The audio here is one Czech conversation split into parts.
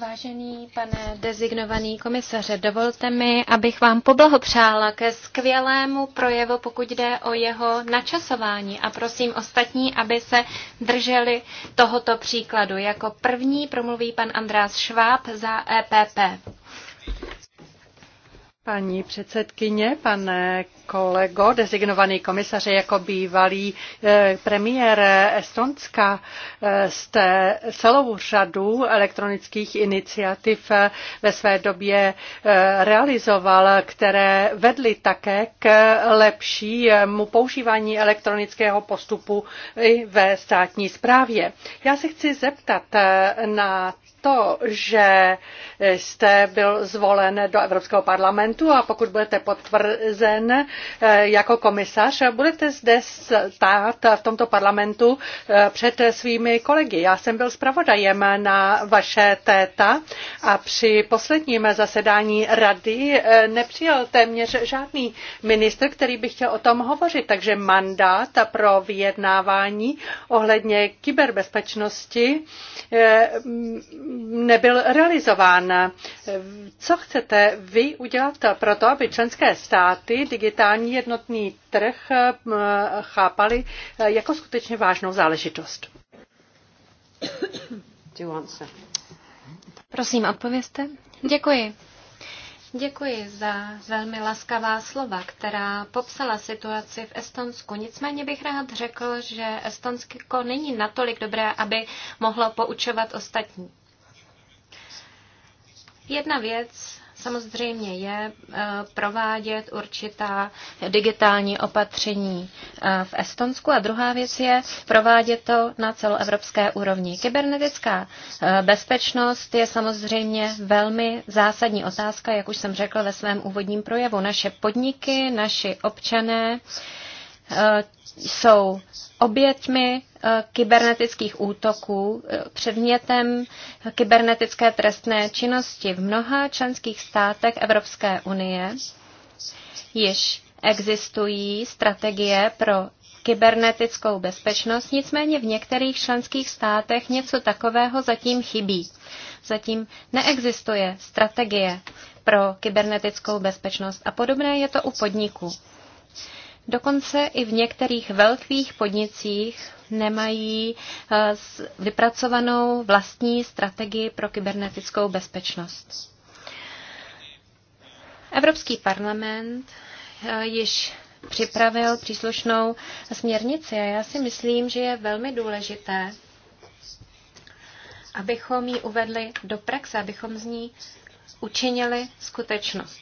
Vážený pane dezignovaný komisaře, dovolte mi, abych vám poblahopřála ke skvělému projevu, pokud jde o jeho načasování. A prosím ostatní, aby se drželi tohoto příkladu. Jako první promluví pan András Šváb za EPP. Paní předsedkyně, pane kolego, designovaný komisaře jako bývalý eh, premiér Estonska, eh, jste celou řadu elektronických iniciativ eh, ve své době realizoval, které vedly také k lepšímu používání elektronického postupu i ve státní správě. Já se chci zeptat na to, že jste byl zvolen do Evropského parlamentu, parlamentu a pokud budete potvrzen eh, jako komisař, budete zde stát v tomto parlamentu eh, před svými kolegy. Já jsem byl zpravodajem na vaše téta a při posledním zasedání rady eh, nepřijal téměř žádný ministr, který by chtěl o tom hovořit, takže mandát pro vyjednávání ohledně kyberbezpečnosti nebyl realizován. Co chcete vy udělat pro to, aby členské státy digitální jednotný trh chápali eh, jako skutečně vážnou záležitost. Prosím, odpověste. Děkuji. Děkuji za velmi laskavá slova, která popsala situaci v Estonsku. Nicméně bych rád řekl, že Estonsko není natolik dobré, aby mohlo poučovat ostatní. Jedna věc samozřejmě je eh, provádět určitá digitální opatření eh, v Estonsku a druhá věc je provádět to na celoevropské úrovni. Kybernetická eh, bezpečnost je samozřejmě velmi zásadní otázka, jak už jsem řekla ve svém úvodním projevu. Naše podniky, naši občané, Eh, jsou oběťmi eh, kybernetických útoků, eh, předmětem kybernetické trestné činnosti v mnoha členských státech Evropské unie. Již existují strategie pro kybernetickou bezpečnost, nicméně v některých členských státech něco takového zatím chybí. Zatím neexistuje strategie pro kybernetickou bezpečnost a podobné je to u podniků. Dokonce i v některých velkých podnicích nemají eh, vypracovanou vlastní strategii pro kybernetickou bezpečnost. Evropský parlament eh, již připravil příslušnou směrnici a já si myslím, že je velmi důležité, abychom ji uvedli do praxe, abychom z ní učinili skutečnost.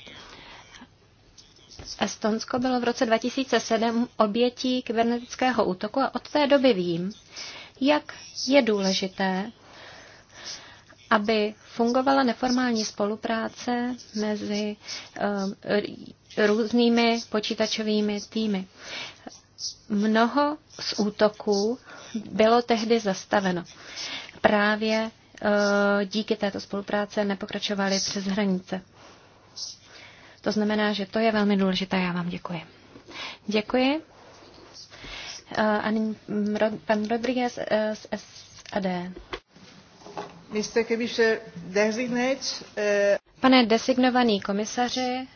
Estonsko bylo v roce 2007 obětí kybernetického útoku a od té doby vím, jak je důležité, aby fungovala neformální spolupráce mezi eh, různými počítačovými týmy. Mnoho z útoků bylo tehdy zastaveno. Právě eh, díky této spolupráce nepokračovaly přes hranice. To znamená, že to je velmi důležité. Já vám děkuji. Děkuji. Eh, a nyní mm, pan Rodriguez eh, z SAD. Mr. Kebischer designates, eh, Pane designovaný komisaři,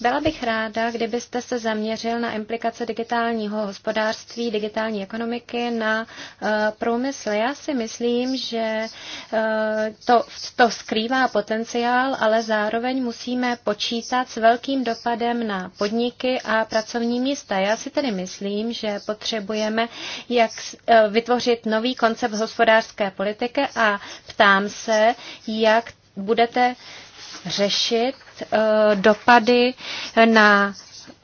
byla bych ráda, kdybyste se zaměřil na implikace digitálního hospodářství, digitální ekonomiky na eh, průmysl. Já si myslím, že eh, to, to skrývá potenciál, ale zároveň musíme počítat s velkým dopadem na podniky a pracovní místa. Já si tedy myslím, že potřebujeme jak eh, vytvořit nový koncept hospodářské politiky a ptám se, jak budete řešit eh, dopady na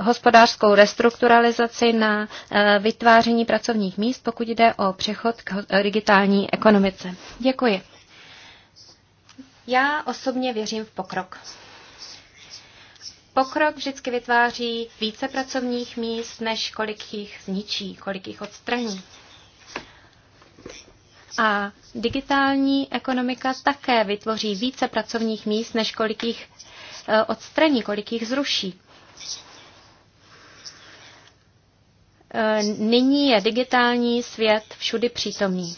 hospodářskou restrukturalizaci, na eh, vytváření pracovních míst, pokud jde o přechod k eh, digitální ekonomice. Děkuji. Já osobně věřím v pokrok. Pokrok vždycky vytváří více pracovních míst, než kolik jich zničí, kolik jich odstraní. A digitální ekonomika také vytvoří více pracovních míst, než kolik jich eh, odstraní, kolik jich zruší. Eh, nyní je digitální svět všudy přítomný.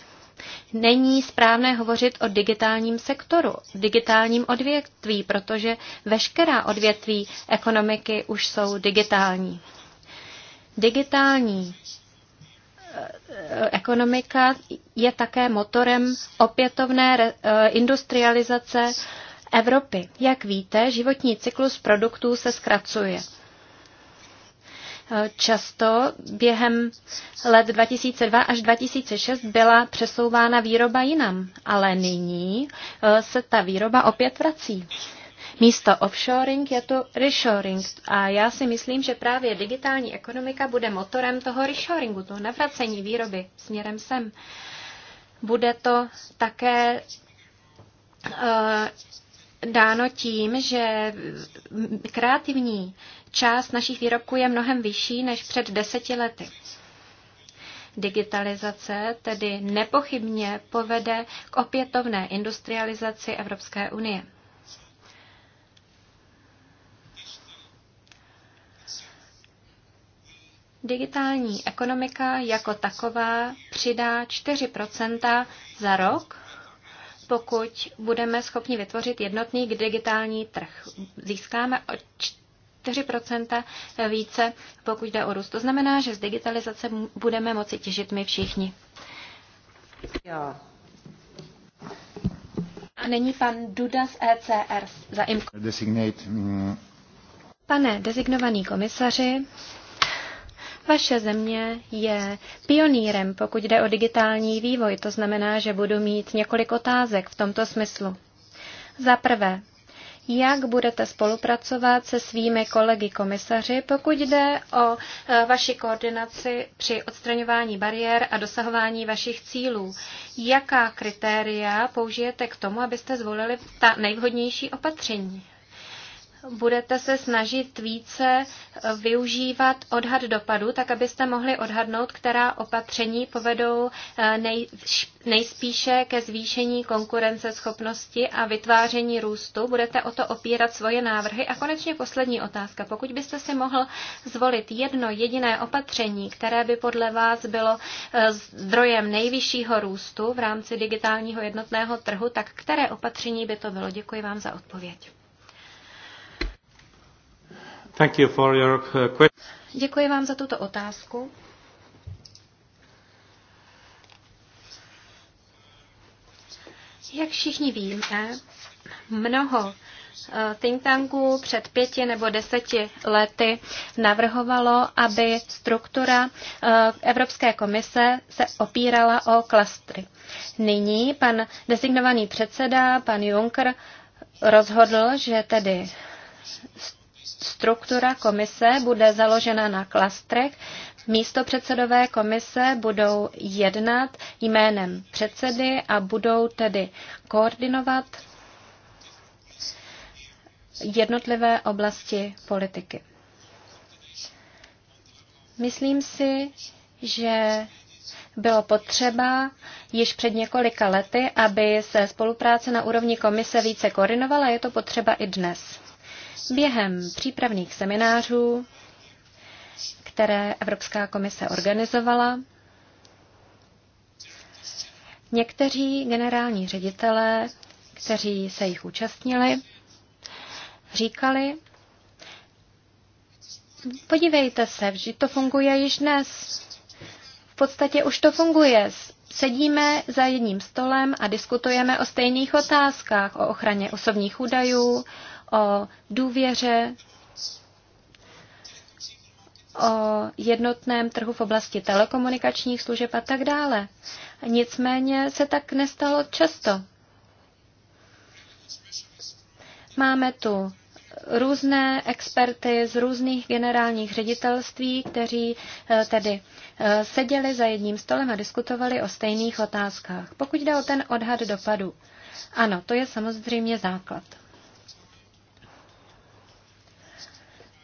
Není správné hovořit o digitálním sektoru, digitálním odvětví, protože veškerá odvětví ekonomiky už jsou digitální. Digitální ekonomika je také motorem opětovné eh, industrializace Evropy. Jak víte, životní cyklus produktů se zkracuje. Eh, často během let 2002 až 2006 byla přesouvána výroba jinam, ale nyní eh, se ta výroba opět vrací. Místo offshoring je tu reshoring a já si myslím, že právě digitální ekonomika bude motorem toho reshoringu, toho navracení výroby směrem sem. Bude to také eh, dáno tím, že kreativní část našich výrobků je mnohem vyšší než před deseti lety. Digitalizace tedy nepochybně povede k opětovné industrializaci Evropské unie. Digitální ekonomika jako taková přidá 4 za rok, pokud budeme schopni vytvořit jednotný digitální trh. Získáme o 4 více, pokud jde o růst. To znamená, že z digitalizace budeme moci těžit my všichni. Jo. A není pan Duda z ECR za IMCO. Designate. Mm, Pane designovaný komisaři, vaše země je pionýrem, pokud jde o digitální vývoj, to znamená, že budu mít několik otázek v tomto smyslu. Za prvé, jak budete spolupracovat se svými kolegy komisaři, pokud jde o e, vaši koordinaci při odstraňování bariér a dosahování vašich cílů. Jaká kritéria použijete k tomu, abyste zvolili ta nejvhodnější opatření? budete se snažit více eh, využívat odhad dopadu, tak abyste mohli odhadnout, která opatření povedou eh, nejspíše ke zvýšení konkurenceschopnosti a vytváření růstu. Budete o to opírat svoje návrhy. A konečně poslední otázka. Pokud byste si mohl zvolit jedno jediné opatření, které by podle vás bylo eh, zdrojem nejvyššího růstu v rámci digitálního jednotného trhu, tak které opatření by to bylo? Děkuji vám za odpověď. Thank you for your uh, Děkuji vám za tuto otázku. Jak všichni víme, mnoho uh, think tanků před pěti nebo deseti lety navrhovalo, aby struktura uh, Evropské komise se opírala o klastry. Nyní pan designovaný předseda, pan Juncker, rozhodl, že tedy struktura komise bude založena na klastrech. Místo předsedové komise budou jednat jménem předsedy a budou tedy koordinovat jednotlivé oblasti politiky. Myslím si, že bylo potřeba již před několika lety, aby se spolupráce na úrovni komise více koordinovala, je to potřeba i dnes. Během přípravných seminářů, které Evropská komise organizovala, někteří generální ředitelé, kteří se jich účastnili, říkali, podívejte se, vždy to funguje již dnes. V podstatě už to funguje. Sedíme za jedním stolem a diskutujeme o stejných otázkách, o ochraně osobních údajů, o důvěře, o jednotném trhu v oblasti telekomunikačních služeb a tak dále. Nicméně se tak nestalo často. Máme tu různé experty z různých generálních ředitelství, kteří eh, tedy eh, seděli za jedním stolem a diskutovali o stejných otázkách. Pokud jde o ten odhad dopadu, ano, to je samozřejmě základ.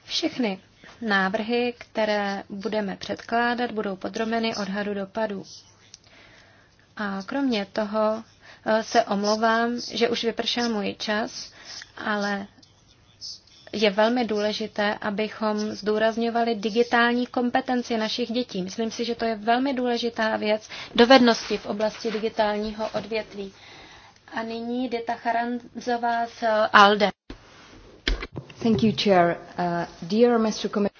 Všechny návrhy, které budeme předkládat, budou podrobeny odhadu dopadů. A kromě toho eh, se omlouvám, že už vypršel můj čas, ale je velmi důležité, abychom zdůrazňovali digitální kompetenci našich dětí. Myslím si, že to je velmi důležitá věc, dovednosti v oblasti digitálního odvětví. A nyní Dita Charanzová z ALDE. Thank you, Chair. Uh, dear Mr. Commissioner,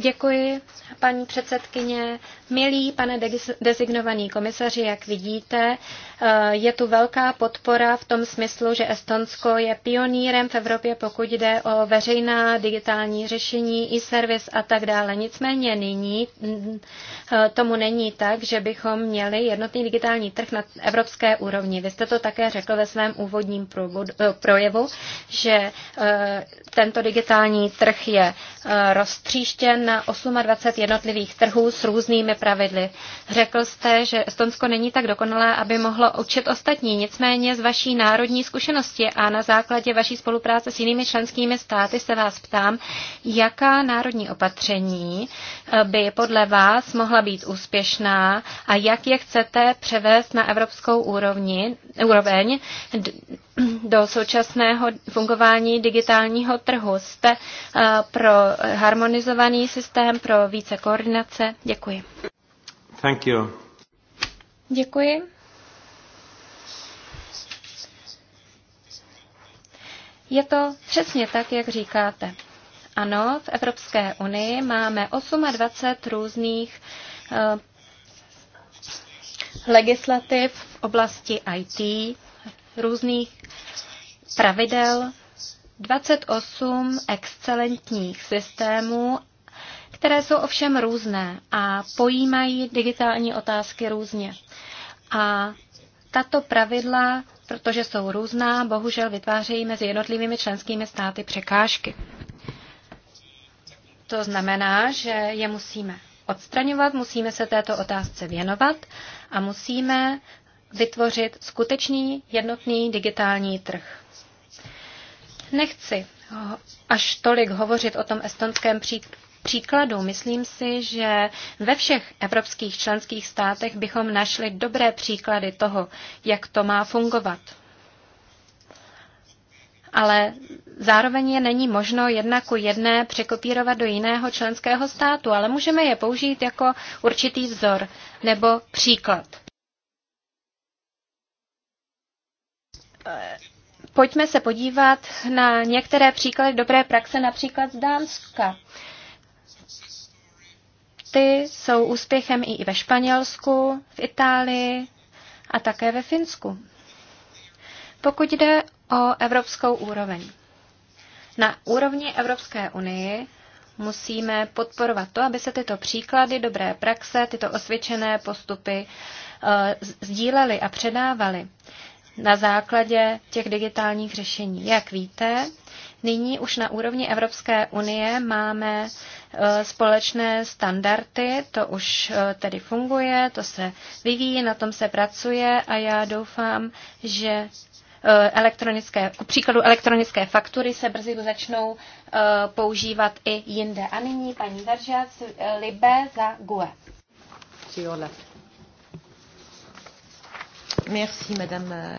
Děkuji, paní předsedkyně. Milý pane designovaný komisaři, jak vidíte, eh, je tu velká podpora v tom smyslu, že Estonsko je pionýrem v Evropě, pokud jde o veřejná digitální řešení, e-servis a tak dále. Nicméně nyní mm, eh, tomu není tak, že bychom měli jednotný digitální trh na evropské úrovni. Vy jste to také řekl ve svém úvodním eh, projevu, že tento digitální trh je roztříštěn na 28 jednotlivých trhů s různými pravidly. Řekl jste, že Estonsko není tak dokonalé, aby mohlo učit ostatní. Nicméně z vaší národní zkušenosti a na základě vaší spolupráce s jinými členskými státy se vás ptám, jaká národní opatření eh, by podle vás mohla být úspěšná a jak je chcete převést na evropskou úrovni, úroveň do současného fungování digitálního trhu. Jste eh, pro harmonizovaný systém pro více koordinace. Děkuji. Thank you. Děkuji. Je to přesně tak, jak říkáte. Ano, v Evropské unii máme 28 různých eh, legislativ v oblasti IT, různých pravidel, 28 excelentních systémů které jsou ovšem různé a pojímají digitální otázky různě. A tato pravidla, protože jsou různá, bohužel vytvářejí mezi jednotlivými členskými státy překážky. To znamená, že je musíme odstraňovat, musíme se této otázce věnovat a musíme vytvořit skutečný jednotný digitální trh. Nechci až tolik hovořit o tom estonském příkladu Myslím si, že ve všech evropských členských státech bychom našli dobré příklady toho, jak to má fungovat. Ale zároveň je není možno jedna ku jedné překopírovat do jiného členského státu, ale můžeme je použít jako určitý vzor nebo příklad. Pojďme se podívat na některé příklady dobré praxe, například z Dánska. Ty jsou úspěchem i ve Španělsku, v Itálii a také ve Finsku. Pokud jde o evropskou úroveň. Na úrovni Evropské unie musíme podporovat to, aby se tyto příklady, dobré praxe, tyto osvědčené postupy eh, sdílely a předávaly na základě těch digitálních řešení. Jak víte, nyní už na úrovni Evropské unie máme e, společné standardy, to už e, tedy funguje, to se vyvíjí, na tom se pracuje a já doufám, že e, elektronické, ku příkladu elektronické faktury se brzy začnou používat i jinde. A nyní paní Veržac, Libe za GUE. Merci, madame.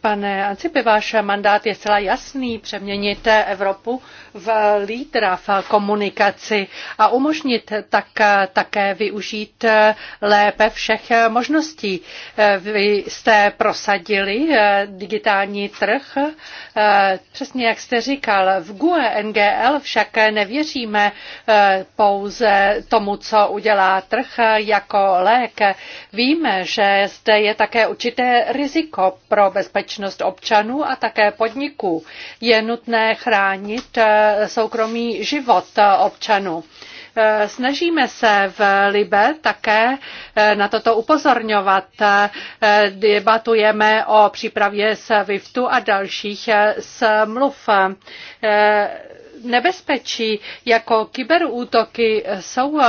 Pane Ancipi, váš mandát je zcela jasný, přeměnit Evropu v lídra v komunikaci a umožnit tak také využít lépe všech možností. Vy jste prosadili digitální trh, přesně jak jste říkal, v GUE NGL však nevěříme pouze tomu, co udělá trh jako lék. Víme, že zde je také určité riziko pro bezpečnost bezpečnost občanů a také podniků. Je nutné chránit eh, soukromý život eh, občanů. Eh, snažíme se v Libe také na toto upozorňovat. Debatujeme o přípravě SWIFTu a dalších smluv nebezpečí jako kyberútoky jsou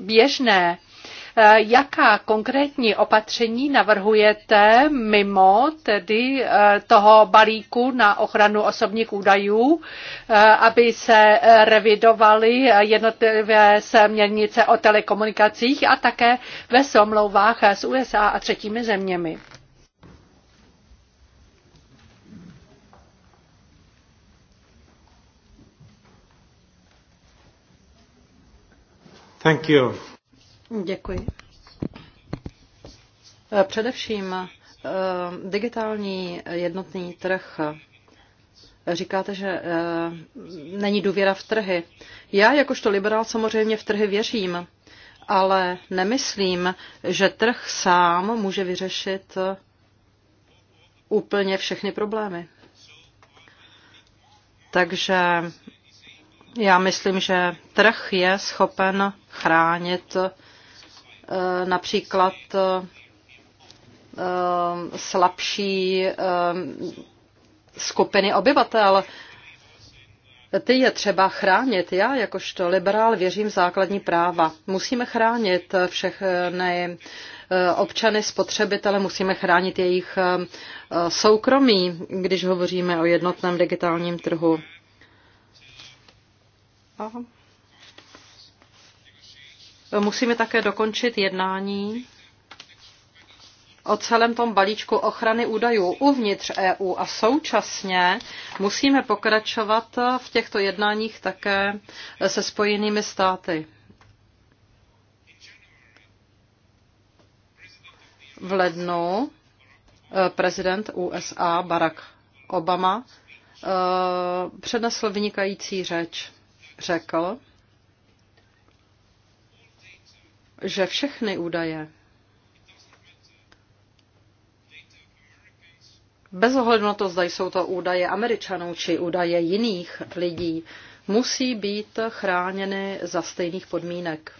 běžné. Eh, jaká konkrétní opatření navrhujete mimo tedy eh, toho balíku na ochranu osobních údajů, eh, aby se revidovaly jednotlivé směrnice o telekomunikacích a také ve somlouvách s USA a třetími zeměmi? Thank you. Děkuji. Eh, především eh, digitální jednotný trh. Říkáte, že eh, není důvěra v trhy. Já jakožto liberál samozřejmě v trhy věřím, ale nemyslím, že trh sám může vyřešit úplně všechny problémy. Takže já myslím, že trh je schopen chránit Eh, například eh, slabší eh, skupiny obyvatel. Ty je třeba chránit. Já jakožto liberál věřím v základní práva. Musíme chránit všechny občany, spotřebitele, musíme chránit jejich soukromí, když hovoříme o jednotném digitálním trhu. Aha. Musíme také dokončit jednání o celém tom balíčku ochrany údajů uvnitř EU a současně musíme pokračovat v těchto jednáních také se spojenými státy. V lednu eh, prezident USA Barack Obama eh, přednesl vynikající řeč. Řekl, že všechny údaje bez ohledu na to, zda jsou to údaje Američanů či údaje jiných lidí, musí být chráněny za stejných podmínek.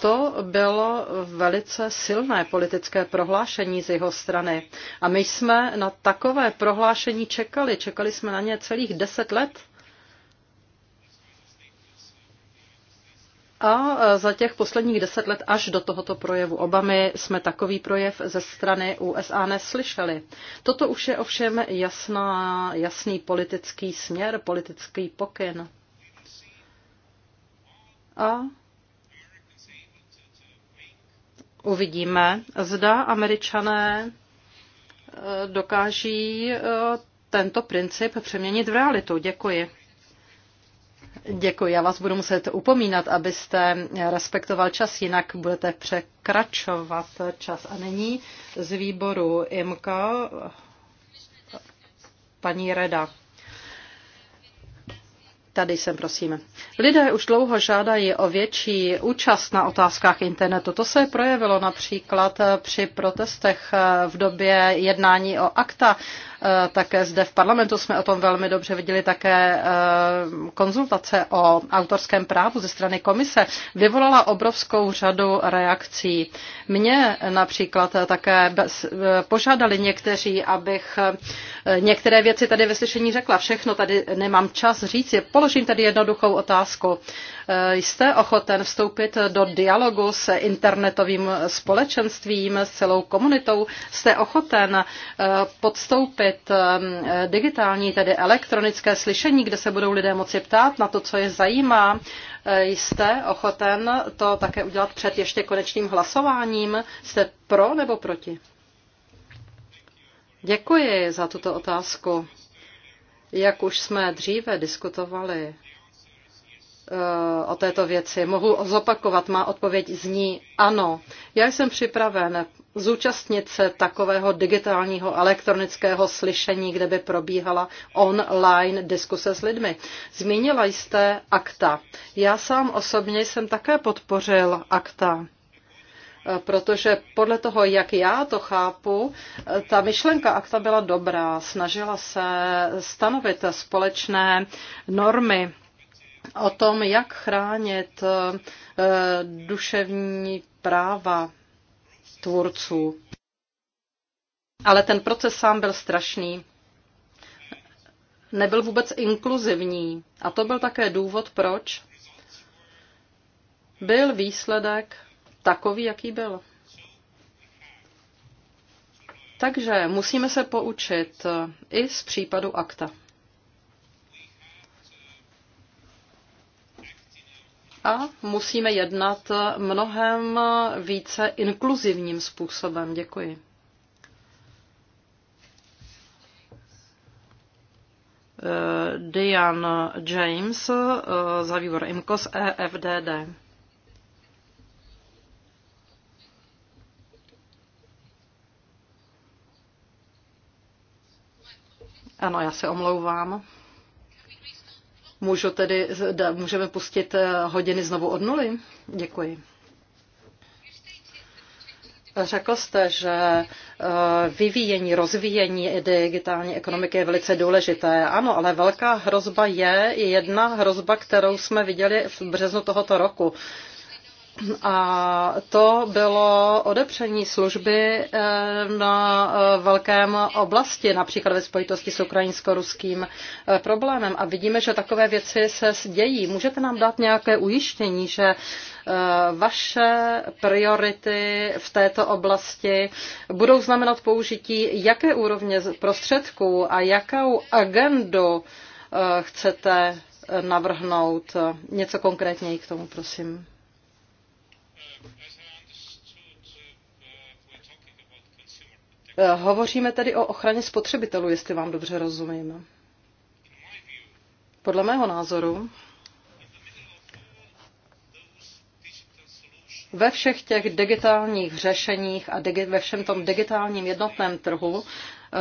To bylo velice silné politické prohlášení z jeho strany. A my jsme na takové prohlášení čekali. Čekali jsme na ně celých deset let. A e, za těch posledních deset let až do tohoto projevu Obamy jsme takový projev ze strany USA neslyšeli. Toto už je ovšem jasná, jasný politický směr, politický pokyn. A uvidíme, zda američané e, dokáží e, tento princip přeměnit v realitu. Děkuji. Děkuji, já vás budu muset upomínat, abyste respektoval čas, jinak budete překračovat čas. A nyní z výboru IMKA paní Reda. Tady jsem, prosím. Lidé už dlouho žádají o větší účast na otázkách internetu. To se projevilo například při protestech v době jednání o akta Eh, také zde v parlamentu jsme o tom velmi dobře viděli také eh, konzultace o autorském právu ze strany komise. Vyvolala obrovskou řadu reakcí. Mě například také eh, požádali někteří, abych některé věci tady ve slyšení řekla. Všechno tady nemám čas říct. Položím tady jednoduchou otázku. Jste ochoten vstoupit do dialogu s internetovým společenstvím, s celou komunitou? Jste ochoten podstoupit připravit ehm, digitální, tedy elektronické slyšení, kde se budou lidé moci ptát na to, co je zajímá. Eh, jste ochoten to také udělat před ještě konečným hlasováním? Jste pro nebo proti? Děkuji za tuto otázku. Jak už jsme dříve diskutovali, o této věci. Mohu zopakovat, má odpověď zní ano. Já jsem připraven zúčastnit se takového digitálního elektronického slyšení, kde by probíhala online diskuse s lidmi. Zmínila jste akta. Já sám osobně jsem také podpořil akta protože podle toho, jak já to chápu, ta myšlenka akta byla dobrá. Snažila se stanovit společné normy o tom, jak chránit eh, duševní práva tvůrců. Ale ten proces sám byl strašný. Nebyl vůbec inkluzivní. A to byl také důvod, proč byl výsledek takový, jaký byl. Takže musíme se poučit eh, i z případu akta. a musíme jednat mnohem více inkluzivním způsobem. Děkuji. Dian James eh, za výbor IMCOS EFDD. Ano, já se omlouvám. Můžu tedy, můžeme pustit eh, hodiny znovu od nuly? Děkuji. Řekl jste, že eh, vyvíjení, rozvíjení digitální ekonomiky je velice důležité. Ano, ale velká hrozba je jedna hrozba, kterou jsme viděli v březnu tohoto roku. A to bylo odepření služby eh, na eh, velkém oblasti, například ve spojitosti s ukrajinsko-ruským eh, problémem. A vidíme, že takové věci se dějí. Můžete nám dát nějaké ujištění, že vaše priority v této oblasti budou znamenat použití jaké úrovně prostředků a jakou agendu chcete navrhnout? Něco konkrétněji k tomu, prosím. Eh, hovoříme tedy o ochraně spotřebitelů, jestli vám dobře rozumím. Podle mého názoru ve všech těch digitálních řešeních a digi- ve všem tom digitálním jednotném trhu eh,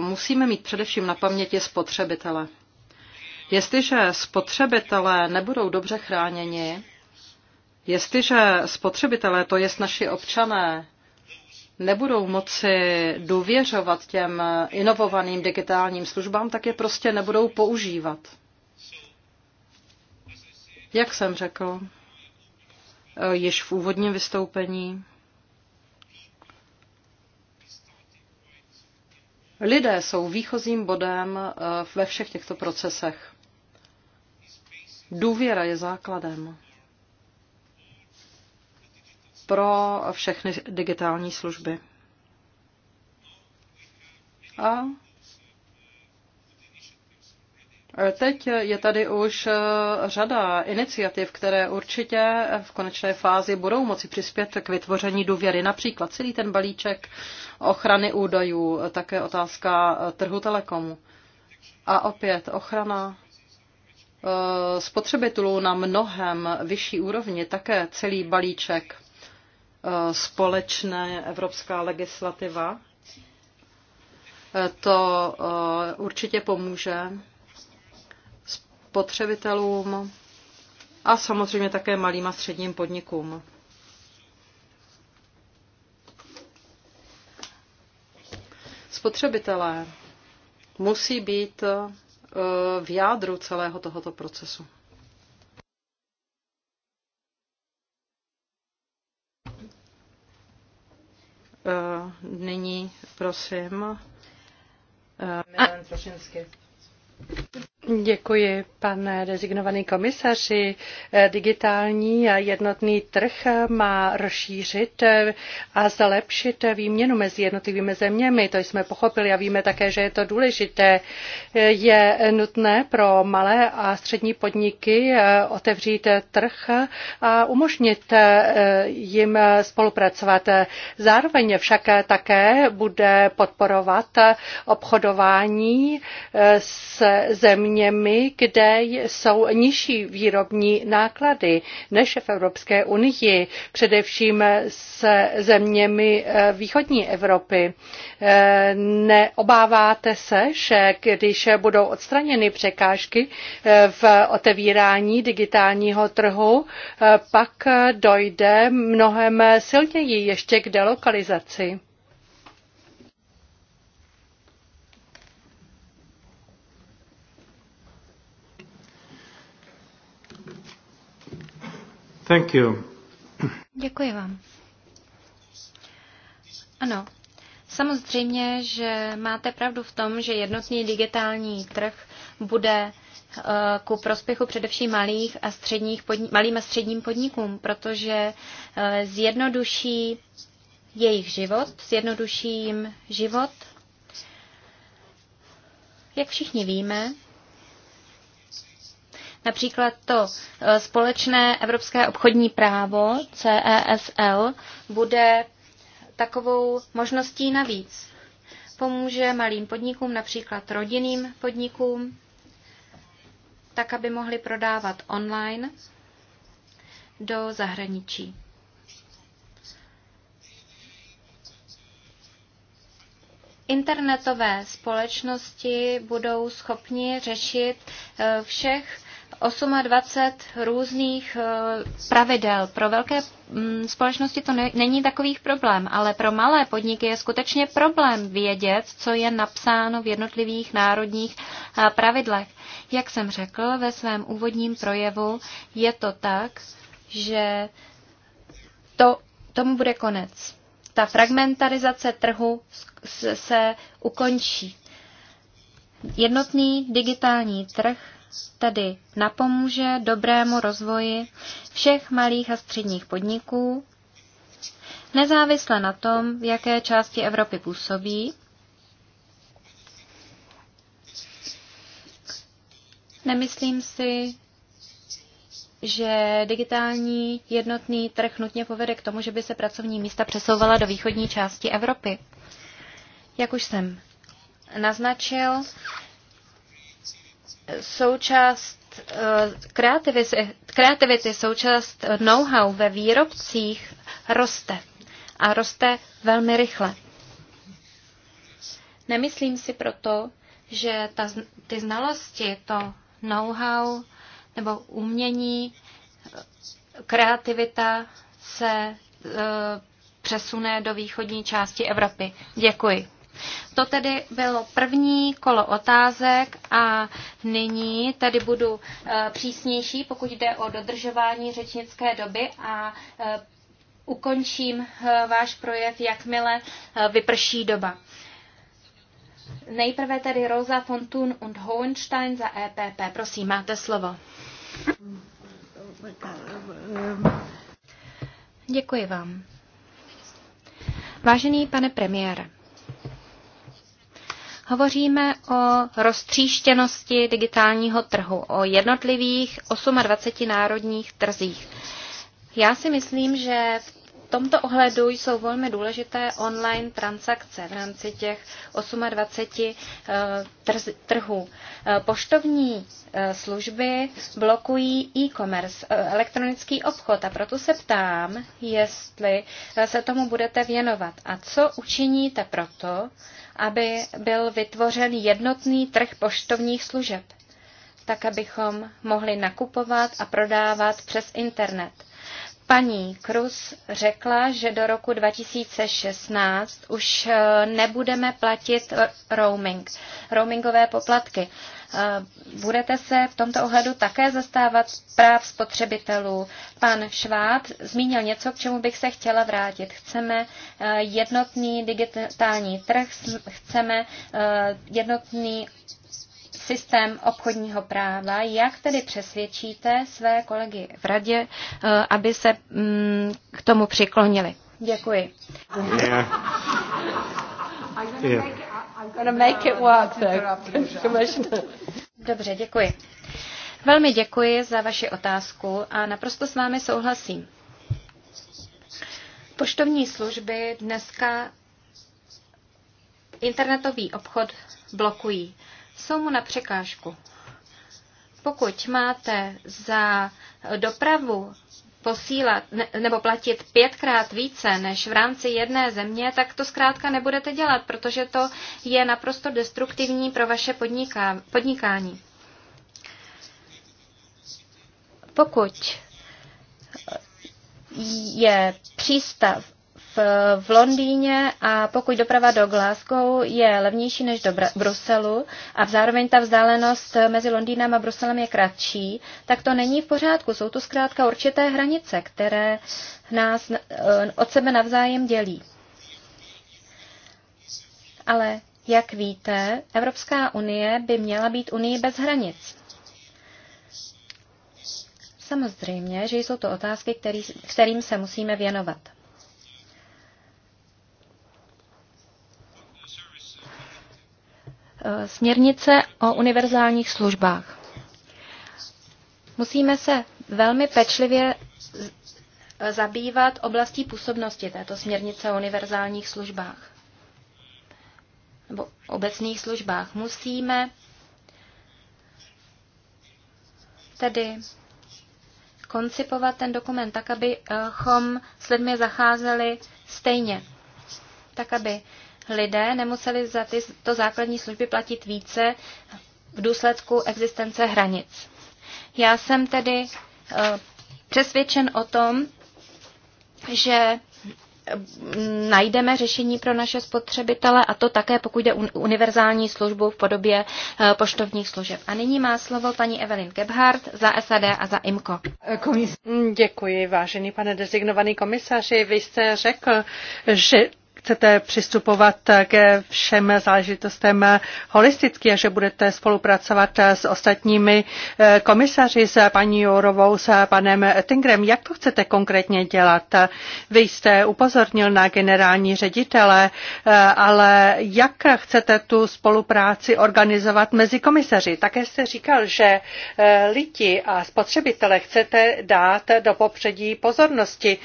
musíme mít především na paměti spotřebitele. Jestliže spotřebitelé nebudou dobře chráněni, jestliže spotřebitelé, to jest naši občané, nebudou moci důvěřovat těm inovovaným digitálním službám, tak je prostě nebudou používat. Jak jsem řekl eh, již v úvodním vystoupení, lidé jsou výchozím bodem eh, ve všech těchto procesech. Důvěra je základem pro všechny digitální služby. A Teď je tady už eh, řada iniciativ, které určitě v konečné fázi budou moci přispět k vytvoření důvěry. Například celý ten balíček ochrany údajů, také otázka eh, trhu telekomu. A opět ochrana eh, spotřebitelů na mnohem vyšší úrovni, také celý balíček společná evropská legislativa. To eh, určitě pomůže spotřebitelům a samozřejmě také malým a středním podnikům. Spotřebitelé musí být eh, v jádru celého tohoto procesu. Eh, nyní prosím. Eh, Děkuji, pane rezignovaný komisaři. Digitální a jednotný trh má rozšířit a zlepšit výměnu mezi jednotlivými zeměmi. To jsme pochopili a víme také, že je to důležité. Je nutné pro malé a střední podniky otevřít trh a umožnit jim spolupracovat. Zároveň však také bude podporovat obchodování s zeměmi, kde jsou nižší výrobní náklady než v Evropské unii, především s zeměmi eh, východní Evropy. Eh, neobáváte se, že když budou odstraněny překážky eh, v otevírání digitálního trhu, pak dojde mnohem silněji ještě k delokalizaci? Thank you. Děkuji vám. Ano, samozřejmě, že máte pravdu v tom, že jednotný digitální trh bude eh, ku prospěchu především malých a středních podnik, malým a středním podnikům, protože eh, zjednoduší jejich život, zjednoduší jim život. Jak všichni víme, Například to eh, společné evropské obchodní právo CESL bude takovou možností navíc. Pomůže malým podnikům, například rodinným podnikům, tak aby mohli prodávat online do zahraničí. Internetové společnosti budou schopni řešit eh, všech 28 různých eh, pravidel. Pro velké mm, společnosti to ne, není takových problém, ale pro malé podniky je skutečně problém vědět, co je napsáno v jednotlivých národních eh, pravidlech. Jak jsem řekl ve svém úvodním projevu, je to tak, že to, tomu bude konec. Ta fragmentarizace trhu se ukončí. Jednotný digitální trh tedy napomůže dobrému rozvoji všech malých a středních podniků, nezávisle na tom, v jaké části Evropy působí. Nemyslím si, že digitální jednotný trh nutně povede k tomu, že by se pracovní místa přesouvala do východní části Evropy. Jak už jsem naznačil, součást eh, kreativity, součást know-how ve výrobcích roste. A roste velmi rychle. Nemyslím si proto, že ta, ty znalosti, to know-how nebo umění, eh, kreativita se e, přesune do východní části Evropy. Děkuji. To tedy bylo první kolo otázek a nyní tedy budu eh, přísnější, pokud jde o dodržování řečnické doby a eh, ukončím eh, váš projev, jakmile vyprší doba. Nejprve tedy Rosa von Thun und Hohenstein za EPP. Prosím, máte slovo. Děkuji vám. Vážený pane premiére, Hovoříme o roztříštěnosti digitálního trhu, o jednotlivých 28 národních trzích. Já si myslím, že v tomto ohledu jsou velmi důležité online transakce v rámci těch 28 eh, trhů. Eh, poštovní eh, služby blokují e-commerce, elektronický obchod a proto se ptám, jestli se tomu budete věnovat a co učiníte proto, aby byl vytvořen jednotný trh poštovních služeb tak abychom mohli nakupovat a prodávat přes internet. Paní Krus řekla, že do roku 2016 už eh, nebudeme platit eh, roaming, roamingové poplatky. Eh, budete se v tomto ohledu také zastávat práv spotřebitelů. Pan Šváb zmínil něco, k čemu bych se chtěla vrátit. Chceme jednotný digitální trh, chceme jednotný systém obchodního práva, jak tedy přesvědčíte své kolegy v radě, eh, aby se mm, k tomu přiklonili? Děkuji. Dobře, děkuji. Velmi děkuji za vaši otázku a naprosto s vámi souhlasím. Poštovní služby dneska internetový obchod blokují jsou mu na překážku. Pokud máte za dopravu posílat nebo platit pětkrát více než v rámci jedné země, tak to zkrátka nebudete dělat, protože to je naprosto destruktivní pro vaše podniká, podnikání. Pokud je přístav v Londýně a pokud doprava do Glasgow je levnější než do Bruselu a zároveň ta vzdálenost mezi Londýnem a Bruselem je kratší, tak to není v pořádku. Jsou tu zkrátka určité hranice, které nás eh, od sebe navzájem dělí. Ale jak víte, Evropská unie by měla být unii bez hranic. Samozřejmě, že jsou to otázky, který, kterým se musíme věnovat. Eh, směrnice o univerzálních službách. Musíme se velmi pečlivě zabývat oblastí působnosti této směrnice o univerzálních službách nebo obecných službách. Musíme tedy koncipovat ten dokument tak, abychom s lidmi zacházeli stejně. Tak, aby lidé nemuseli za tyto základní služby platit více v důsledku existence hranic. Já jsem tedy eh, přesvědčen o tom, že eh, najdeme řešení pro naše spotřebitele a to také, pokud jde univerzální službu v podobě eh, poštovních služeb. A nyní má slovo paní Evelyn Gebhardt za SAD a za IMCO. Komis... Děkuji, vážený pane designovaný komisaři. Vy jste řekl, že chcete přistupovat ke všem záležitostem holisticky a že budete spolupracovat s ostatními eh, komisaři, s paní Jourovou, s panem Ettingrem. Jak to chcete konkrétně dělat? Vy jste upozornil na generální ředitele, eh, ale jak chcete tu spolupráci organizovat mezi komisaři? Také jste říkal, že eh, lidi a spotřebitele chcete dát do popředí pozornosti.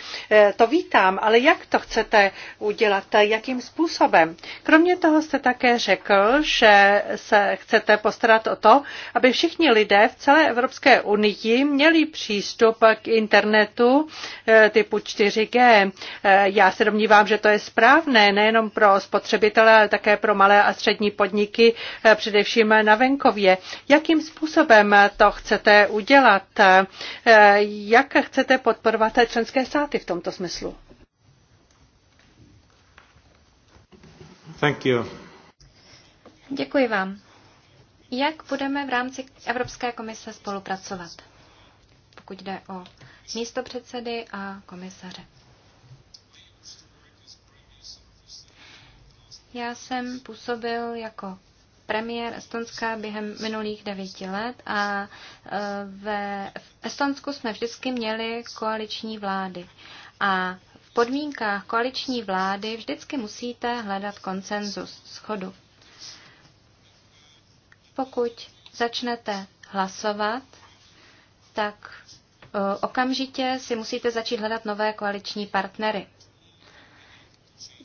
To vítám, ale jak to chcete udělat jakým způsobem. Kromě toho jste také řekl, že se chcete postarat o to, aby všichni lidé v celé Evropské unii měli přístup k internetu eh, typu 4G. Eh, já se domnívám, že to je správné nejenom pro spotřebitele, ale také pro malé a střední podniky, eh, především na venkově. Jakým způsobem to chcete udělat? Jak chcete podporovat členské státy v tomto smyslu? Thank you. Děkuji vám. Jak budeme v rámci Evropské komise spolupracovat, pokud jde o místo předsedy a komisaře? Já jsem působil jako premiér Estonska během minulých devíti let a e, ve, v Estonsku jsme vždycky měli koaliční vlády. A v podmínkách koaliční vlády vždycky musíte hledat konsenzus, schodu. Pokud začnete hlasovat, tak e, okamžitě si musíte začít hledat nové koaliční partnery.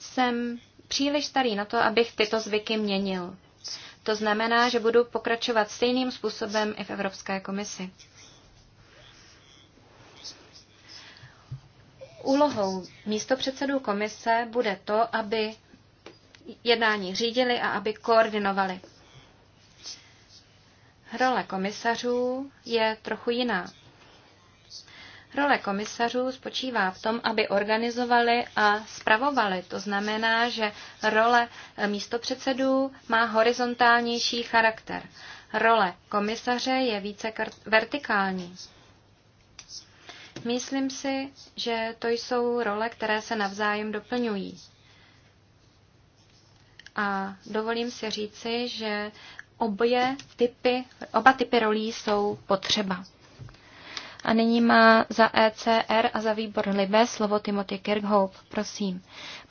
Jsem příliš starý na to, abych tyto zvyky měnil. To znamená, že budu pokračovat stejným způsobem i v Evropské komisi. Úlohou místopředsedů komise bude to, aby jednání řídili a aby koordinovali. Role komisařů je trochu jiná. Role komisařů spočívá v tom, aby organizovali a spravovali. To znamená, že role místopředsedů má horizontálnější charakter. Role komisaře je více vertikální. Myslím si, že to jsou role, které se navzájem doplňují. A dovolím si říci, že obě typy, oba typy rolí jsou potřeba. A nyní má za ECR a za výbor Libe slovo Timothy Kirkhope. Prosím.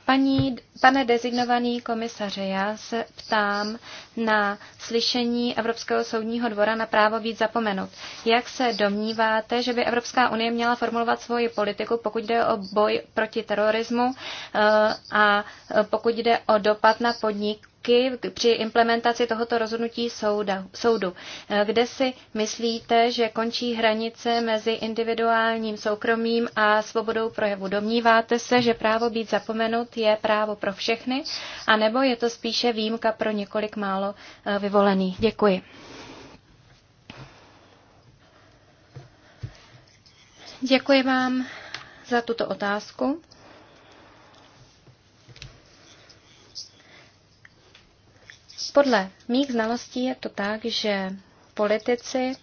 Paní, pane dezignovaný komisaře, já se ptám na slyšení Evropského soudního dvora na právo víc zapomenout. Jak se domníváte, že by Evropská unie měla formulovat svoji politiku, pokud jde o boj proti terorismu eh, a pokud jde o dopad na podnik, kroky při implementaci tohoto rozhodnutí souda, soudu. Eh, kde si myslíte, že končí hranice mezi individuálním soukromím a svobodou projevu? Domníváte se, že právo být zapomenut je právo pro všechny, anebo je to spíše výjimka pro několik málo eh, vyvolených? Děkuji. Děkuji vám za tuto otázku. Podle mých znalostí je to tak, že politici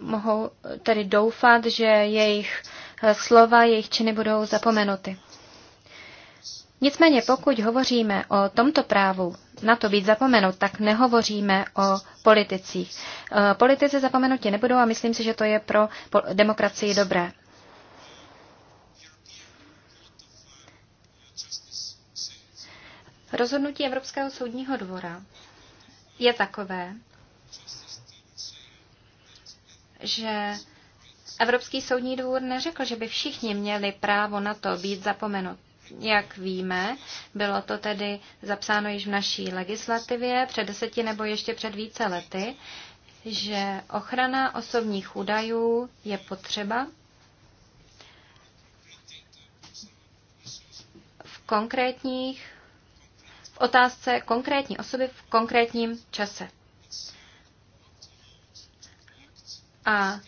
mohou tedy doufat, že jejich slova, jejich činy budou zapomenuty. Nicméně pokud hovoříme o tomto právu na to být zapomenut, tak nehovoříme o politicích. E, politici zapomenutí nebudou a myslím si, že to je pro demokracii dobré. Rozhodnutí Evropského soudního dvora je takové, že Evropský soudní dvůr neřekl, že by všichni měli právo na to být zapomenut. Jak víme, bylo to tedy zapsáno již v naší legislativě před deseti nebo ještě před více lety, že ochrana osobních údajů je potřeba v konkrétních otázce konkrétní osoby v konkrétním čase. A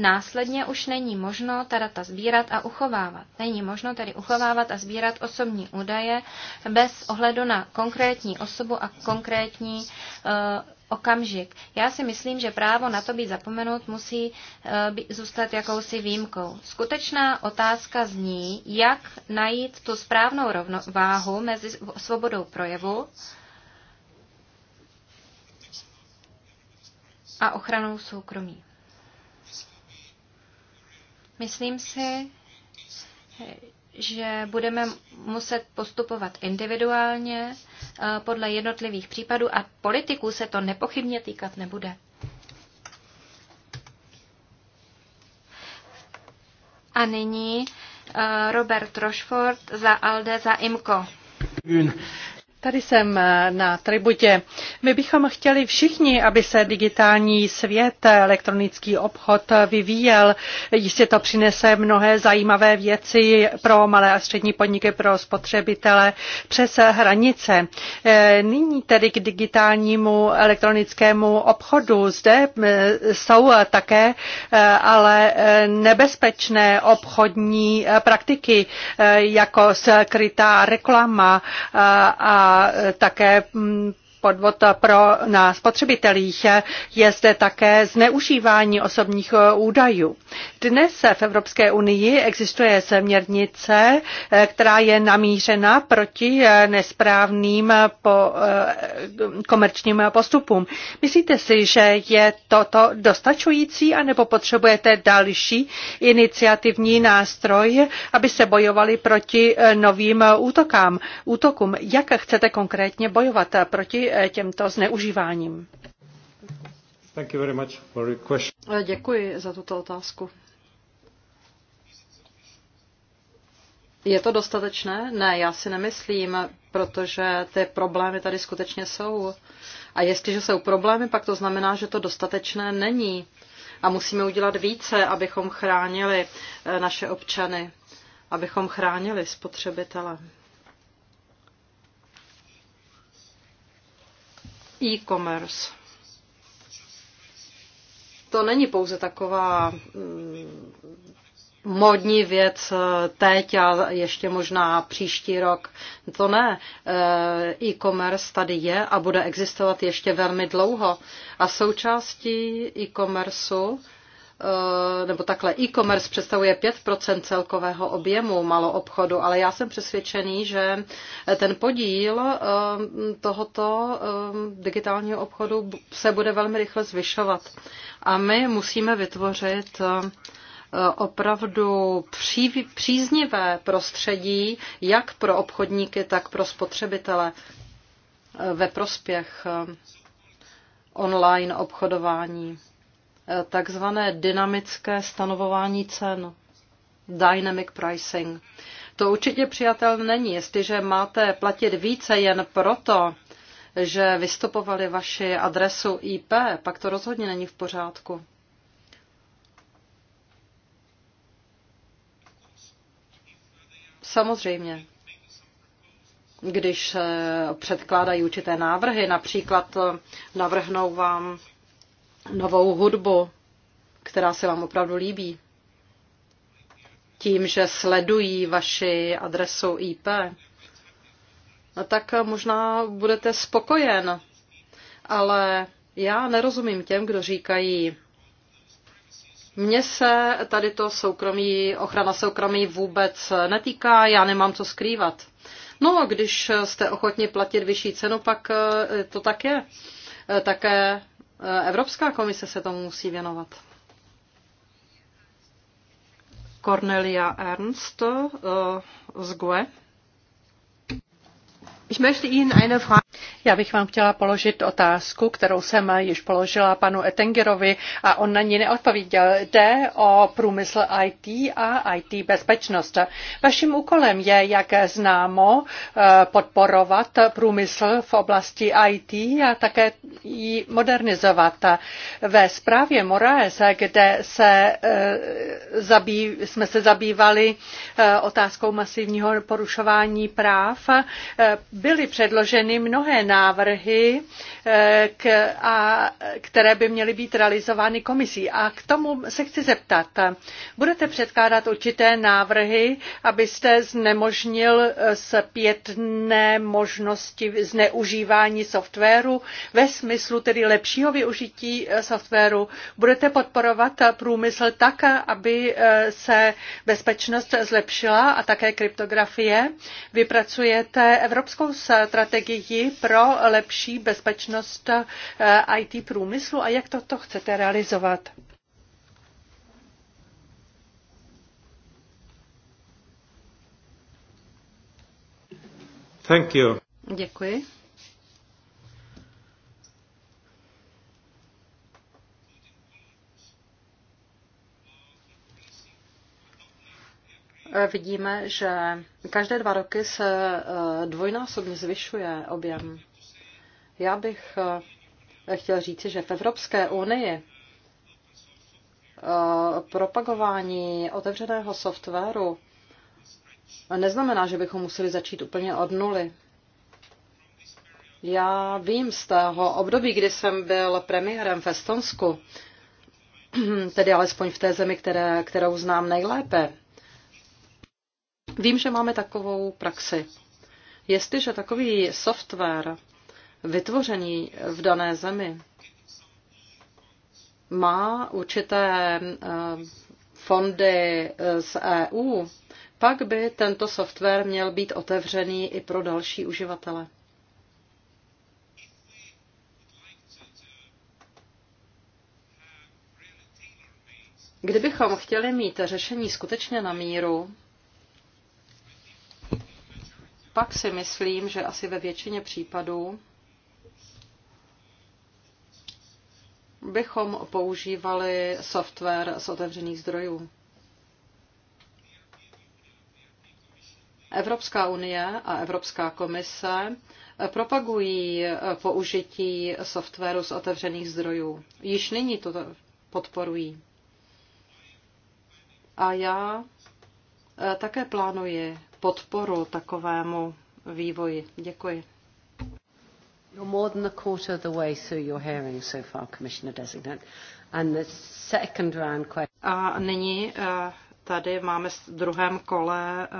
následně už není možno ta data sbírat a uchovávat. Není možno tedy uchovávat a sbírat osobní údaje bez ohledu na konkrétní osobu a konkrétní uh, okamžik. Já si myslím, že právo na to být zapomenut musí eh, zůstat jakousi výjimkou. Skutečná otázka zní, jak najít tu správnou rovnováhu mezi svobodou projevu a ochranou soukromí. Myslím si, že budeme muset postupovat individuálně eh, podle jednotlivých případů a politiků se to nepochybně týkat nebude. A nyní eh, Robert Rochford za ALDE za IMCO. Tady jsem eh, na tributě. My bychom chtěli všichni, aby se digitální svět, eh, elektronický obchod eh, vyvíjel. Jistě to přinese mnohé zajímavé věci pro malé a střední podniky, pro spotřebitele přes hranice. Nyní tedy k digitálnímu elektronickému obchodu. Zde jsou také ale nebezpečné obchodní praktiky, jako skrytá reklama a a také mm, podvod pro, na spotřebitelích, je zde také zneužívání osobních eh, údajů. Dnes v Evropské unii existuje směrnice, eh, která je namířena proti eh, nesprávným po, komerčním postupům. Myslíte si, že je toto dostačující, anebo potřebujete další iniciativní nástroj, aby se bojovali proti novým útokám, útokům? Jak chcete konkrétně bojovat proti Eh, těmto zneužíváním. Thank you very much for your question. Eh, děkuji za tuto otázku. Je to dostatečné? Ne, já si nemyslím, protože ty problémy tady skutečně jsou. A jestliže jsou problémy, pak to znamená, že to dostatečné není. A musíme udělat více, abychom chránili eh, naše občany, abychom chránili spotřebitele. e-commerce. To není pouze taková mm, modní věc eh, teď a ještě možná příští rok. To ne. Eh, e-commerce tady je a bude existovat ještě velmi dlouho. A součástí e-commerceu Eh, nebo takhle e-commerce představuje 5% celkového objemu maloobchodu, ale já jsem přesvědčený, že ten podíl eh, tohoto eh, digitálního obchodu se bude velmi rychle zvyšovat. A my musíme vytvořit opravdu pří, příznivé prostředí jak pro obchodníky, tak pro spotřebitele ve prospěch online obchodování takzvané dynamické stanovování cen, dynamic pricing. To určitě přijatel není, jestliže máte platit více jen proto, že vystupovali vaši adresu IP, pak to rozhodně není v pořádku. Samozřejmě, když předkládají určité návrhy, například navrhnou vám novou hudbu, která se vám opravdu líbí. Tím, že sledují vaši adresu IP, no tak možná budete spokojen. Ale já nerozumím těm, kdo říkají, mně se tady to soukromí, ochrana soukromí vůbec netýká, já nemám co skrývat. No a když jste ochotni platit vyšší cenu, pak eh, to tak je. Eh, také Eh, Evropská komise se tomu musí věnovat. Cornelia Ernst eh, z GUE já bych vám chtěla položit otázku, kterou jsem již položila panu Ettingerovi a on na ní neodpověděl. Jde o průmysl IT a IT bezpečnost. Vaším úkolem je, jak známo, eh, podporovat průmysl v oblasti IT a také ji modernizovat. Ve zprávě Moraes, kde se, eh, zabý, jsme se zabývali eh, otázkou masivního porušování práv, byly předloženy mnohé návrhy, eh, k, a, které by měly být realizovány komisí. A k tomu se chci zeptat. Budete předkládat určité návrhy, abyste znemožnil eh, zpětné možnosti zneužívání softwaru ve smyslu tedy lepšího využití eh, softwaru. Budete podporovat průmysl tak, aby se bezpečnost zlepšila a také kryptografie. Vypracujete evropskou strategii pro lepší bezpečnost eh, IT průmyslu a jak toto chcete realizovat? Thank you. Děkuji. vidíme, že každé dva roky se eh, dvojnásobně zvyšuje objem. Já bych eh, chtěl říci, že v Evropské unii eh, propagování otevřeného softwaru neznamená, že bychom museli začít úplně od nuly. Já vím z toho období, kdy jsem byl premiérem v Estonsku, tedy alespoň v té zemi, které, kterou znám nejlépe, Vím, že máme takovou praxi. Jestliže takový software vytvořený v dané zemi má určité eh, fondy eh, z EU, pak by tento software měl být otevřený i pro další uživatele. Kdybychom chtěli mít řešení skutečně na míru, pak si myslím, že asi ve většině případů bychom používali software z otevřených zdrojů. Evropská unie a Evropská komise propagují použití softwaru z otevřených zdrojů. Již nyní to podporují. A já eh, také plánuji podporu takovému vývoji. Děkuji. You're more than a quarter of the way through your hearing so far, Commissioner Designate. And the second round question. A nyní eh, tady máme v druhém kole eh,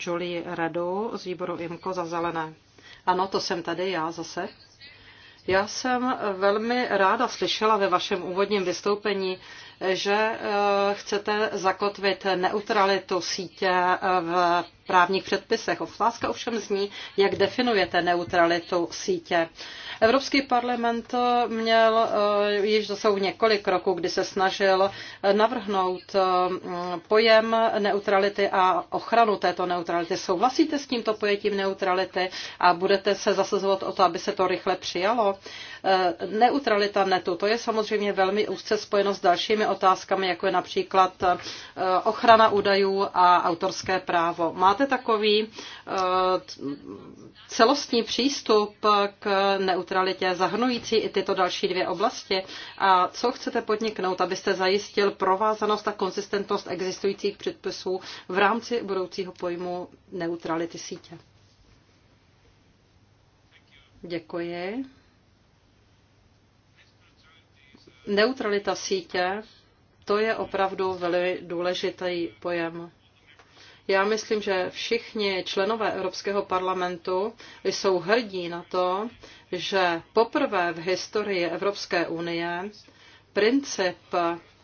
Julie Redu z výboru IMCO za zelené. Ano, to jsem tady já zase. Já jsem velmi ráda slyšela ve vašem úvodním vystoupení, že eh, chcete zakotvit neutralitu sítě eh, v právních předpisech. Otázka ovšem zní, jak definujete neutralitu sítě. Evropský parlament měl eh, již to jsou několik roků, kdy se snažil navrhnout eh, pojem neutrality a ochranu této neutrality. Souhlasíte s tímto pojetím neutrality a budete se zasazovat o to, aby se to rychle přijalo? Eh, neutralita netu, to je samozřejmě velmi úzce spojeno s dalšími otázkami, jako je například eh, ochrana údajů a autorské právo. Máte takový eh, celostní přístup k neutralitě, zahrnující i tyto další dvě oblasti? A co chcete podniknout, abyste zajistil provázanost a konzistentnost existujících předpisů v rámci budoucího pojmu neutrality sítě? Děkuji. Neutralita sítě, to je opravdu velmi důležitý pojem. Já myslím, že všichni členové Evropského parlamentu jsou hrdí na to, že poprvé v historii Evropské unie princip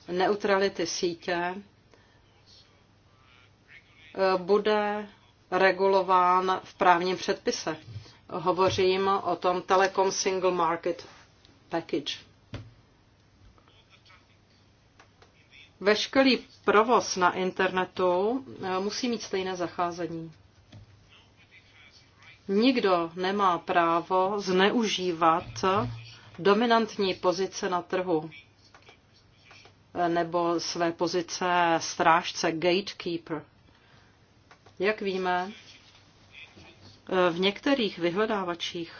neutrality sítě eh, bude regulován v právním předpise. Hovořím o tom Telecom Single Market Package. veškerý provoz na internetu eh, musí mít stejné zacházení. Nikdo nemá právo zneužívat dominantní pozice na trhu eh, nebo své pozice strážce, gatekeeper. Jak víme, eh, v některých vyhledávačích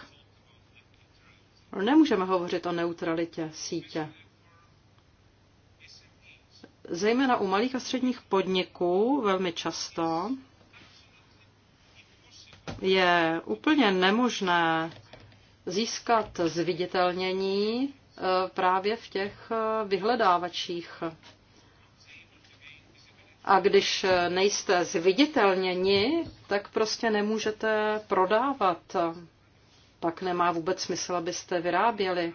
nemůžeme hovořit o neutralitě sítě zejména u malých a středních podniků velmi často je úplně nemožné získat zviditelnění e, právě v těch e, vyhledávačích. A když nejste zviditelněni, tak prostě nemůžete prodávat. Pak nemá vůbec smysl, abyste vyráběli.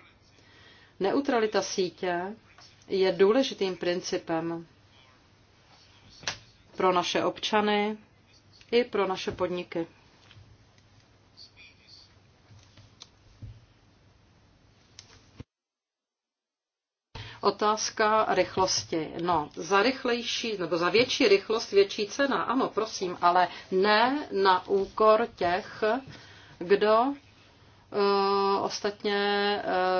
Neutralita sítě je důležitým principem pro naše občany i pro naše podniky. Otázka rychlosti. No, za rychlejší, nebo za větší rychlost větší cena, ano, prosím, ale ne na úkor těch, kdo Eh, ostatně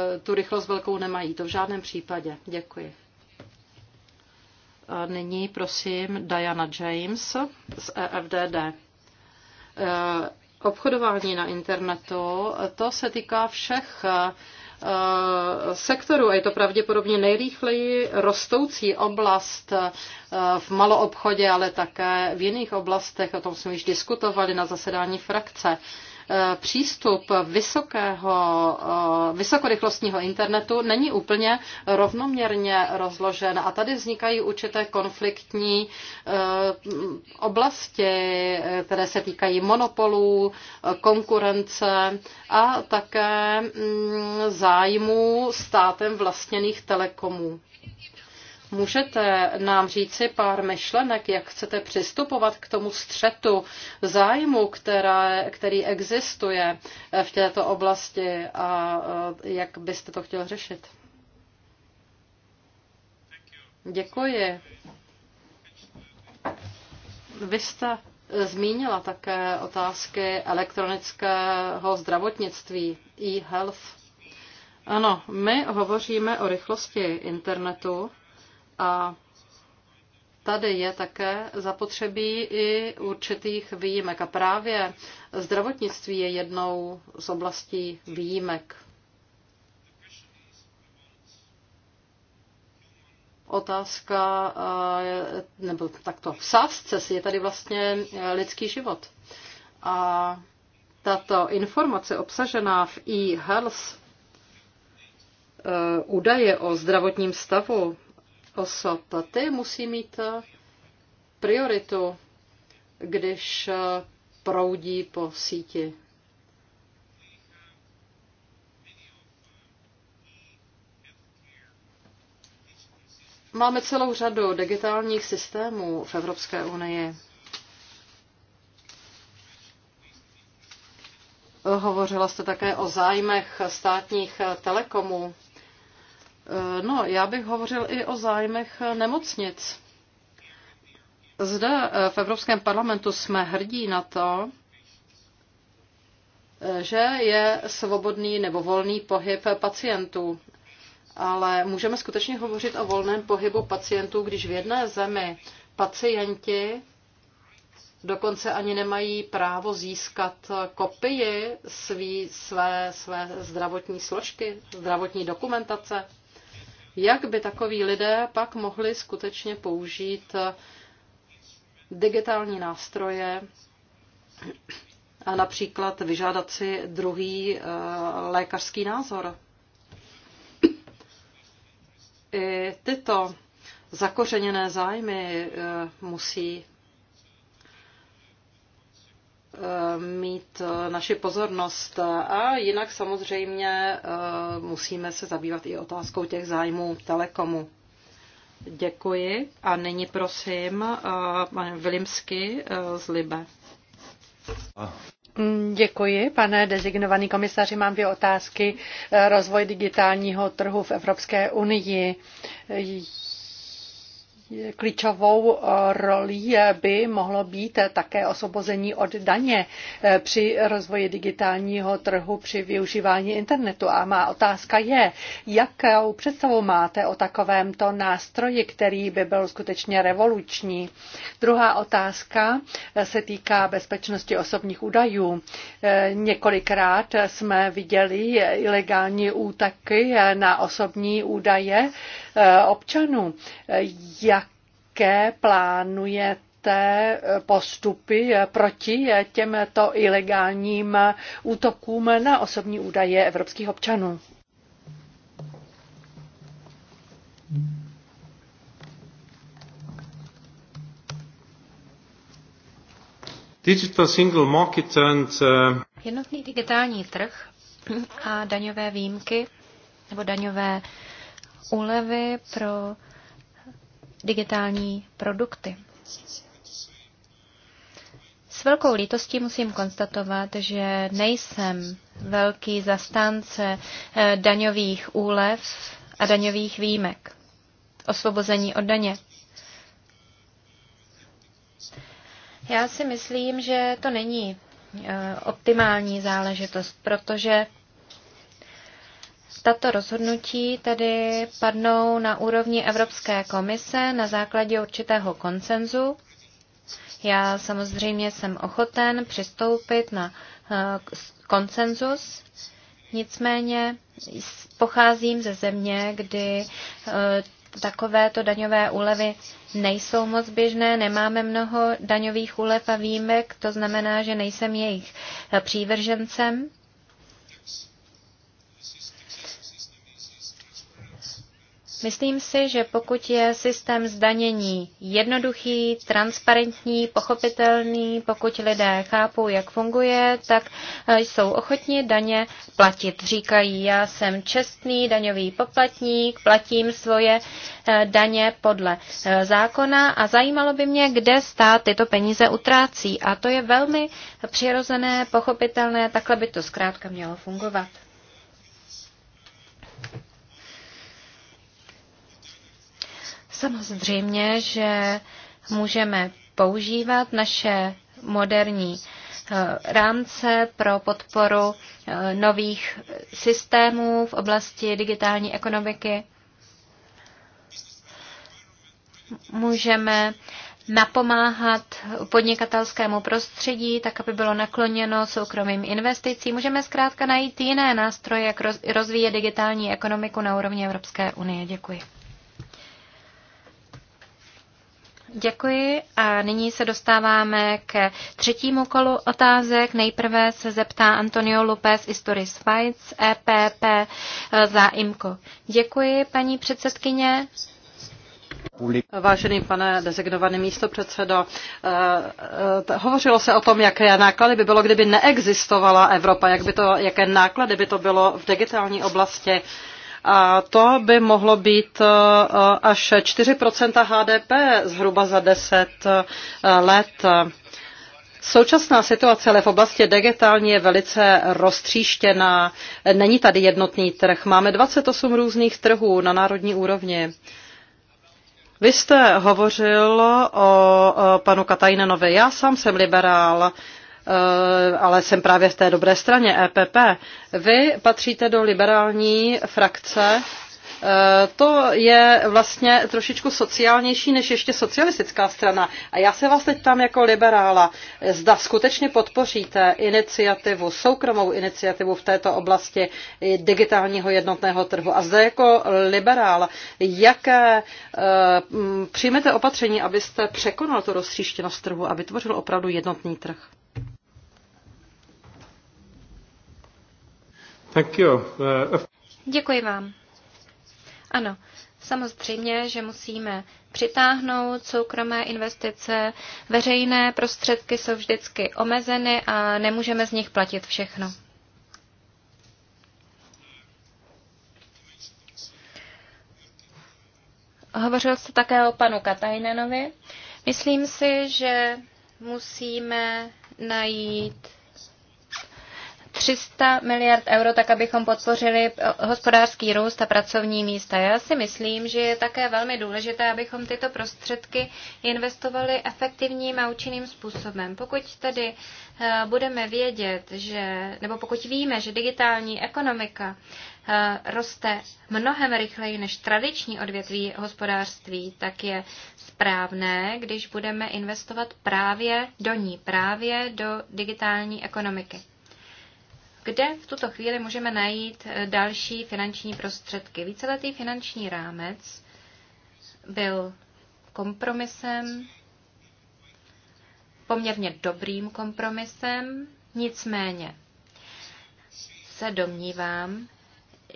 eh, tu rychlost velkou nemají, to v žádném případě. Děkuji. nyní prosím Diana James z EFDD. Eh, obchodování na internetu, to se týká všech sektorů. a je to pravděpodobně nejrychleji rostoucí oblast v maloobchodě, ale také v jiných oblastech. O tom jsme již diskutovali na zasedání frakce. Eh, přístup vysokého, eh, vysokorychlostního internetu není úplně rovnoměrně rozložen a tady vznikají určité konfliktní eh, oblasti, které se týkají monopolů, konkurence a také mm, zájmů státem vlastněných telekomů. Můžete nám říci pár myšlenek, jak chcete přistupovat k tomu střetu zájmu, která, který existuje v této oblasti a eh, jak byste to chtěl řešit? Děkuji. Vy jste zmínila také otázky elektronického zdravotnictví, e-health. Ano, my hovoříme o rychlosti internetu a tady je také zapotřebí i určitých výjimek. A právě zdravotnictví je jednou z oblastí výjimek. Otázka, eh, nebo takto, v sázce je tady vlastně eh, lidský život. A tato informace obsažená v e-health, eh, údaje o zdravotním stavu osob, ty musí mít prioritu, když proudí po síti. Máme celou řadu digitálních systémů v Evropské unii. Hovořila jste také o zájmech státních telekomů. Eh, no, já bych hovořil i o zájmech nemocnic. Zde eh, v Evropském parlamentu jsme hrdí na to, eh, že je svobodný nebo volný pohyb pacientů. Ale můžeme skutečně hovořit o volném pohybu pacientů, když v jedné zemi pacienti dokonce ani nemají právo získat kopii svý, své, své zdravotní složky, zdravotní dokumentace jak by takoví lidé pak mohli skutečně použít eh, digitální nástroje a například vyžádat si druhý eh, lékařský názor. I tyto zakořeněné zájmy eh, musí mít eh, naši pozornost. A jinak samozřejmě eh, musíme se zabývat i otázkou těch zájmů telekomu. Děkuji. A nyní prosím eh, pane Vilimsky z Libe. Mm, děkuji, pane dezignovaný komisaři. Mám dvě otázky. Rozvoj digitálního trhu v Evropské unii klíčovou eh, rolí eh, by mohlo být eh, také osvobození od daně při rozvoji digitálního trhu při využívání internetu. A má otázka je, jakou představu máte o takovémto nástroji, který by byl skutečně revoluční. Druhá otázka se týká bezpečnosti osobních údajů. Několikrát jsme viděli ilegální útaky na osobní údaje, Eh, občanů. Jaké plánuje té postupy eh, proti eh, těmto ilegálním útokům na osobní údaje evropských občanů. Digital single market and, uh... Jednotný digitální trh a daňové výjimky nebo daňové uh, úlevy pro digitální produkty. S velkou lítostí musím konstatovat, že nejsem velký zastánce eh, daňových úlev a daňových výjimek, osvobození od daně. Já si myslím, že to není eh, optimální záležitost, protože tato rozhodnutí tedy padnou na úrovni Evropské komise na základě určitého koncenzu. Já samozřejmě jsem ochoten přistoupit na eh, koncenzus, nicméně pocházím ze země, kdy eh, takovéto daňové úlevy nejsou moc běžné, nemáme mnoho daňových úlev a výjimek, to znamená, že nejsem jejich eh, přívržencem. Myslím si, že pokud je systém zdanění jednoduchý, transparentní, pochopitelný, pokud lidé chápou, jak funguje, tak eh, jsou ochotni daně platit. Říkají, já jsem čestný daňový poplatník, platím svoje eh, daně podle eh, zákona a zajímalo by mě, kde stát tyto peníze utrácí. A to je velmi přirozené, pochopitelné, takhle by to zkrátka mělo fungovat. Samozřejmě, že můžeme používat naše moderní eh, rámce pro podporu eh, nových systémů v oblasti digitální ekonomiky. Můžeme napomáhat podnikatelskému prostředí, tak aby bylo nakloněno soukromým investicím. Můžeme zkrátka najít jiné nástroje, jak rozvíjet digitální ekonomiku na úrovni Evropské unie. Děkuji. Děkuji a nyní se dostáváme k třetímu kolu otázek. Nejprve se zeptá Antonio López Istoris Fights, EPP za IMCO. Děkuji, paní předsedkyně. Vážený pane dezignovaný místopředsedo, eh, eh, hovořilo se o tom, jaké náklady by bylo, kdyby neexistovala Evropa, jak by to, jaké náklady by to bylo v digitální oblasti. A to by mohlo být e, až 4 HDP zhruba za 10 e, let. Současná situace ale v oblasti digitální je velice roztříštěná. Není tady jednotný trh. Máme 28 různých trhů na národní úrovni. Vy jste hovořil o panu Katajnenovi. Já sám jsem liberál. Eh, ale jsem právě v té dobré straně EPP. Vy patříte do liberální frakce. Eh, to je vlastně trošičku sociálnější než ještě socialistická strana. A já se vás teď tam jako liberála, zda skutečně podpoříte iniciativu, soukromou iniciativu v této oblasti digitálního jednotného trhu. A zde jako liberál, jaké eh, přijmete opatření, abyste překonal tu roztříštěnost trhu a vytvořil opravdu jednotný trh? Eh, Děkuji vám. Ano, samozřejmě, že musíme přitáhnout soukromé investice. Veřejné prostředky jsou vždycky omezeny a nemůžeme z nich platit všechno. Hovořil jste také o panu Katajnenovi. Myslím si, že musíme najít 300 miliard euro, tak abychom podpořili eh, hospodářský růst a pracovní místa. Já si myslím, že je také velmi důležité, abychom tyto prostředky investovali efektivním a účinným způsobem. Pokud tedy eh, budeme vědět, že, nebo pokud víme, že digitální ekonomika eh, roste mnohem rychleji než tradiční odvětví hospodářství, tak je správné, když budeme investovat právě do ní, právě do digitální ekonomiky kde v tuto chvíli můžeme najít eh, další finanční prostředky. Víceletý finanční rámec byl kompromisem, poměrně dobrým kompromisem, nicméně se domnívám,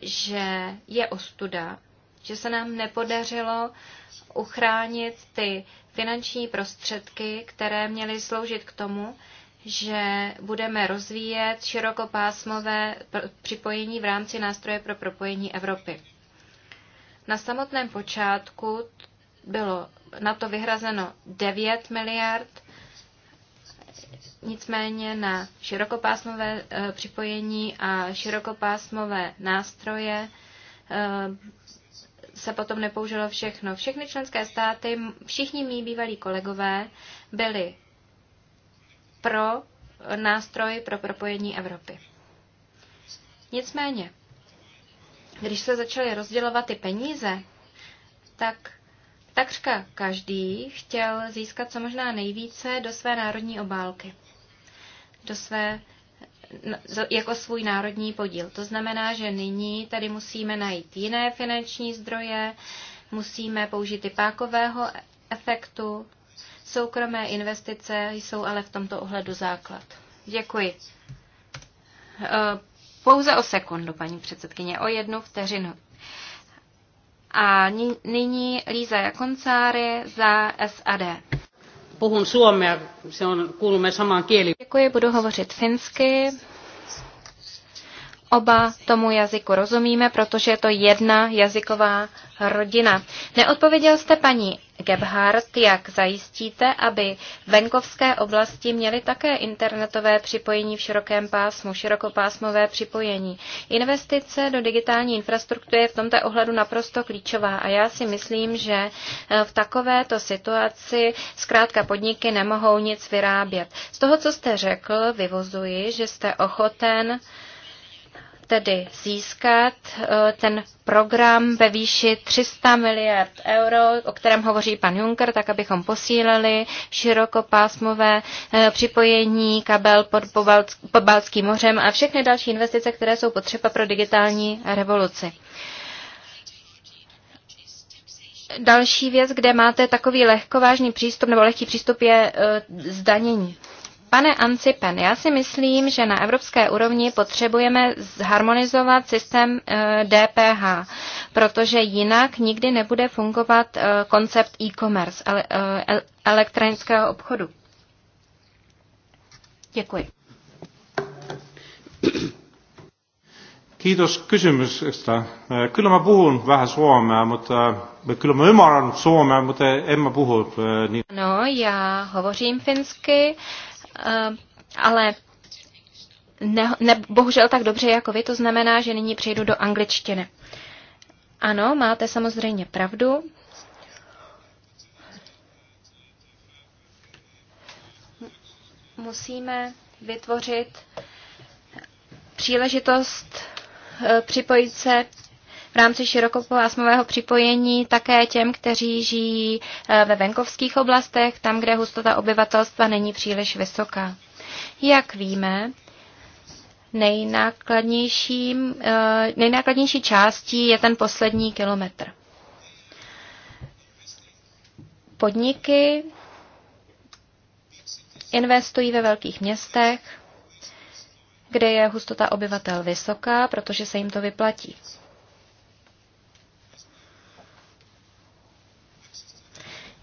že je ostuda, že se nám nepodařilo uchránit ty finanční prostředky, které měly sloužit k tomu, že budeme rozvíjet širokopásmové připojení v rámci nástroje pro propojení Evropy. Na samotném počátku bylo na to vyhrazeno 9 miliard, nicméně na širokopásmové eh, připojení a širokopásmové nástroje eh, se potom nepoužilo všechno. Všechny členské státy, všichni mý bývalí kolegové byli pro nástroj pro propojení Evropy. Nicméně, když se začaly rozdělovat ty peníze, tak takřka každý chtěl získat co možná nejvíce do své národní obálky, do své, jako svůj národní podíl. To znamená, že nyní tady musíme najít jiné finanční zdroje, musíme použít i pákového efektu, Soukromé investice jsou ale v tomto ohledu základ. Děkuji. E, pouze o sekundu, paní předsedkyně, o jednu vteřinu. A nyní Líza Jakoncáry za SAD. Puhun suomea, se on, kuulumme samaan kieli. Děkuji, budu hovořit finsky. Oba tomu jazyku rozumíme, protože je to jedna jazyková rodina. Neodpověděl jste paní Gebhardt, jak zajistíte, aby venkovské oblasti měly také internetové připojení v širokém pásmu, širokopásmové připojení. Investice do digitální infrastruktury je v tomto ohledu naprosto klíčová a já si myslím, že eh, v takovéto situaci zkrátka podniky nemohou nic vyrábět. Z toho, co jste řekl, vyvozuji, že jste ochoten uh, tedy získat e, ten program ve výši 300 miliard euro, o kterém hovoří pan Juncker, tak abychom posílili širokopásmové e, připojení kabel pod, Pobalc- pod mořem a všechny další investice, které jsou potřeba pro digitální revoluci. Další věc, kde máte takový lehkovážný přístup nebo lehký přístup je e, zdanění. Pane Ancipen, já si myslím, že na evropské úrovni potřebujeme zharmonizovat systém DPH, eh, protože jinak nikdy nebude fungovat eh, koncept e-commerce, eh, elektronického obchodu. Děkuji. Kiitos kysymyksestä. Kyllä mä puhun vähän suomea, mutta kyllä mä ymmärrän suomea, mutta en mä puhu niin. No, já hovořím finsky, Eh, ale ne, ne, bohužel tak dobře jako vy, to znamená, že nyní přejdu do angličtiny. Ano, máte samozřejmě pravdu. Musíme vytvořit příležitost eh, připojit se v rámci širokopásmového připojení také těm, kteří žijí eh, ve venkovských oblastech, tam, kde hustota obyvatelstva není příliš vysoká. Jak víme, nejnákladnější, eh, nejnákladnější částí je ten poslední kilometr. Podniky investují ve velkých městech, kde je hustota obyvatel vysoká, protože se jim to vyplatí.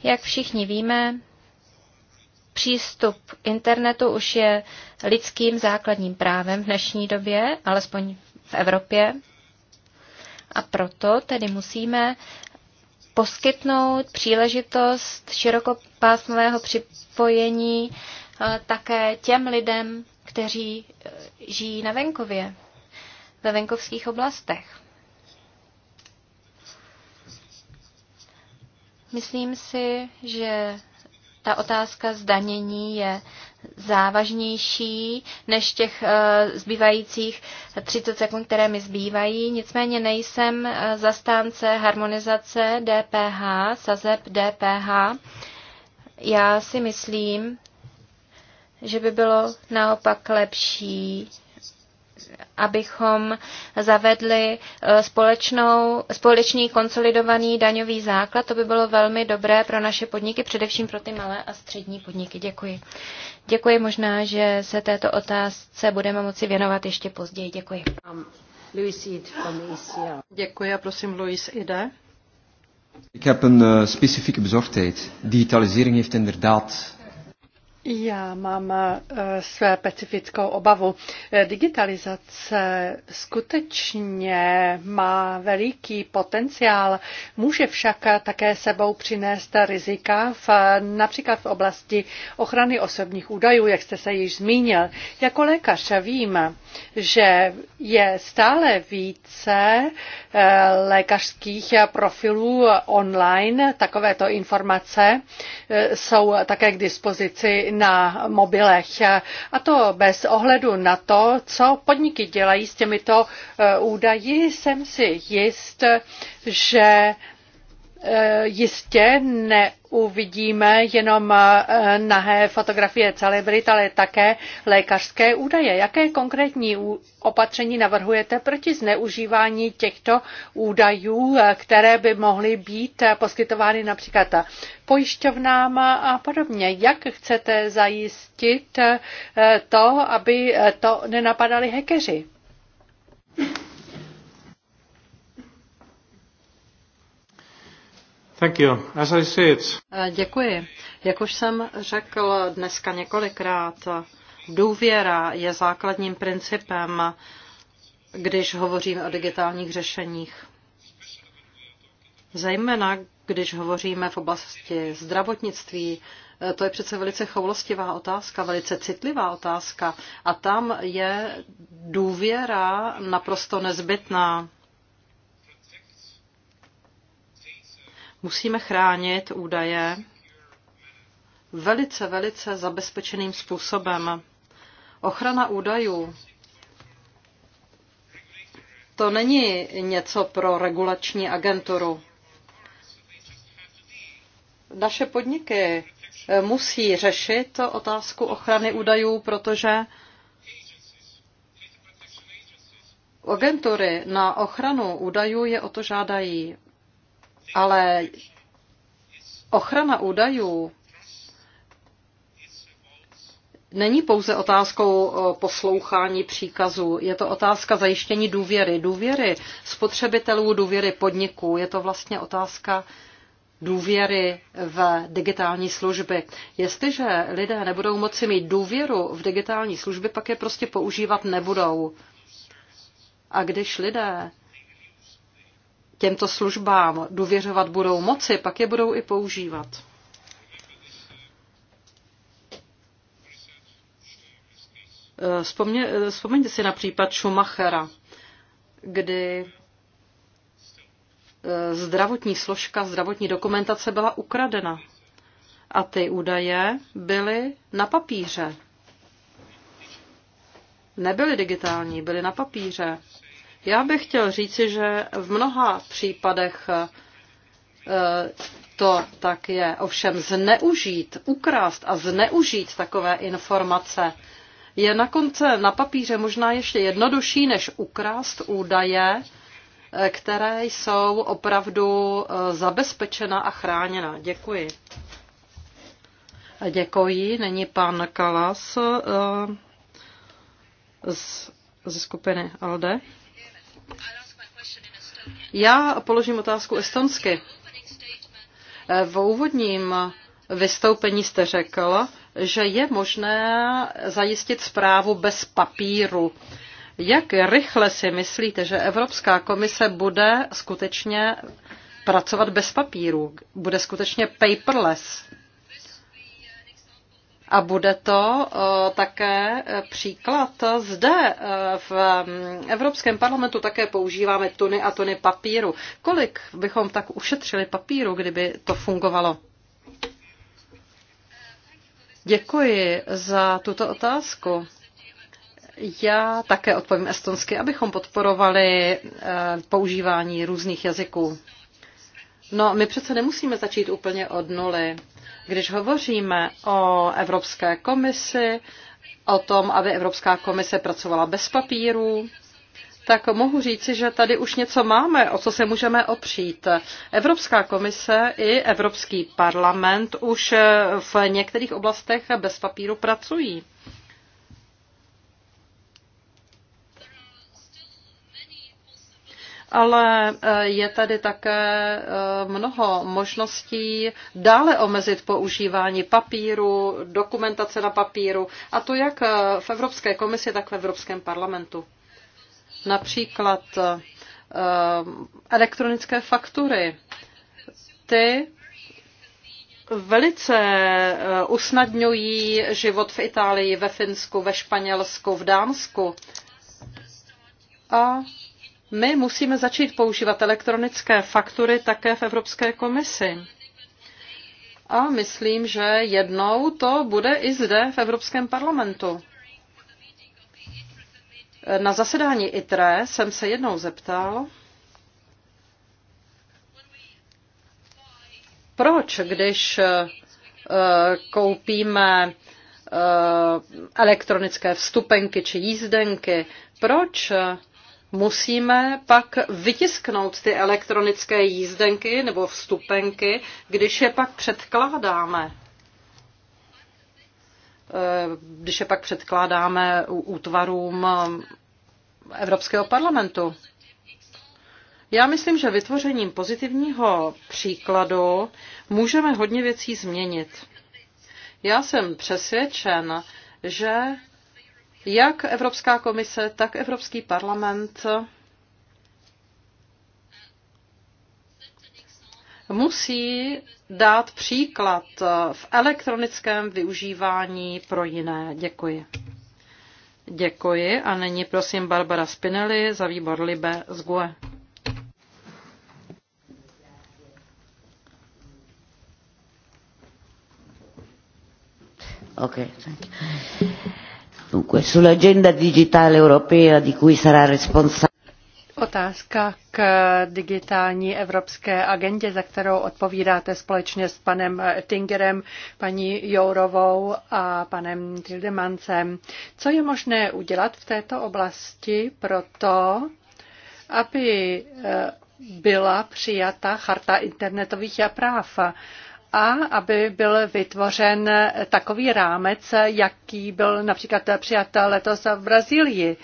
Jak všichni víme, přístup internetu už je lidským základním právem v dnešní době, alespoň v Evropě. A proto tedy musíme poskytnout příležitost širokopásmového připojení eh, také těm lidem, kteří eh, žijí na venkově, ve venkovských oblastech. Myslím si, že ta otázka zdanění je závažnější než těch eh, zbývajících 30 sekund, které mi zbývají. Nicméně nejsem eh, zastánce harmonizace DPH, sazeb DPH. Já si myslím, že by bylo naopak lepší, abychom zavedli eh, společnou, společný konsolidovaný daňový základ. To by bylo velmi dobré pro naše podniky, především pro ty malé a střední podniky. Děkuji. Děkuji možná, že se této otázce budeme moci věnovat ještě později. Děkuji. Um, e Děkuji a prosím, Luis Ide. Ik heb een eh, specifieke bezorgdheid. Digitalisering heeft inderdaad já mám eh, své specifickou obavu. Eh, digitalizace skutečně má veliký potenciál, může však také sebou přinést rizika v, například v oblasti ochrany osobních údajů, jak jste se již zmínil. Jako lékař vím, že je stále více eh, lékařských profilů online, takovéto informace jsou také k dispozici na mobilech. A to bez ohledu na to, co podniky dělají s těmito eh, údaji, jsem si jist, že E, jistě neuvidíme jenom e, nahé fotografie celebrit, ale také lékařské údaje. Jaké konkrétní opatření navrhujete proti zneužívání těchto údajů, e, které by mohly být poskytovány například pojišťovnám a podobně? Jak chcete zajistit to, aby to nenapadali hekeři? Thank you. As I said. Eh, děkuji. Jak už jsem řekl dneska několikrát, důvěra je základním principem, když hovoříme o digitálních řešeních. Zejména, když hovoříme v oblasti zdravotnictví, eh, to je přece velice choulostivá otázka, velice citlivá otázka. A tam je důvěra naprosto nezbytná. Musíme chránit údaje velice, velice zabezpečeným způsobem. Ochrana údajů to není něco pro regulační agenturu. Naše podniky eh, musí řešit otázku ochrany údajů, protože agentury na ochranu údajů je o to žádají. Ale ochrana údajů není pouze otázkou eh, poslouchání příkazů, je to otázka zajištění důvěry. Důvěry spotřebitelů, důvěry podniků, je to vlastně otázka důvěry v digitální služby. Jestliže lidé nebudou moci mít důvěru v digitální služby, pak je prostě používat nebudou. A když lidé těmto službám důvěřovat budou moci, pak je budou i používat. Eh, vzpomně, eh, vzpomeňte si na případ Schumachera, kdy eh, zdravotní složka, zdravotní dokumentace byla ukradena. A ty údaje byly na papíře. Nebyly digitální, byly na papíře. Já bych chtěl říci, že v mnoha případech eh, to tak je. Ovšem zneužít, ukrást a zneužít takové informace je na konce na papíře možná ještě jednodušší, než ukrást údaje, eh, které jsou opravdu eh, zabezpečena a chráněna. Děkuji. Děkuji. Není pan Kalas z, z skupiny ALDE. Já položím otázku estonsky. Eh, v úvodním vystoupení jste řekl, že je možné zajistit zprávu bez papíru. Jak rychle si myslíte, že Evropská komise bude skutečně pracovat bez papíru? Bude skutečně paperless? A bude to eh, také eh, příklad zde eh, v mm, Evropském parlamentu také používáme tuny a tuny papíru. Kolik bychom tak ušetřili papíru, kdyby to fungovalo? Děkuji za tuto otázku. Já také odpovím estonsky, abychom podporovali používání různých jazyků. No, my přece nemusíme začít úplně od nuly. Když hovoříme o Evropské komisi, o tom, aby Evropská komise pracovala bez papírů, tak mohu říci, že tady už něco máme, o co se můžeme opřít. Evropská komise i Evropský parlament už v některých oblastech bez papíru pracují. ale eh, je tady také eh, mnoho možností dále omezit používání papíru, dokumentace na papíru, a to jak eh, v Evropské komisi, tak v Evropském parlamentu. Například elektronické faktury. Ty velice usnadňují život v Itálii, ve Finsku, ve Španělsku, v Dánsku. A my musíme začít používat elektronické faktury také v Evropské komisi. A myslím, že jednou to bude i zde v Evropském parlamentu. Na zasedání ITRE jsem se jednou zeptal, proč, když eh, koupíme eh, elektronické vstupenky či jízdenky, proč eh, musíme pak vytisknout ty elektronické jízdenky nebo vstupenky, když je pak předkládáme. Eh, když je pak předkládáme útvarům eh, Evropského parlamentu. Já myslím, že vytvořením pozitivního příkladu můžeme hodně věcí změnit. Já jsem přesvědčen, že jak Evropská komise, tak Evropský parlament musí dát příklad v elektronickém využívání pro jiné. Děkuji. Děkuji a nyní prosím Barbara Spinelli za výbor Libe z GUE. Okay, thank you. Dunque, sull'agenda digitale europea di cui sarà responsabile. Otázka k digitální evropské agendě, za kterou odpovídáte společně s panem Tingerem, paní Jourovou a panem Tildemancem. Co je možné udělat v této oblasti pro to, aby eh, byla přijata charta internetových práv? a aby byl vytvořen takový rámec, jaký byl například přijat letos v Brazílii.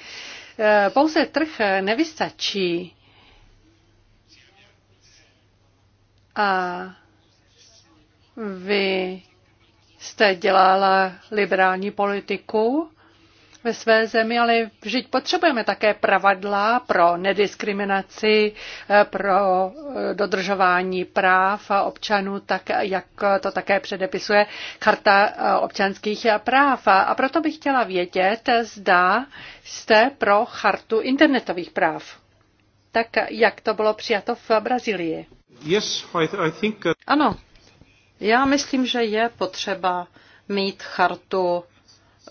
Pouze trh nevystačí. A vy jste dělala liberální politiku ve své zemi, ale vždyť potřebujeme také pravidla pro nediskriminaci, eh, pro eh, dodržování práv občanů, tak jak to také předepisuje Charta eh, občanských práv. A proto bych chtěla vědět, zda jste pro Chartu internetových práv, tak jak to bylo přijato v Brazílii. Yes, I, I think... Uh, ano, já myslím, že je potřeba mít chartu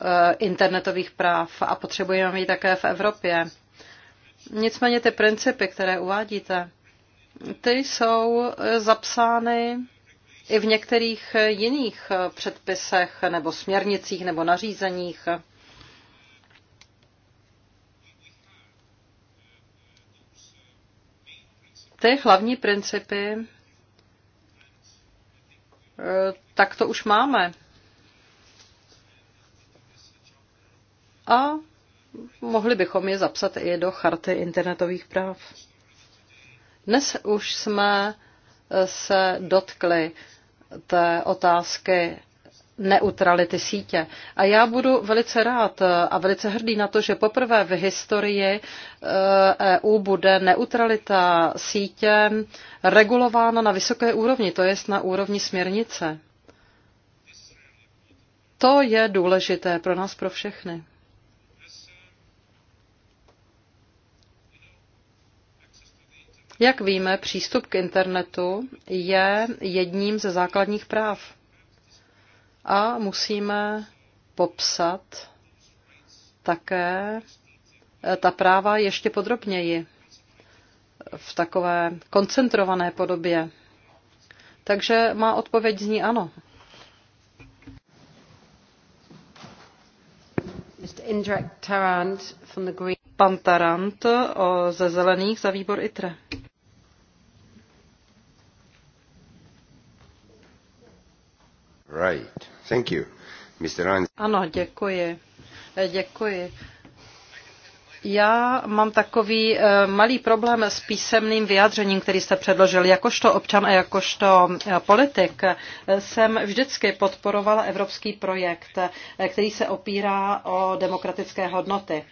Eh, internetových práv a potřebujeme ji také v Evropě. Nicméně ty principy, které uvádíte, ty jsou eh, zapsány i v některých eh, jiných předpisech nebo směrnicích nebo nařízeních. Ty hlavní principy tak to už máme a mohli bychom je zapsat i do charty internetových práv. Dnes už jsme eh, se dotkli té otázky neutrality sítě. A já budu velice rád eh, a velice hrdý na to, že poprvé v historii EU eh, e bude neutralita sítě regulována na vysoké úrovni, to jest na úrovni směrnice. To je důležité pro nás, pro všechny. Jak víme, přístup k internetu je jedním ze základních práv. A musíme popsat také eh, ta práva ještě podrobněji v takové koncentrované podobě. Takže má odpověď zní ano. Pan Tarant ze Zelených za výbor ITRE. Right. Thank you. Mr. Ano, děkuji. Děkuji. Já mám takový eh, malý problém s písemným vyjádřením, který jste předložil. Jakožto občan a jakožto eh, politik eh, jsem vždycky podporovala evropský projekt, který se opírá o demokratické hodnoty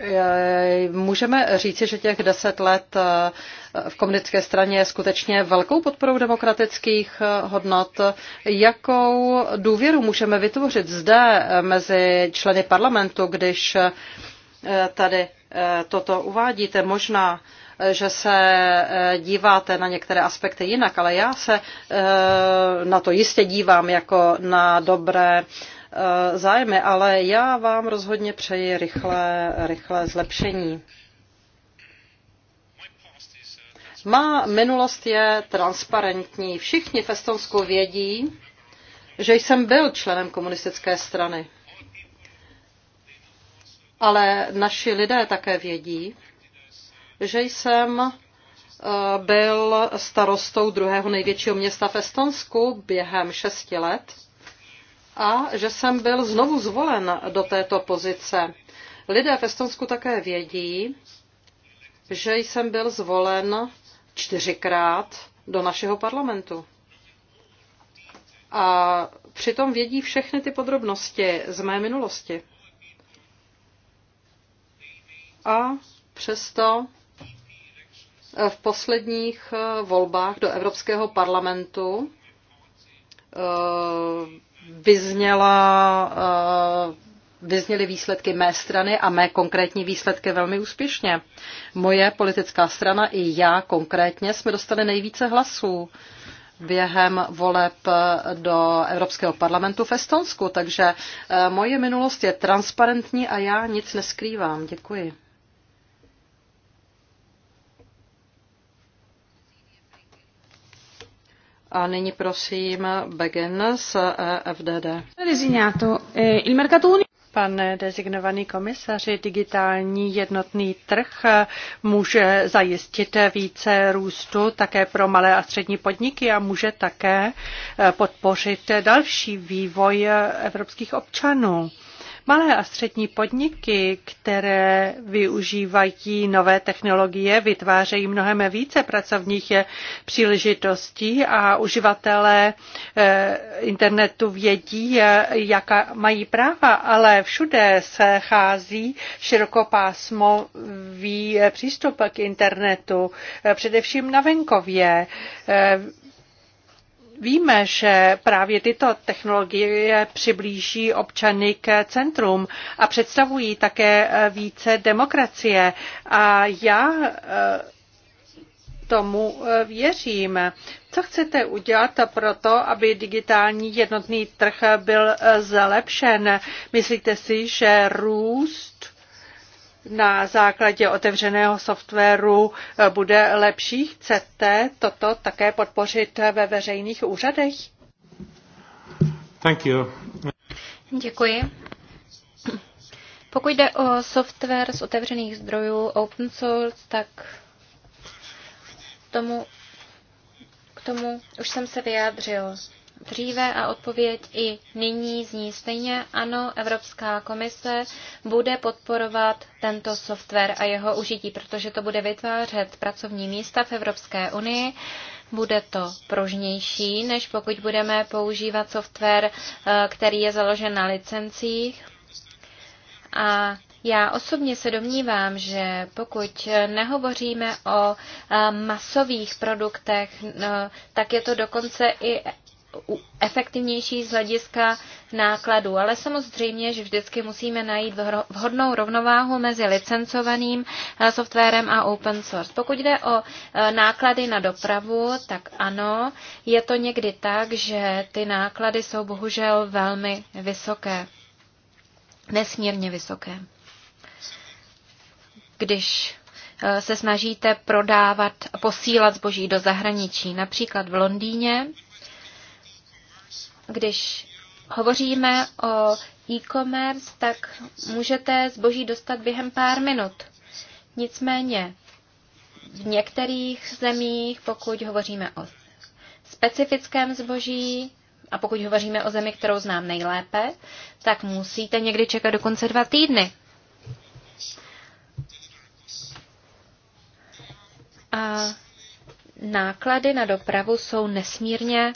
Eh, můžeme říci, že těch deset let eh, v komunické straně je skutečně velkou podporou demokratických eh, hodnot. Jakou důvěru můžeme vytvořit zde mezi členy parlamentu, když tady toto uvádíte? Možná že se díváte na některé aspekty jinak, ale já se na to jistě dívám jako na dobré Eh, zájmy, ale já vám rozhodně přeji rychlé, rychlé zlepšení. Má minulost je transparentní. Všichni v Estonsku vědí, že jsem byl členem komunistické strany. Ale naši lidé také vědí, že jsem eh, byl starostou druhého největšího města v Estonsku během šesti let a že jsem byl znovu zvolen do této pozice. Lidé v Estonsku také vědí, že jsem byl zvolen čtyřikrát do našeho parlamentu. A přitom vědí všechny ty podrobnosti z mé minulosti. A přesto v posledních eh, volbách do Evropského parlamentu eh, vyzněla eh, vyzněly výsledky mé strany a mé konkrétní výsledky velmi úspěšně. Moje politická strana i já konkrétně jsme dostali nejvíce hlasů během voleb eh, do Evropského parlamentu v Estonsku, takže eh, moje minulost je transparentní a já nic neskrývám. Děkuji. A nyní prosím Begin z eh, FDD. Resignato, eh, il mercato Pane designovaný komisaři, digitální jednotný trh eh, může zajistit více růstu také pro malé a střední podniky a může také podpořit další vývoj evropských občanů. Malé a střední podniky, které využívají nové technologie, vytvářejí mnohem více pracovních příležitostí a uživatelé eh, internetu vědí, eh, jaká mají práva, ale všude se chází širokopásmový eh, přístup k internetu, především na venkově. Víme, že právě tyto technologie přiblíží občany k centrum a představují také eh, více demokracie. A já eh, tomu eh, věřím. Co chcete udělat pro to, aby digitální jednotný trh byl zlepšen? Myslíte si, že růst na základě otevřeného softwaru eh, bude lepší? Chcete toto také podpořit ve veřejných úřadech? Thank you. Děkuji. Pokud jde o software z otevřených zdrojů open source, tak tomu, k tomu už jsem se vyjádřil dříve a odpověď i nyní zní stejně. Ano, Evropská komise bude podporovat tento software a jeho užití, protože to bude vytvářet pracovní místa v Evropské unii. Bude to pružnější, než pokud budeme používat software, eh, který je založen na licencích. A já osobně se domnívám, že pokud nehovoříme o eh, masových produktech, eh, tak je to dokonce i efektivnější z hlediska nákladů. Ale samozřejmě, že vždycky musíme najít vhodnou rovnováhu mezi licencovaným eh, softwarem a open source. Pokud jde o eh, náklady na dopravu, tak ano, je to někdy tak, že ty náklady jsou bohužel velmi vysoké. Nesmírně vysoké. Když eh, se snažíte prodávat, posílat zboží do zahraničí. Například v Londýně když hovoříme o e-commerce, tak můžete zboží dostat během pár minut. Nicméně v některých zemích, pokud hovoříme o specifickém zboží, a pokud hovoříme o zemi, kterou znám nejlépe, tak musíte někdy čekat dokonce dva týdny. A náklady na dopravu jsou nesmírně uh,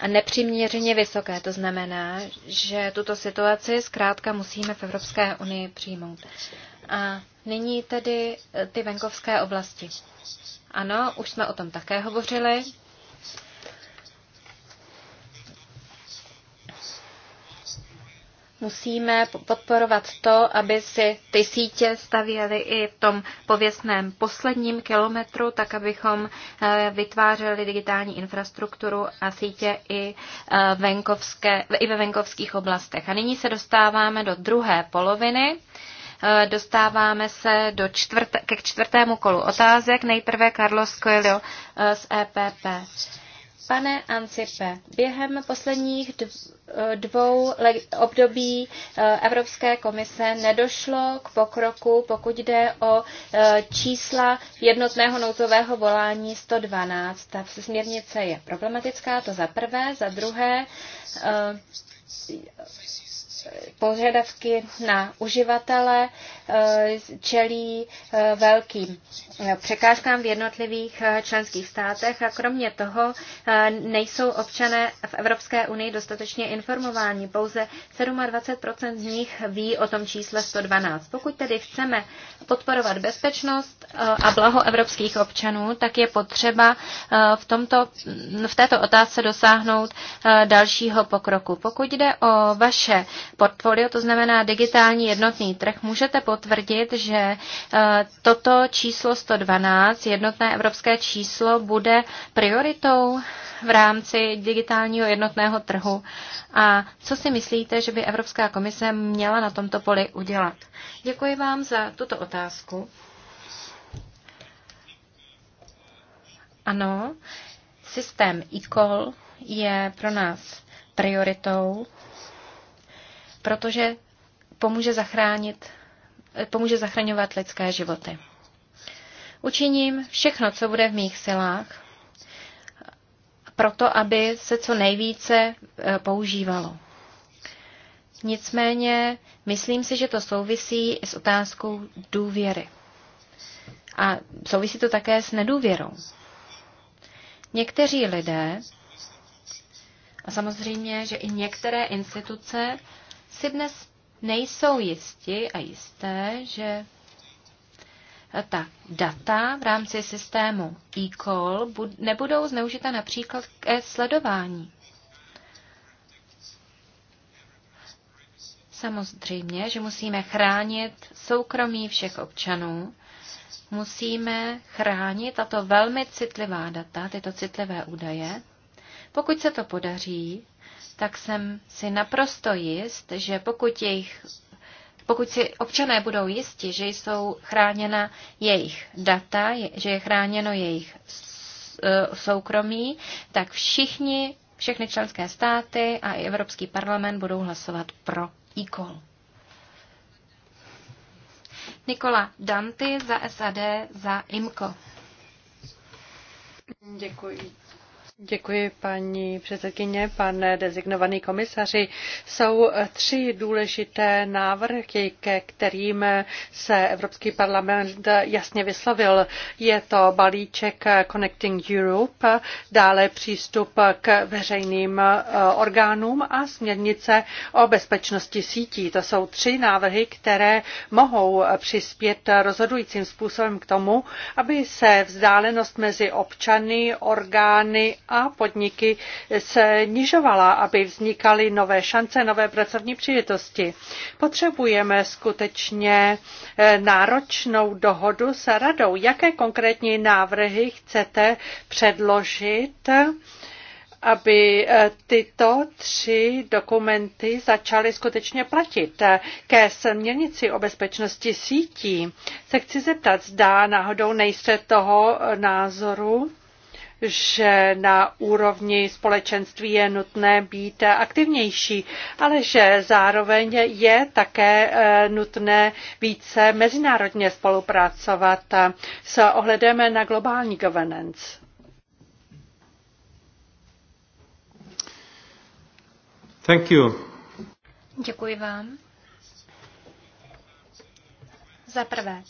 a nepřiměřeně vysoké. To znamená, že tuto situaci zkrátka musíme v Evropské unii přijmout. A nyní tedy eh, ty venkovské oblasti. Ano, už jsme o tom také hovořili. musíme podporovat to, aby si ty sítě stavěly i v tom pověstném posledním kilometru, tak abychom eh, vytvářeli digitální infrastrukturu a sítě i, eh, venkovské, i ve venkovských oblastech. A nyní se dostáváme do druhé poloviny. Eh, dostáváme se do čtvrt, ke čtvrtému kolu otázek. Nejprve Carlos Coelho z EPP. Pane Ancipe, během posledních eh, dvou období eh, Evropské komise nedošlo k pokroku, pokud jde o eh, čísla jednotného nouzového volání 112. Ta směrnice je problematická, to za prvé. Za druhé, požadavky na uživatele eh, čelí eh, velkým eh, překážkám v jednotlivých členských státech a kromě toho nejsou občané v Evropské unii dostatečně informováni. Pouze 27 z nich ví o tom čísle 112. Pokud tedy chceme podporovat bezpečnost a blaho evropských občanů, tak je potřeba v, tomto, v této otázce dosáhnout dalšího pokroku. Pokud jde o vaše portfolio, to znamená digitální jednotný trh, můžete potvrdit, že eh, toto číslo 112, jednotné evropské číslo, bude prioritou v rámci digitálního jednotného trhu. A co si myslíte, že by Evropská komise měla na tomto poli udělat? Děkuji vám za tuto otázku. Ano, systém e je pro nás prioritou protože pomůže zachránit, pomůže zachraňovat lidské životy. Učiním všechno, co bude v mých silách, proto, aby se co nejvíce e, používalo. Nicméně, myslím si, že to souvisí i s otázkou důvěry. A souvisí to také s nedůvěrou. Někteří lidé, a samozřejmě, že i některé instituce si dnes nejsou jisti a jisté, že ta data v rámci systému e-call nebudou zneužita například ke sledování. Samozřejmě, že musíme chránit soukromí všech občanů, musíme chránit tato velmi citlivá data, tyto citlivé údaje. Pokud se to podaří, tak jsem si naprosto jist, že pokud, jejich, pokud si občané budou jisti, že jsou chráněna jejich data, že je chráněno jejich e, soukromí, tak všichni, všechny členské státy a i Evropský parlament budou hlasovat pro e-call. Nikola Danty za SAD za IMCO. Děkuji. Děkuji, paní předsedkyně, pane dezignovaný komisaři. Jsou tři důležité návrhy, ke kterým se Evropský parlament jasně vyslovil. Je to balíček Connecting Europe, dále přístup k veřejným eh, orgánům a směrnice o bezpečnosti sítí. To jsou tři návrhy, které mohou přispět rozhodujícím způsobem k tomu, aby se vzdálenost mezi občany, orgány a podniky se nižovala, aby vznikaly nové šance, nové pracovní příležitosti. Potřebujeme skutečně eh, náročnou dohodu s radou. Jaké konkrétní návrhy chcete předložit? aby eh, tyto tři dokumenty začaly skutečně platit. Eh, ke směrnici o bezpečnosti sítí se chci zeptat, zda náhodou nejste toho názoru, že na úrovni společenství je nutné být aktivnější, ale že zároveň je také eh, nutné více mezinárodně spolupracovat s ohledem na globální governance. Thank you. Děkuji vám. Za prvé,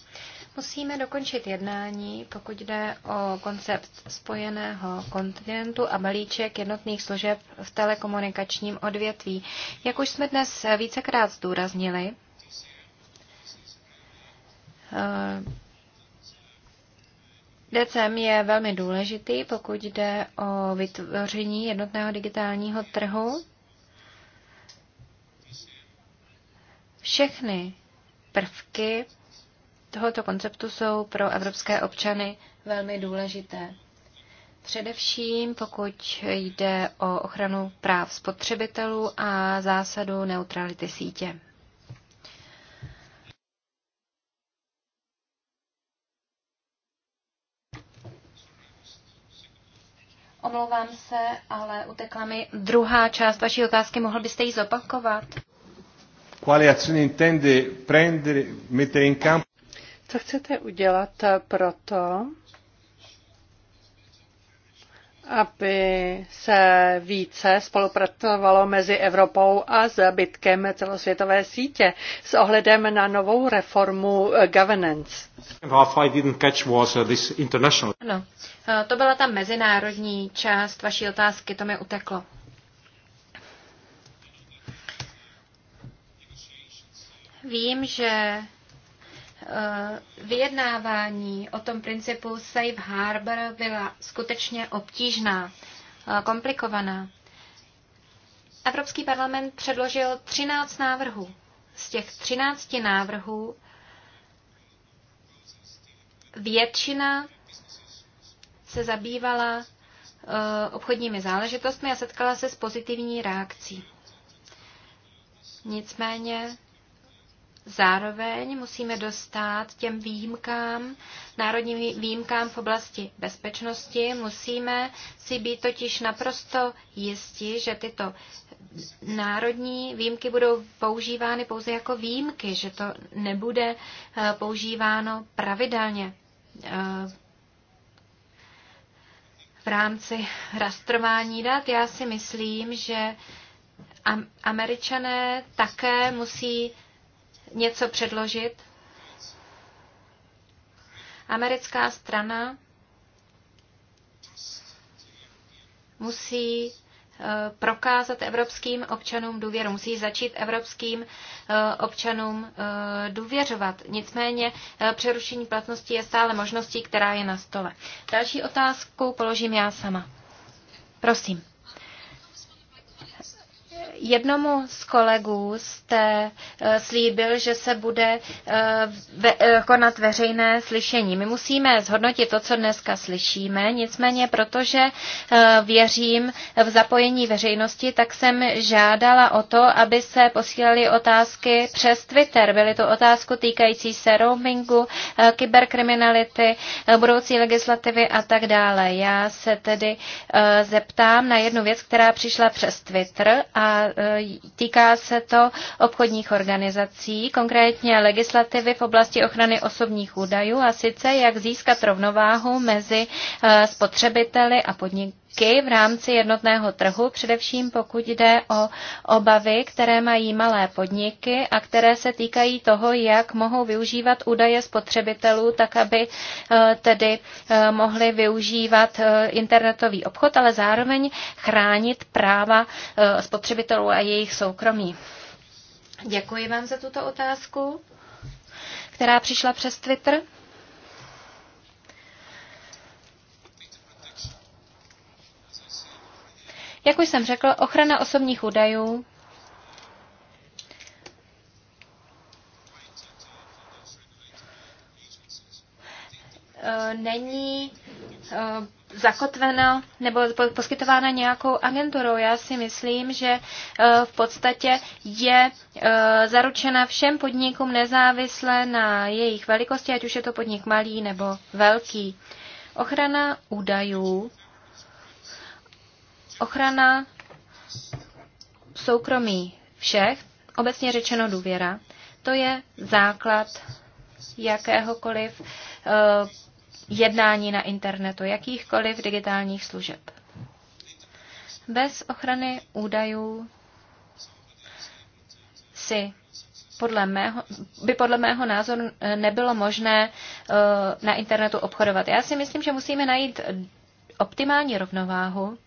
Musíme dokončit jednání, pokud jde o koncept spojeného kontinentu a balíček jednotných služeb v telekomunikačním odvětví. Jak už jsme dnes vícekrát zdůraznili, eh, DCM je velmi důležitý, pokud jde o vytvoření jednotného digitálního trhu. Všechny prvky tohoto konceptu jsou pro evropské občany velmi důležité. Především pokud jde o ochranu práv spotřebitelů a zásadu neutrality sítě. Omlouvám se, ale utekla mi druhá část vaší otázky. Mohl byste ji zopakovat? Quali azioni intende prendere, mettere in campo? Co chcete udělat pro to, aby se více spolupracovalo mezi Evropou a zbytkem celosvětové sítě s ohledem na novou reformu governance. Uh, ano, eh, to byla ta mezinárodní část vaší otázky, to mi uteklo. Vím, že Eh, vyjednávání o tom principu safe harbor byla skutečně obtížná, eh, komplikovaná. Evropský parlament předložil 13 návrhů. Z těch 13 návrhů většina se zabývala eh, obchodními záležitostmi a setkala se s pozitivní reakcí. Nicméně Zároveň musíme dostat těm výjimkám, národním výjimkám v oblasti bezpečnosti. Musíme si být totiž naprosto jisti, že tyto národní výjimky budou používány pouze jako výjimky, že to nebude eh, používáno pravidelně eh, v rámci rastrování dat. Já si myslím, že Američané také musí něco předložit. Americká strana musí eh, prokázat evropským občanům důvěru. Musí začít evropským eh, občanům eh, důvěřovat. Nicméně přerušení platnosti je stále možností, která je na stole. Další otázku položím já sama. Prosím. Jednomu z kolegů jste eh, slíbil, že se bude eh, eh, konat veřejné slyšení. My musíme zhodnotit to, co dneska slyšíme, nicméně protože věřím v zapojení veřejnosti, tak jsem žádala o to, aby se posílaly otázky přes Twitter. Byly to otázky týkající se roamingu, kyberkriminality, budoucí legislativy a tak dále. Já se tedy zeptám na jednu věc, která přišla přes Twitter a týká se to obchodních organizací, konkrétně legislativy v oblasti ochrany osobních údajů a sice jak získat rovnováhu mezi eh, spotřebiteli a podnikateli výjimky v rámci jednotného trhu, především pokud jde o obavy, které mají malé podniky a které se týkají toho, jak mohou využívat údaje spotřebitelů, tak aby eh, tedy eh, mohli využívat eh, internetový obchod, ale zároveň chránit práva spotřebitelů a jejich soukromí. Děkuji vám za tuto otázku, která přišla přes Twitter. Jak už jsem řekl, ochrana osobních údajů eh, není eh, zakotvena nebo poskytována nějakou agenturou. Já si myslím, že eh, v podstatě je zaručena všem podnikům nezávisle na jejich velikosti, ať už je to podnik malý nebo velký. Ochrana údajů ochrana soukromí všech, obecně řečeno důvěra, to je základ jakéhokoliv eh, jednání na internetu, jakýchkoliv digitálních služeb. Bez ochrany údajů si podle mého, by podle mého názoru eh, nebylo možné eh, na internetu obchodovat. Já si myslím, že musíme najít optimální rovnováhu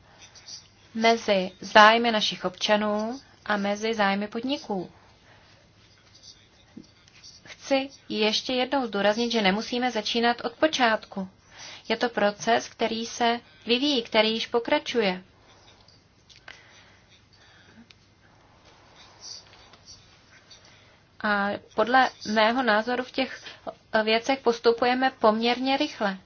mezi zájmy našich občanů a mezi zájmy podniků. Chci ještě jednou zdůraznit, že nemusíme začínat od počátku. Je to proces, který se vyvíjí, který již pokračuje. A podle mého názoru v těch věcech postupujeme poměrně rychle.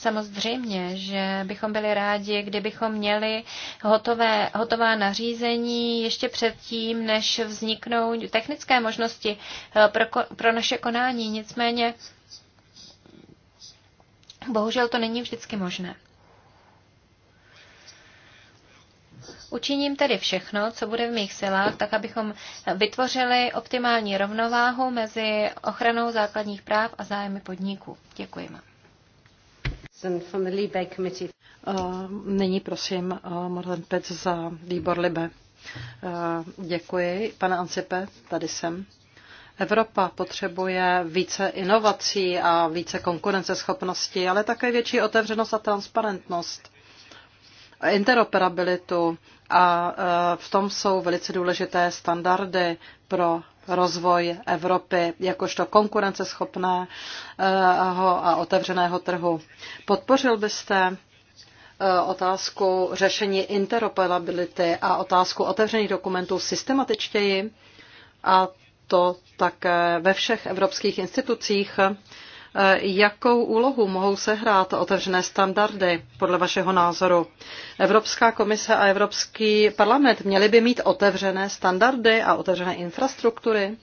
Samozřejmě, že bychom byli rádi, kdybychom měli hotové, hotová nařízení ještě předtím, než vzniknou technické možnosti eh, pro, pro naše konání. Nicméně, bohužel to není vždycky možné. Učiním tedy všechno, co bude v mých silách, tak abychom vytvořili optimální rovnováhu mezi ochranou základních práv a zájmy podniků. Děkuji vám. Eh, nyní prosím eh, Morten Pec za výbor Libe. Eh, děkuji, pane Ancipe, tady jsem. Evropa potřebuje více inovací a více konkurenceschopnosti, ale také větší otevřenost a transparentnost, interoperabilitu a v tom jsou velice důležité standardy pro rozvoj Evropy jakožto konkurenceschopného eh, a otevřeného trhu. Podpořil byste eh, otázku řešení interoperability a otázku otevřených dokumentů systematičtěji a to také ve všech evropských institucích Eh, jakou úlohu mohou sehrát otevřené standardy podle vašeho názoru? Evropská komise a Evropský parlament měly by mít otevřené standardy a otevřené infrastruktury?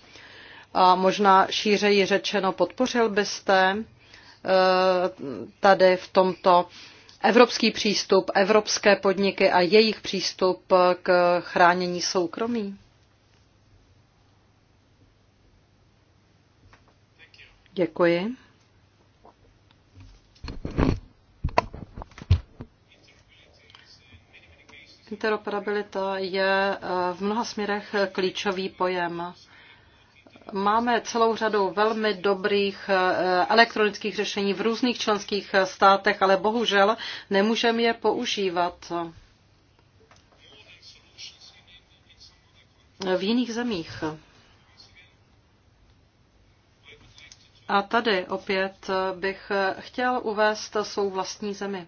A možná šířeji řečeno, podpořil byste eh, tady v tomto evropský přístup, evropské podniky a jejich přístup k chránění soukromí? Děkuji. Interoperabilita je eh, v mnoha směrech klíčový pojem. Máme celou řadu velmi dobrých eh, elektronických řešení v různých členských eh, státech, ale bohužel nemůžeme je používat v jiných zemích. A tady opět bych chtěl uvést svou vlastní zemi.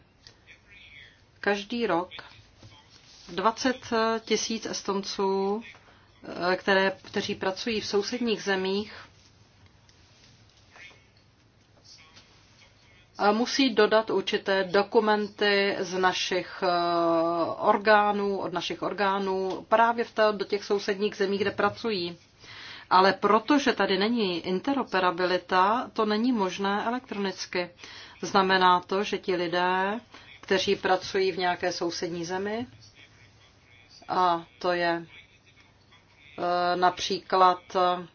Každý rok 20 tisíc Estonců, které, kteří pracují v sousedních zemích, musí dodat určité dokumenty z našich eh, orgánů, od našich orgánů právě v té, do těch sousedních zemí, kde pracují ale protože tady není interoperabilita, to není možné elektronicky. Znamená to, že ti lidé, kteří pracují v nějaké sousední zemi, a to je e, například e,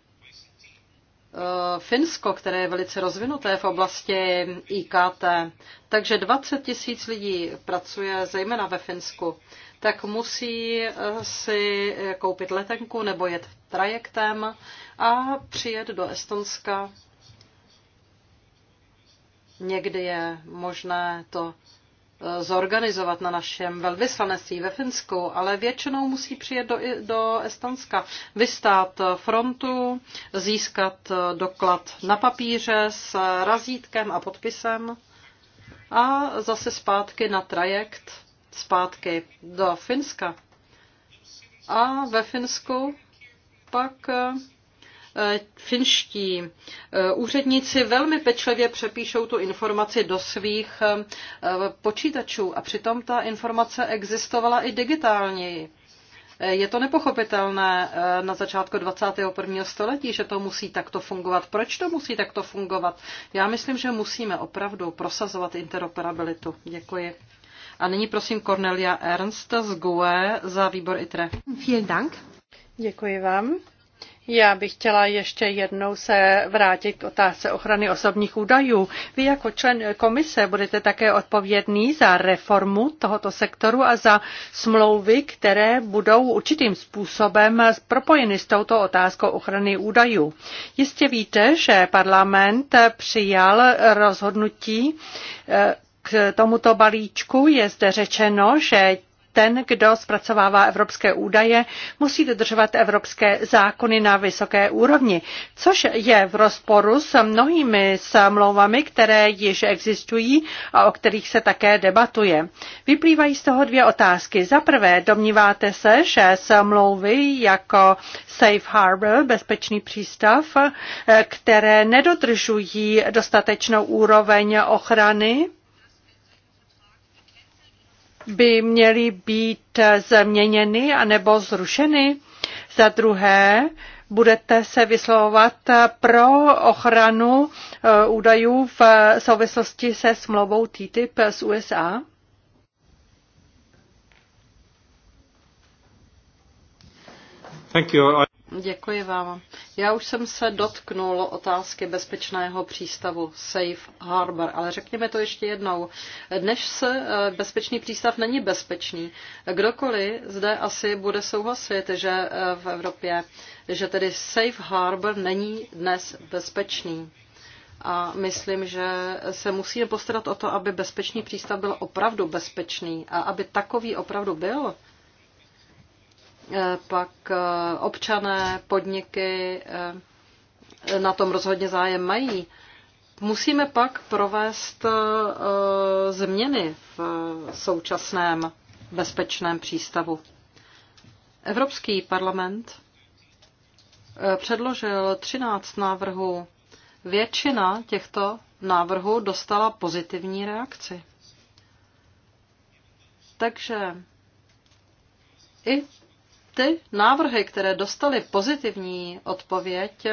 Finsko, které je velice rozvinuté v oblasti IKT, takže 20 tisíc lidí pracuje zejména ve Finsku, tak musí e, si koupit letenku nebo jet trajektem a přijet do Estonska. Někdy je možné to eh, zorganizovat na našem velvyslanectví ve Finsku, ale většinou musí přijet do, do Estonska, vystát frontu, získat eh, doklad na papíře s razítkem a podpisem a zase zpátky na trajekt, zpátky do Finska. A ve Finsku pak eh, finští eh, úředníci velmi pečlivě přepíšou tu informaci do svých eh, počítačů a přitom ta informace existovala i digitálněji. Je to nepochopitelné na začátku 21. století, že to musí takto fungovat. Proč to musí takto fungovat? Já myslím, že musíme opravdu prosazovat interoperabilitu. Děkuji. A nyní prosím Cornelia Ernst z GUE za výbor ITRE. Vielen Dank. Děkuji vám. Já bych chtěla ještě jednou se vrátit k otázce ochrany osobních údajů. Vy jako člen komise budete také odpovědný za reformu tohoto sektoru a za smlouvy, které budou určitým způsobem propojeny s touto otázkou ochrany údajů. Jistě víte, že parlament přijal rozhodnutí eh, k tomuto balíčku je zde řečeno, že ten, kdo zpracovává evropské údaje, musí dodržovat evropské zákony na vysoké úrovni, což je v rozporu s mnohými smlouvami, které již existují a o kterých se také debatuje. Vyplývají z toho dvě otázky. Za prvé, domníváte se, že smlouvy jako Safe Harbor, bezpečný přístav, eh, které nedodržují dostatečnou úroveň ochrany, by měly být změněny anebo zrušeny. Za druhé, budete se vyslovovat pro ochranu eh, údajů v souvislosti se smlouvou TTIP z USA? Thank you. Děkuji vám. Já už jsem se dotknul otázky bezpečného přístavu Safe Harbor, ale řekněme to ještě jednou. Dnes se eh, bezpečný přístav není bezpečný. Kdokoliv zde asi bude souhlasit, že eh, v Evropě, že tedy Safe Harbor není dnes bezpečný. A myslím, že se musíme postarat o to, aby bezpečný přístav byl opravdu bezpečný a aby takový opravdu byl Eh, pak eh, občané, podniky eh, na tom rozhodně zájem mají. Musíme pak provést změny v současném bezpečném přístavu. Evropský parlament předložil 13 návrhů. Většina těchto návrhů dostala pozitivní reakci. Takže i ty návrhy, které dostaly pozitivní odpověď,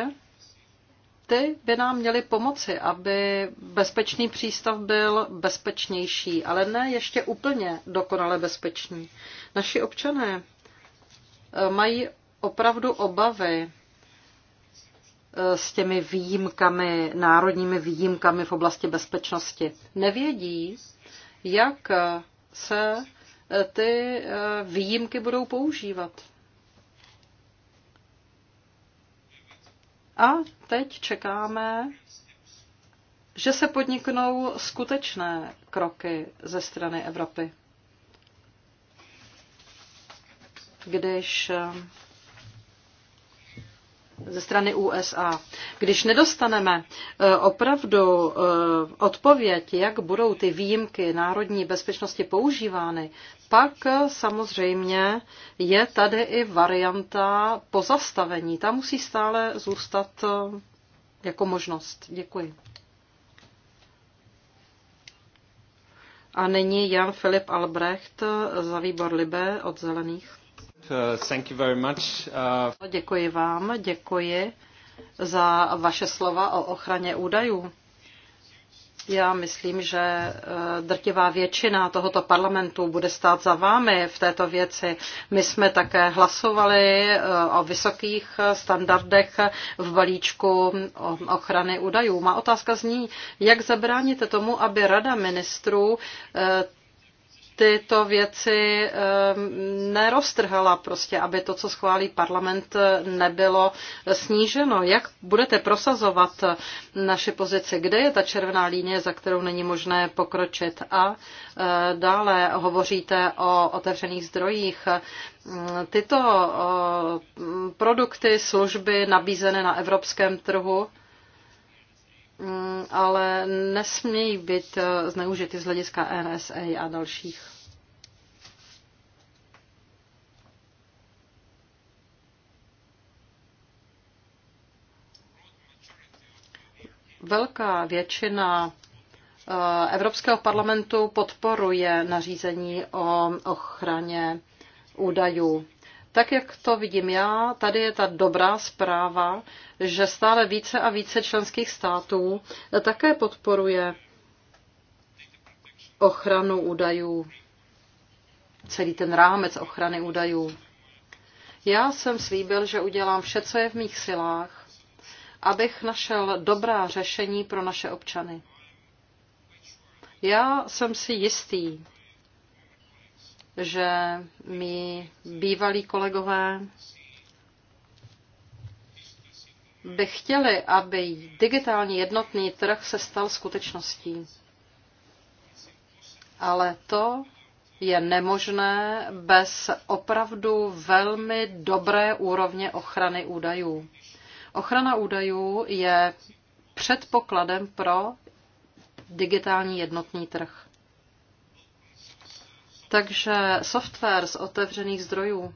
ty by nám měly pomoci, aby bezpečný přístav byl bezpečnější, ale ne ještě úplně dokonale bezpečný. Naši občané eh, mají opravdu obavy eh, s těmi výjimkami, národními výjimkami v oblasti bezpečnosti. Nevědí, jak se eh, ty výjimky budou používat. A teď čekáme, že se podniknou skutečné kroky ze strany Evropy. Když eh, ze strany USA. Když nedostaneme eh, opravdu eh, odpověď, jak budou ty výjimky národní bezpečnosti používány, pak samozřejmě je tady i varianta pozastavení. Ta musí stále zůstat eh, jako možnost. Děkuji. A nyní Jan Filip Albrecht eh, za výbor Libe od Zelených. Uh, thank you very much. Uh, děkuji vám, děkuji za vaše slova o ochraně údajů. Já myslím, že e, drtivá většina tohoto parlamentu bude stát za vámi v této věci. My jsme také hlasovali e, o vysokých standardech v balíčku ochrany údajů. Má otázka zní, jak zabráníte tomu, aby Rada ministrů e, tyto věci ehm, neroztrhala prostě, aby to, co schválí parlament, nebylo sníženo. Jak budete prosazovat naše pozici? Kde je ta červená linie, za kterou není možné pokročit? A eh, dále hovoříte o otevřených zdrojích. Mm, tyto eh, produkty, služby nabízené na evropském trhu, Mm, ale nesmějí být eh, zneužity z hlediska NSA a dalších. Velká většina eh, Evropského parlamentu podporuje nařízení o ochraně údajů. Tak, jak to vidím já, tady je ta dobrá zpráva, že stále více a více členských států také podporuje ochranu údajů, celý ten rámec ochrany údajů. Já jsem slíbil, že udělám vše, co je v mých silách, abych našel dobrá řešení pro naše občany. Já jsem si jistý, že mi bývalí kolegové by chtěli, aby digitální jednotný trh se stal skutečností. Ale to je nemožné bez opravdu velmi dobré úrovně ochrany údajů. Ochrana údajů je předpokladem pro digitální jednotný trh. Takže software z otevřených zdrojů.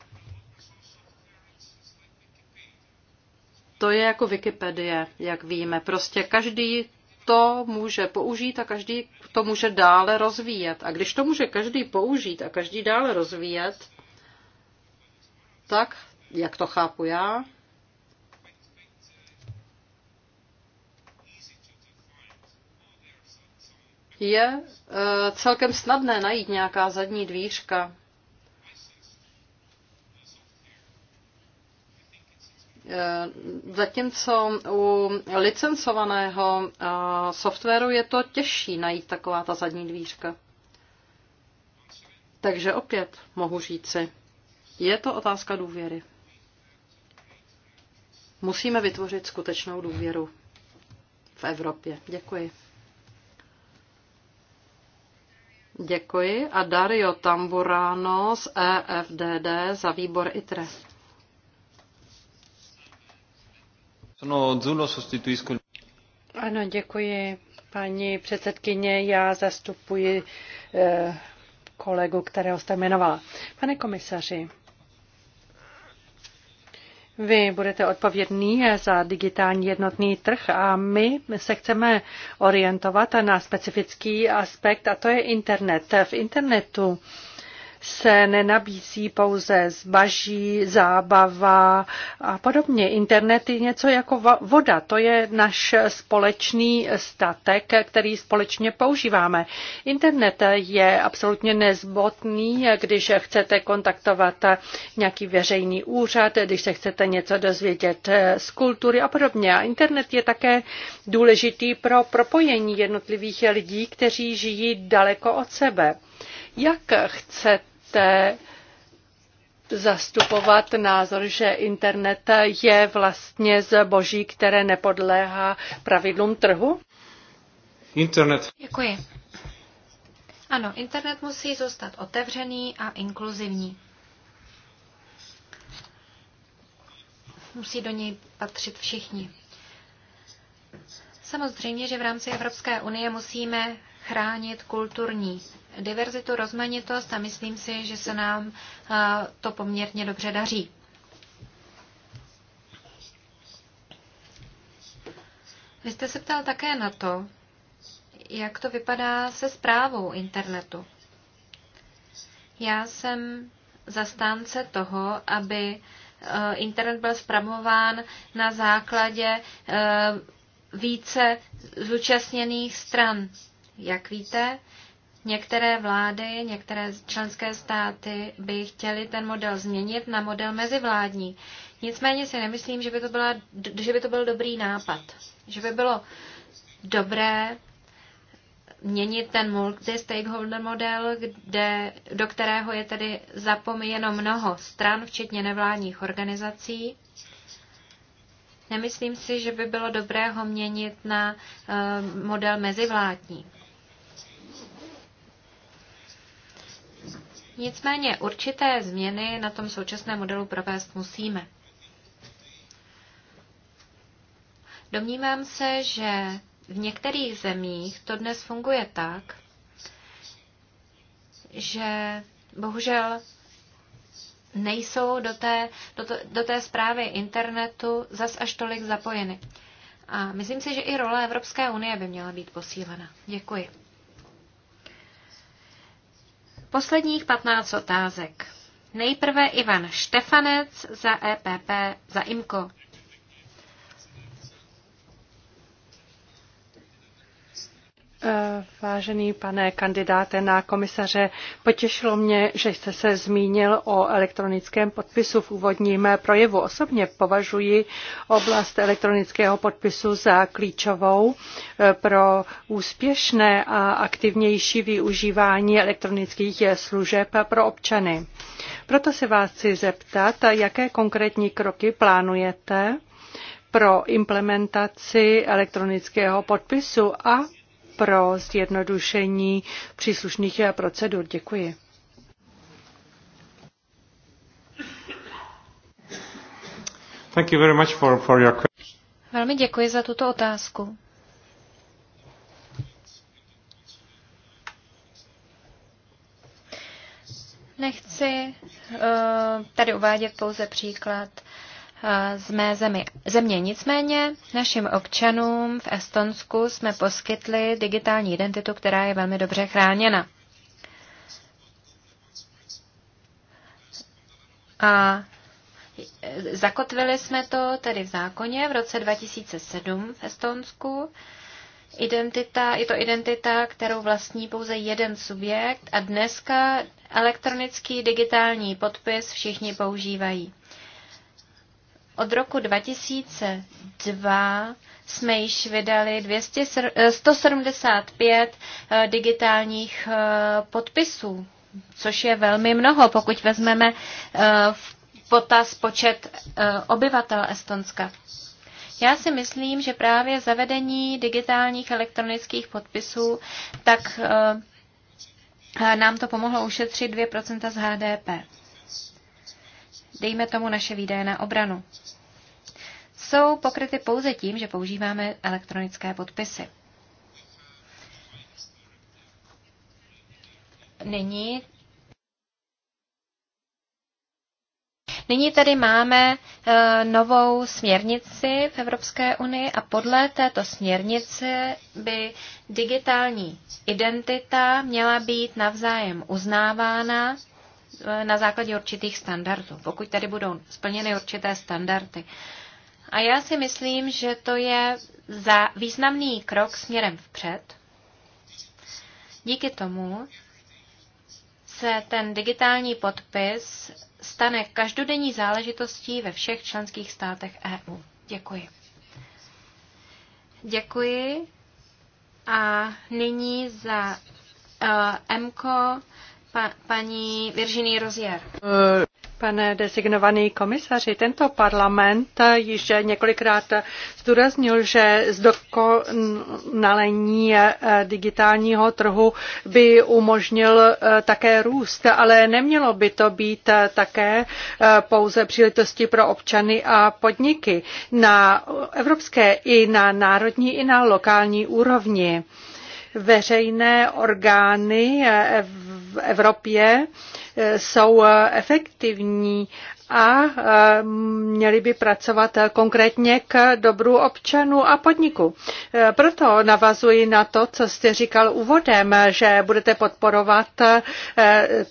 To je jako Wikipedie, jak víme. Prostě každý to může použít a každý to může dále rozvíjet. A když to může každý použít a každý dále rozvíjet, tak, jak to chápu já, je eh, celkem snadné najít nějaká zadní dvířka. Eh, zatímco u licencovaného eh, softwaru je to těžší najít taková ta zadní dvířka. Takže opět mohu říci, je to otázka důvěry. Musíme vytvořit skutečnou důvěru v Evropě. Děkuji. Děkuji. A Dario Tamburano z EFDD za výbor ITRE. Ano, děkuji. Paní předsedkyně, já zastupuji eh, kolegu, kterého jste jmenovala. Pane komisaři, vy budete odpovědný za digitální jednotný trh a my se chceme orientovat na specifický aspekt a to je internet. V internetu se nenabízí pouze zbaží, zábava a podobně. Internet je něco jako voda, to je náš společný statek, který společně používáme. Internet je absolutně nezbotný, když chcete kontaktovat nějaký veřejný úřad, když se chcete něco dozvědět z kultury a podobně. A internet je také důležitý pro propojení jednotlivých lidí, kteří žijí daleko od sebe. Jak chcete důležité zastupovat názor, že internet je vlastně zboží, které nepodléhá pravidlům trhu? Internet. Děkuji. Ano, internet musí zůstat otevřený a inkluzivní. Musí do něj patřit všichni. Samozřejmě, že v rámci Evropské unie musíme chránit kulturní diverzitu, rozmanitost a myslím si, že se nám eh, to poměrně dobře daří. Vy jste se ptal také na to, jak to vypadá se zprávou internetu. Já jsem zastánce toho, aby eh, internet byl zpravován na základě eh, více zúčastněných stran. Jak víte, některé vlády, některé členské státy by chtěly ten model změnit na model mezivládní. Nicméně si nemyslím, že by to, byla, že by to byl dobrý nápad. Že by bylo dobré měnit ten multi-stakeholder model, kde, do kterého je tedy zapomíjeno mnoho stran, včetně nevládních organizací. Nemyslím si, že by bylo dobré ho měnit na eh, model mezivládní. Nicméně určité změny na tom současném modelu provést musíme. Domnívám se, že v některých zemích to dnes funguje tak, že bohužel nejsou do té, do, to, do té zprávy internetu zas až tolik zapojeny. A myslím si, že i role Evropské unie by měla být posílena. Děkuji. Posledních 15 otázek. Nejprve Ivan Štefanec za EPP, za IMKO. Vážený pane kandidáte na komisaře, potěšilo mě, že jste se zmínil o elektronickém podpisu v úvodním projevu. Osobně považuji oblast elektronického podpisu za klíčovou eh, pro úspěšné a aktivnější využívání elektronických služeb pro občany. Proto se vás chci zeptat, jaké konkrétní kroky plánujete pro implementaci elektronického podpisu a pro zjednodušení příslušných procedur. Děkuji. Thank you very much for, for your question. Velmi děkuji za tuto otázku. Nechci uh, tady uvádět pouze příklad Eh, z mé zemi. země. Nicméně našim občanům v Estonsku jsme poskytli digitální identitu, která je velmi dobře chráněna. A eh, zakotvili jsme to tedy v zákoně v roce 2007 v Estonsku. Identita, je to identita, kterou vlastní pouze jeden subjekt a dneska elektronický digitální podpis všichni používají. Od roku 2002 jsme již vydali 200, 175 eh, eh, digitálních eh, podpisů, což je velmi mnoho, pokud vezmeme v potaz počet obyvatel Estonska. Já si myslím, že právě zavedení digitálních elektronických podpisů, tak nám to pomohlo ušetřit 2% z HDP dejme tomu naše výdaje na obranu, jsou pokryty pouze tím, že používáme elektronické podpisy. Nyní Nyní tedy máme eh, novou směrnici v Evropské unii a podle této směrnice by digitální identita měla být navzájem uznávána Eh, na základě určitých standardů, pokud tady budou splněny určité standardy. A já si myslím, že to je za významný krok směrem vpřed. Díky tomu se ten digitální podpis stane každodenní záležitostí ve všech členských státech EU. Děkuji. Děkuji. A nyní za uh, eh, MKO Pa, paní Virginie Rozier. Pane designovaný komisaři, tento parlament již několikrát zdůraznil, že zdokonalení digitálního trhu by umožnil také růst, ale nemělo by to být také pouze příležitosti pro občany a podniky na evropské i na národní i na lokální úrovni veřejné orgány v Evropě eh, jsou eh, efektivní a měli by pracovat konkrétně k dobru občanů a podniku. E, proto navazuji na to, co jste říkal úvodem, že budete podporovat e,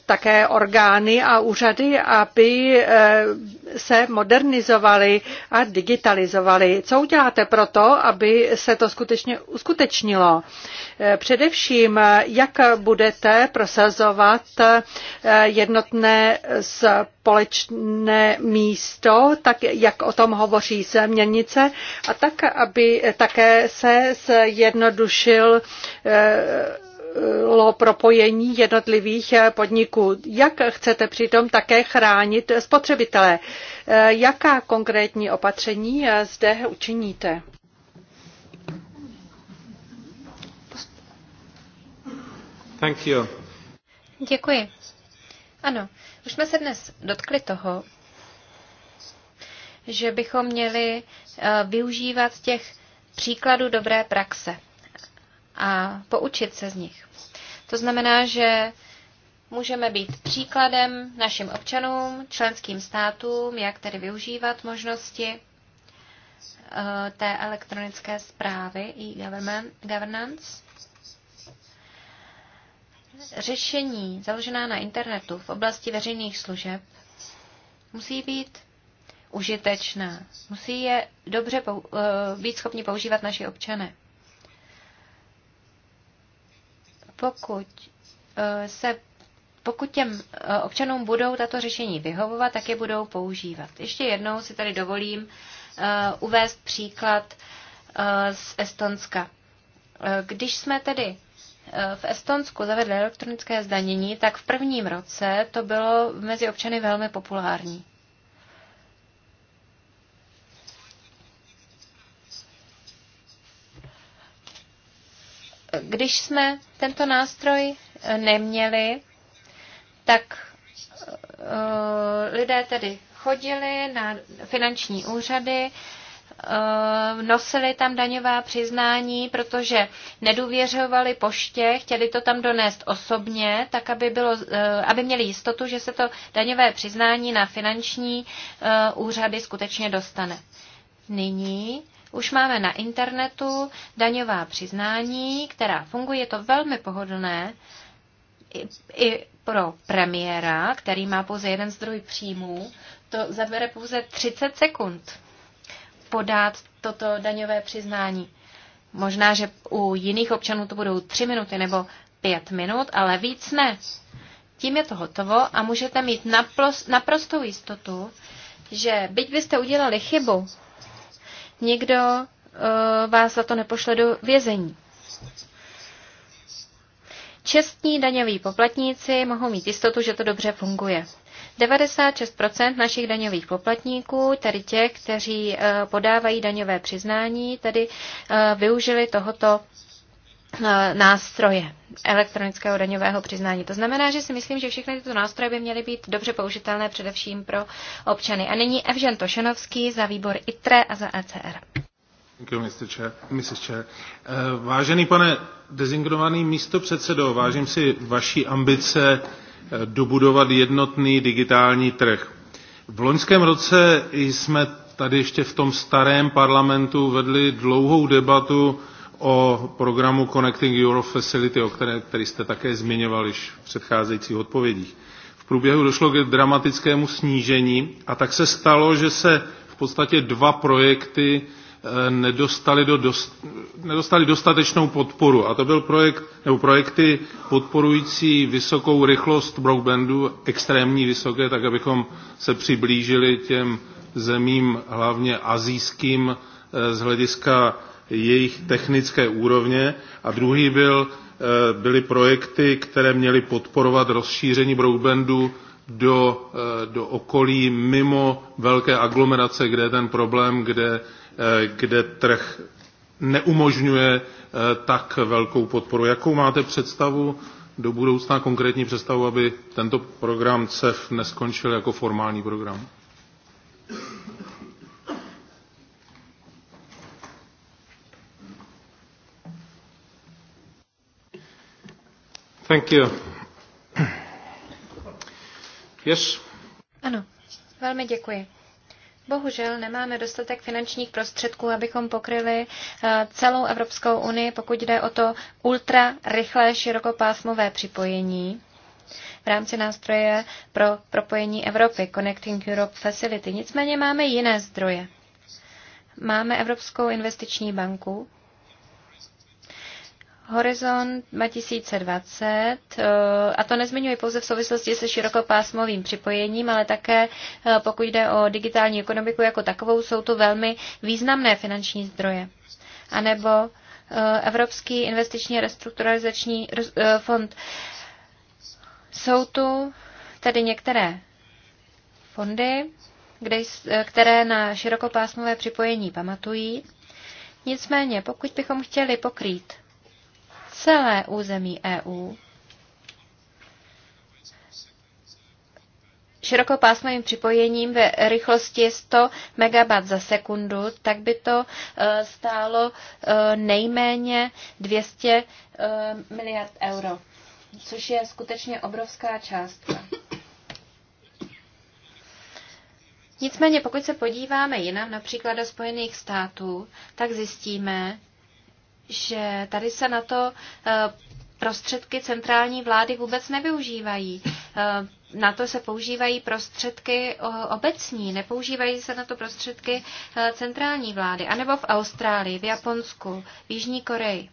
také orgány a úřady, aby e, se modernizovali a digitalizovali. Co uděláte proto, aby se to skutečně uskutečnilo? Především, jak budete prosazovat jednotné společné volné místo, tak jak o tom hovoří směrnice, a tak, aby také se zjednodušil eh, propojení jednotlivých podniků. Jak chcete přitom také chránit spotřebitele? Eh, jaká konkrétní opatření zde učiníte? Thank you. Děkuji. Ano, už jsme se dnes dotkli toho, že bychom měli eh, využívat těch příkladů dobré praxe a poučit se z nich. To znamená, že můžeme být příkladem našim občanům, členským státům, jak tedy využívat možnosti eh, té elektronické zprávy i governance. Řešení založená na internetu v oblasti veřejných služeb musí být užitečná. Musí je dobře eh, být schopni používat naši občané. Pokud eh, se pokud těm eh, občanům budou tato řešení vyhovovat, tak je budou používat. Ještě jednou si tady dovolím uvést příklad z Estonska. Když jsme tedy v Estonsku zavedli elektronické zdanění, tak v prvním roce to bylo mezi občany velmi populární. Když jsme tento nástroj eh, neměli, tak eh, lidé tedy chodili na finanční úřady, eh, nosili tam daňová přiznání, protože nedůvěřovali poště, chtěli to tam donést osobně, tak aby, bylo, aby měli jistotu, že se to daňové přiznání na finanční úřady skutečně dostane. Nyní už máme na internetu daňová přiznání, která funguje, je to velmi pohodlné i, i pro premiéra, který má pouze jeden zdroj příjmů, to zabere pouze 30 sekund podat toto daňové přiznání. Možná, že u jiných občanů to budou 3 minuty nebo 5 minut, ale víc ne. Tím je to hotovo a můžete mít naprostou jistotu, že byť byste udělali chybu, nikdo eh, vás za to nepošle do vězení. Čestní daňoví poplatníci mohou mít jistotu, že to dobře funguje. 96 našich daňových poplatníků, tedy těch, kteří eh, podávají daňové přiznání, tedy eh, využili tohoto E, nástroje elektronického daňového přiznání. To znamená, že si myslím, že všechny tyto nástroje by měly být dobře použitelné především pro občany. A nyní Evžen Tošenovský za výbor ITRE a za ECR. E, vážený pane dezignovaný místo předsedo, vážím si vaší ambice e, dobudovat jednotný digitální trh. V loňském roce jsme tady ještě v tom starém parlamentu vedli dlouhou debatu o programu Connecting Europe Facility, o které, který jste také zmiňoval již v předcházejících odpovědích. V průběhu došlo k dramatickému snížení a tak se stalo, že se v podstatě dva projekty eh, nedostali, do dost, nedostali dostatečnou podporu. A to byl projekt, nebo projekty podporující vysokou rychlost broadbandu, extrémní vysoké, tak abychom se přiblížili těm zemím, hlavně azijským, eh, z hlediska jejich technické úrovně a druhý byl, eh, byly projekty, které měly podporovat rozšíření broadbandu do, eh, do okolí mimo velké aglomerace, kde je ten problém, kde, eh, kde trh neumožňuje tak velkou podporu. Jakou máte představu do budoucna, konkrétní představu, aby tento program CEF neskončil jako formální program? Yes. Ano, velmi děkuji. Bohužel nemáme dostatek finančních prostředků, abychom pokryli eh, celou Evropskou unii, pokud jde o to ultra rychlé širokopásmové připojení v rámci nástroje pro propojení Evropy, Connecting Europe Facility. Nicméně máme jiné zdroje. Máme Evropskou investiční banku, Horizont 2020, eh, a to nezmiňuji pouze v souvislosti se širokopásmovým připojením, ale také eh, pokud jde o digitální ekonomiku jako takovou, jsou to velmi významné finanční zdroje. A nebo eh, Evropský investiční restrukturalizační fond. Jsou tu tedy některé fondy, kde, které na širokopásmové připojení pamatují. Nicméně, pokud bychom chtěli pokrýt celé území EU širokopásmovým připojením ve rychlosti 100 MB za sekundu, tak by to eh, stálo eh, nejméně 200 eh, miliard euro, což je skutečně obrovská částka. Nicméně, pokud se podíváme jinam, například do Spojených států, tak zjistíme, že tady se na to eh, prostředky centrální vlády vůbec nevyužívají. Eh, na to se používají prostředky eh, obecní, nepoužívají se na to prostředky centrální vlády, anebo v Austrálii, v Japonsku, v Jižní Koreji.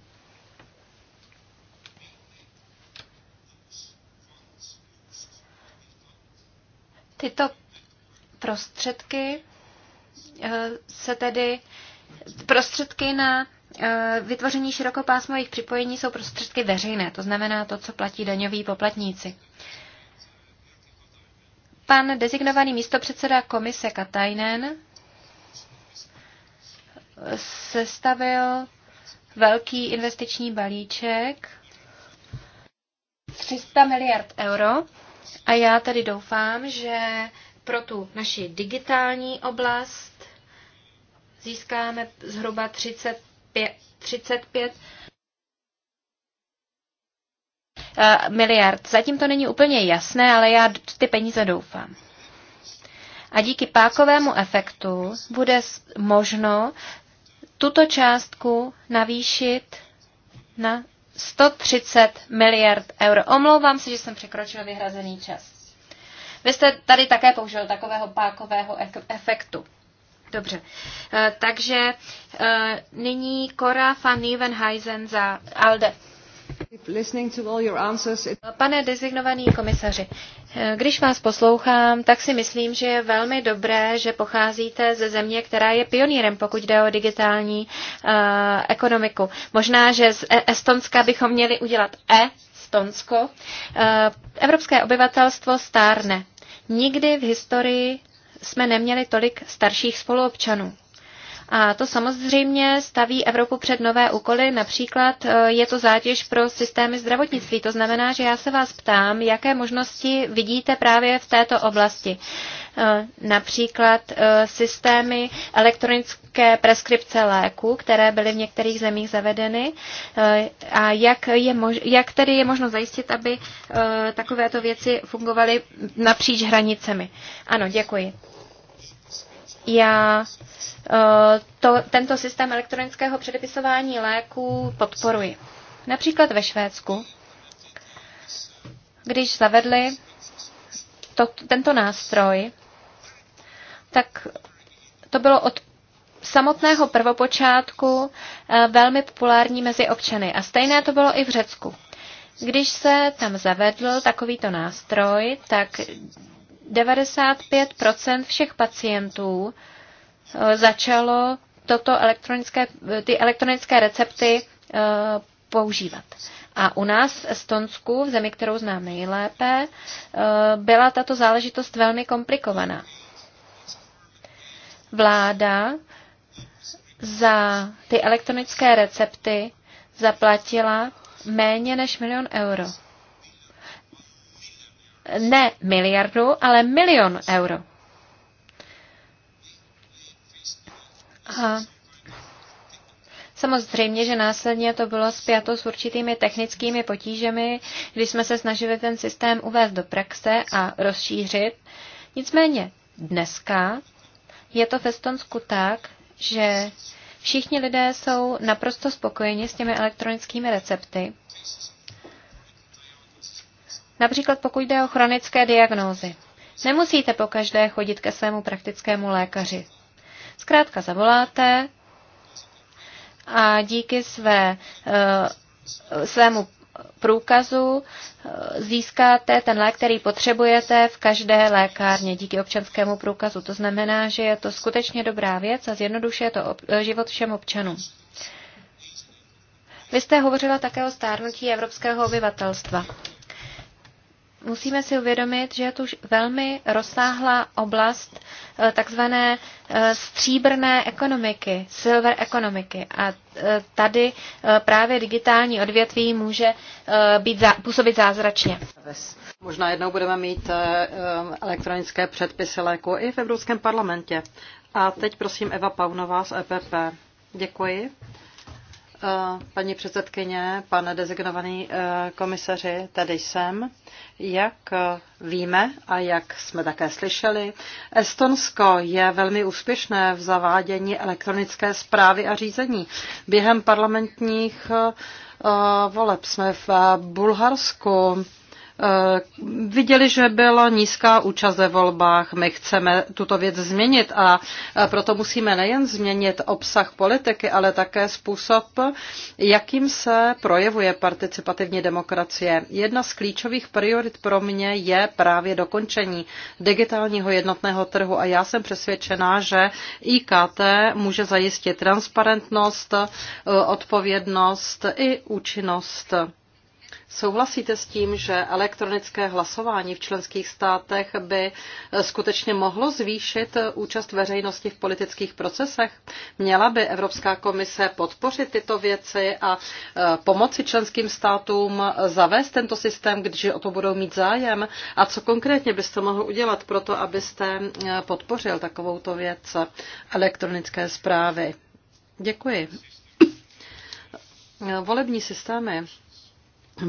Tyto prostředky se tedy prostředky na Eh, vytvoření širokopásmových připojení jsou prostředky veřejné, to znamená to, co platí daňoví poplatníci. Pan designovaný místopředseda komise Katajnen sestavil velký investiční balíček 300 miliard euro a já tedy doufám, že pro tu naši digitální oblast získáme zhruba 30 35 eh, miliard. Zatím to není úplně jasné, ale já ty peníze doufám. A díky pákovému efektu bude možno tuto částku navýšit na 130 miliard euro. Omlouvám se, že jsem překročil vyhrazený čas. Vy jste tady také použil takového pákového efektu. Dobře. Eh, takže eh, nyní Cora van Nieuwenhuizen za ALDE. Pane designovaný komisaři, eh, když vás poslouchám, tak si myslím, že je velmi dobré, že pocházíte ze země, která je pionýrem, pokud jde o digitální uh, ekonomiku. Možná, že z e- Estonska bychom měli udělat E, Stonsko. Uh, evropské obyvatelstvo stárne. Nikdy v historii jsme neměli tolik starších spoluobčanů. A to samozřejmě staví Evropu před nové úkoly, například e, je to zátěž pro systémy zdravotnictví. To znamená, že já se vás ptám, jaké možnosti vidíte právě v této oblasti. E, například e, systémy elektronické preskripce léku, které byly v některých zemích zavedeny. A jak, je mož- jak tedy je možno zajistit, aby takovéto věci fungovaly napříč hranicemi? Ano, děkuji. Já eh, to, tento systém elektronického předepisování léků podporuji. Například ve Švédsku, když zavedli to, tento nástroj, tak to bylo od samotného prvopočátku eh, velmi populární mezi občany. A stejné to bylo i v Řecku. Když se tam zavedl takovýto nástroj, tak 95 všech pacientů eh, začalo toto elektronické, ty elektronické recepty eh, používat. A u nás v Estonsku, v zemi, kterou znám nejlépe, eh, byla tato záležitost velmi komplikovaná. Vláda za ty elektronické recepty zaplatila méně než milion euro ne miliardu, ale milion euro. A Samozřejmě, že následně to bylo spjato s určitými technickými potížemi, když jsme se snažili ten systém uvést do praxe a rozšířit. Nicméně dneska je to v Estonsku tak, že všichni lidé jsou naprosto spokojeni s těmi elektronickými recepty. Například pokud jde o chronické diagnózy. Nemusíte po každé chodit ke svému praktickému lékaři. Zkrátka zavoláte a díky své, eh, svému průkazu eh, získáte ten lék, který potřebujete v každé lékárně díky občanskému průkazu. To znamená, že je to skutečně dobrá věc a zjednodušuje to život všem občanům. Vy jste hovořila také o stárnutí evropského obyvatelstva musíme si uvědomit, že je to už velmi rozsáhlá oblast eh, takzvané eh, stříbrné ekonomiky, silver ekonomiky. A eh, tady právě digitální odvětví může být, působit zázračně. Možná jednou budeme mít elektronické předpisy léku i v Evropském parlamentě. A teď prosím Eva Paunová z EPP. Děkuji. Eh, paní předsedkyně, pane dezignovaný eh, komisaři, tady jsem. Jak eh, víme a jak jsme také slyšeli, Estonsko je velmi úspěšné v zavádění elektronické zprávy a řízení. Během parlamentních voleb jsme v Bulharsku Eh, viděli, že byla nízká účast ve volbách. My chceme tuto věc změnit a eh, proto musíme nejen změnit obsah politiky, ale také způsob, jakým se projevuje participativní demokracie. Jedna z klíčových priorit pro mě je právě dokončení digitálního jednotného trhu a já jsem přesvědčená, že IKT může zajistit transparentnost, eh, odpovědnost i účinnost. Souhlasíte s tím, že elektronické hlasování v členských státech by eh, skutečně mohlo zvýšit eh, účast veřejnosti v politických procesech? Měla by Evropská komise podpořit tyto věci a eh, pomoci členským státům zavést tento systém, když o to budou mít zájem? A co konkrétně byste mohl udělat pro to, abyste podpořil takovouto věc elektronické zprávy? Děkuji. Volební systémy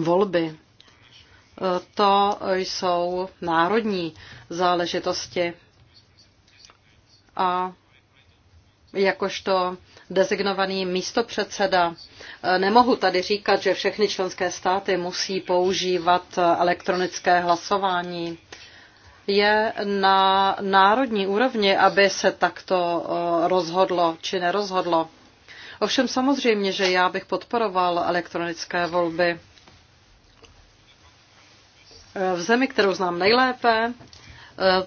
volby. E, to jsou národní záležitosti. A jakožto designovaný místopředseda. E, nemohu tady říkat, že všechny členské státy musí používat elektronické hlasování. Je na národní úrovni, aby se takto e, rozhodlo či nerozhodlo. Ovšem samozřejmě, že já bych podporoval elektronické volby v zemi, kterou znám nejlépe. E,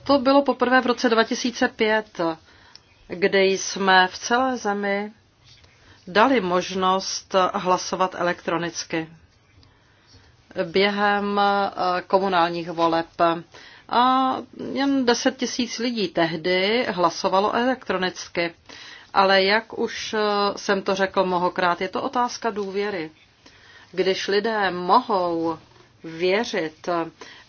to bylo poprvé v roce 2005, kde jsme v celé zemi dali možnost hlasovat elektronicky během e, komunálních voleb. A jen 10 tisíc lidí tehdy hlasovalo elektronicky. Ale jak už e, jsem to řekl mnohokrát, je to otázka důvěry. Když lidé mohou věřit,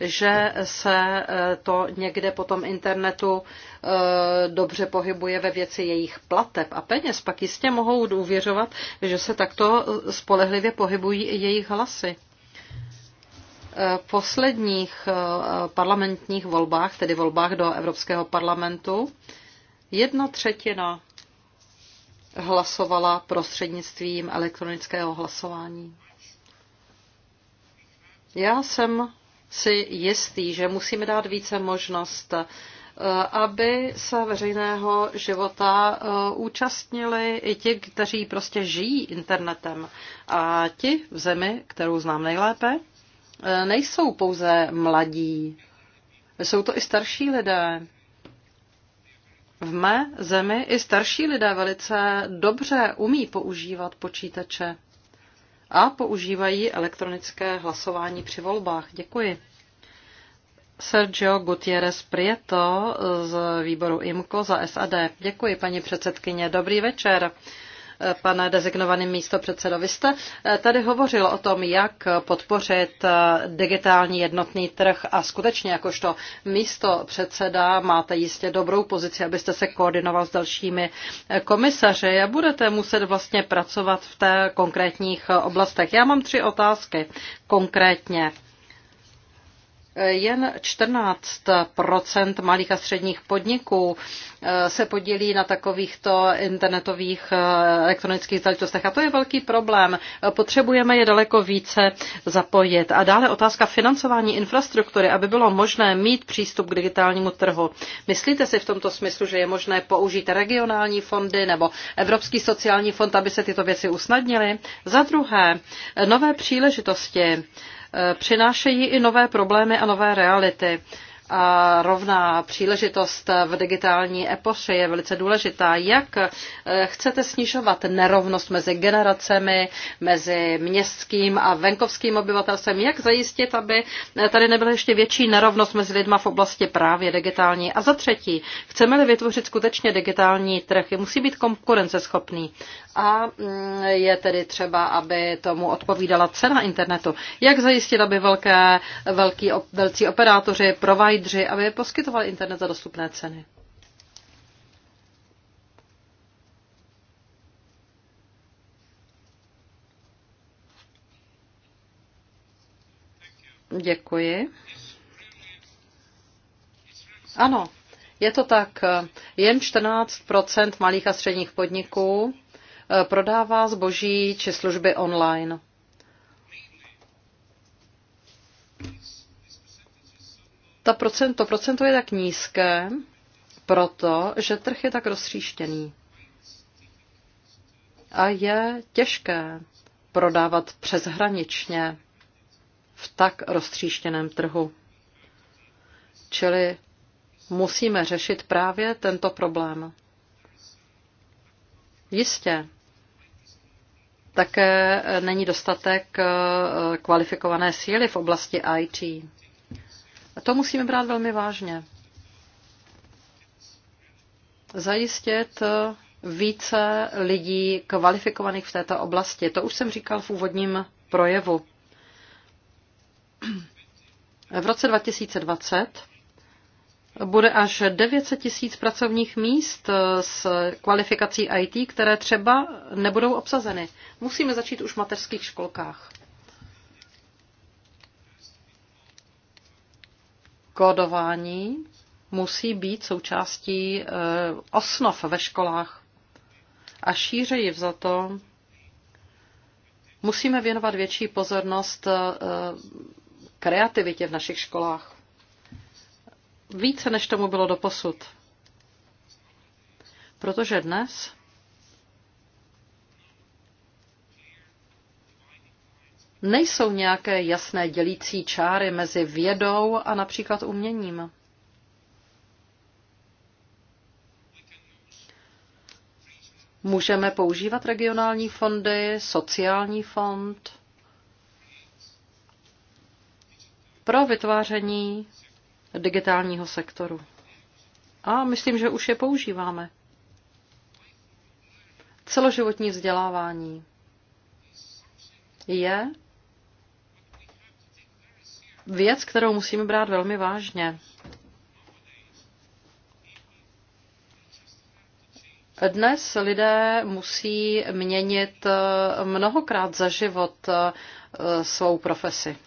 že se eh, to někde po tom internetu eh, dobře pohybuje ve věci jejich plateb a peněz, pak jistě mohou důvěřovat, že se takto eh, spolehlivě pohybují i jejich hlasy posledních parlamentních volbách, tedy volbách do Evropského parlamentu, jedna třetina hlasovala prostřednictvím elektronického hlasování. Já jsem si jistý, že musíme dát více možnost, eh, aby se veřejného života eh, účastnili i ti, kteří prostě žijí internetem. A ti v zemi, kterou znám nejlépe, eh, nejsou pouze mladí, jsou to i starší lidé. V mé zemi i starší lidé velice dobře umí používat počítače a používají elektronické hlasování při volbách. Děkuji. Sergio Gutierrez Prieto z výboru IMCO za SAD. Děkuji, paní předsedkyně. Dobrý večer. Eh, pane dezignovaný místo předsedo. Vy jste eh, tady hovořil o tom, jak podpořit eh, digitální jednotný trh a skutečně jakožto místo předseda máte jistě dobrou pozici, abyste se koordinoval s dalšími komisaři a budete muset vlastně pracovat v té konkrétních oblastech. Já mám tři otázky konkrétně. Jen 14 malých a středních podniků eh, se podílí na takovýchto internetových eh, elektronických záležitostech. A to je velký problém. Potřebujeme je daleko více zapojit. A dále otázka financování infrastruktury, aby bylo možné mít přístup k digitálnímu trhu. Myslíte si v tomto smyslu, že je možné použít regionální fondy nebo Evropský sociální fond, aby se tyto věci usnadnily? Za druhé, nové příležitosti Eh, přinášejí i nové problémy a nové reality. A rovná příležitost v digitální epoše je velice důležitá. Jak eh, chcete snižovat nerovnost mezi generacemi, mezi městským a venkovským obyvatelstvem? Jak zajistit, aby eh, tady nebyla ještě větší nerovnost mezi lidma v oblasti právě digitální? A za třetí, chceme-li vytvořit skutečně digitální trh, musí být konkurenceschopný a mm, je tedy třeba, aby tomu odpovídala cena internetu. Jak zajistit, aby velké, velký, velcí operátoři, provajdři, aby poskytovali internet za dostupné ceny? Děkuji. Ano, je to tak. Jen 14 malých a středních podniků Eh, prodává zboží či služby online. Ta procent, to procento je tak nízké, protože trh je tak rozstříštěný. A je těžké prodávat přeshraničně v tak roztříštěném trhu. Čili musíme řešit právě tento problém. Jistě, také není dostatek eh, kvalifikované síly v oblasti IT. A to musíme brát velmi vážně. Zajistit eh, více lidí kvalifikovaných v této oblasti. To už jsem říkal v úvodním projevu. V roce 2020 bude až 900 tisíc pracovních míst s kvalifikací IT, které třeba nebudou obsazeny. Musíme začít už v mateřských školkách. Kódování musí být součástí eh, osnov ve školách. A šířeji vzato musíme věnovat větší pozornost eh, kreativitě v našich školách více, než tomu bylo doposud. Protože dnes nejsou nějaké jasné dělící čáry mezi vědou a například uměním. Můžeme používat regionální fondy, sociální fond pro vytváření digitálního sektoru. A myslím, že už je používáme. Celoživotní vzdělávání je věc, kterou musíme brát velmi vážně. Dnes lidé musí měnit eh, mnohokrát za život eh, svou profesi.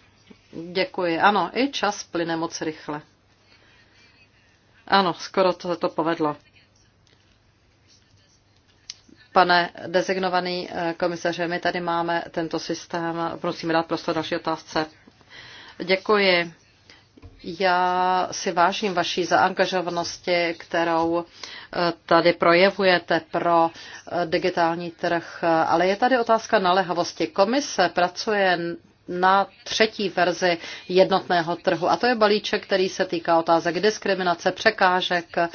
Děkuji. Ano, i čas plyne moc rychle. Ano, skoro to, to povedlo. Pane dezignovaný eh, komisaře, my tady máme tento systém. Prosím dát prostor další otázce. Děkuji. Já si vážím vaší zaangažovanosti, kterou eh, tady projevujete pro eh, digitální trh, ale je tady otázka naléhavosti. Komise pracuje na třetí verzi jednotného trhu. A to je balíček, který se týká otázek diskriminace, překážek, eh,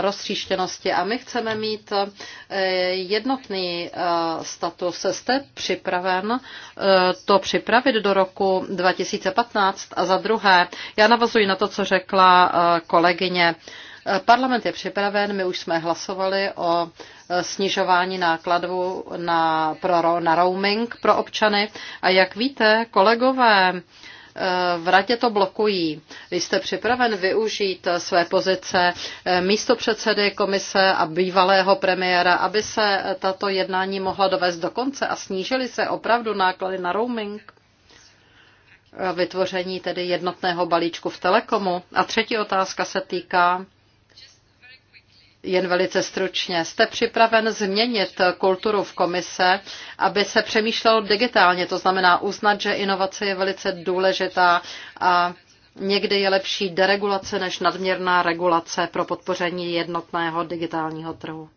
rozstříštěnosti. A my chceme mít eh, jednotný eh, status. Jste připraven to připravit do roku 2015? A za druhé, já navazuji na to, co řekla kolegyně Parlament je připraven, my už jsme hlasovali o e, snižování nákladů na, pro, na roaming pro občany a jak víte, kolegové, e, v radě to blokují. Vy jste připraven využít své pozice e, místo předsedy komise a bývalého premiéra, aby se tato jednání mohla dovést do konce a snížily se opravdu náklady na roaming? Vytvoření tedy jednotného balíčku v Telekomu. A třetí otázka se týká jen velice stručně. Jste připraven změnit kulturu v komise, aby se přemýšlelo digitálně, to znamená uznat, že inovace je velice důležitá a někdy je lepší deregulace než nadměrná regulace pro podpoření jednotného digitálního trhu.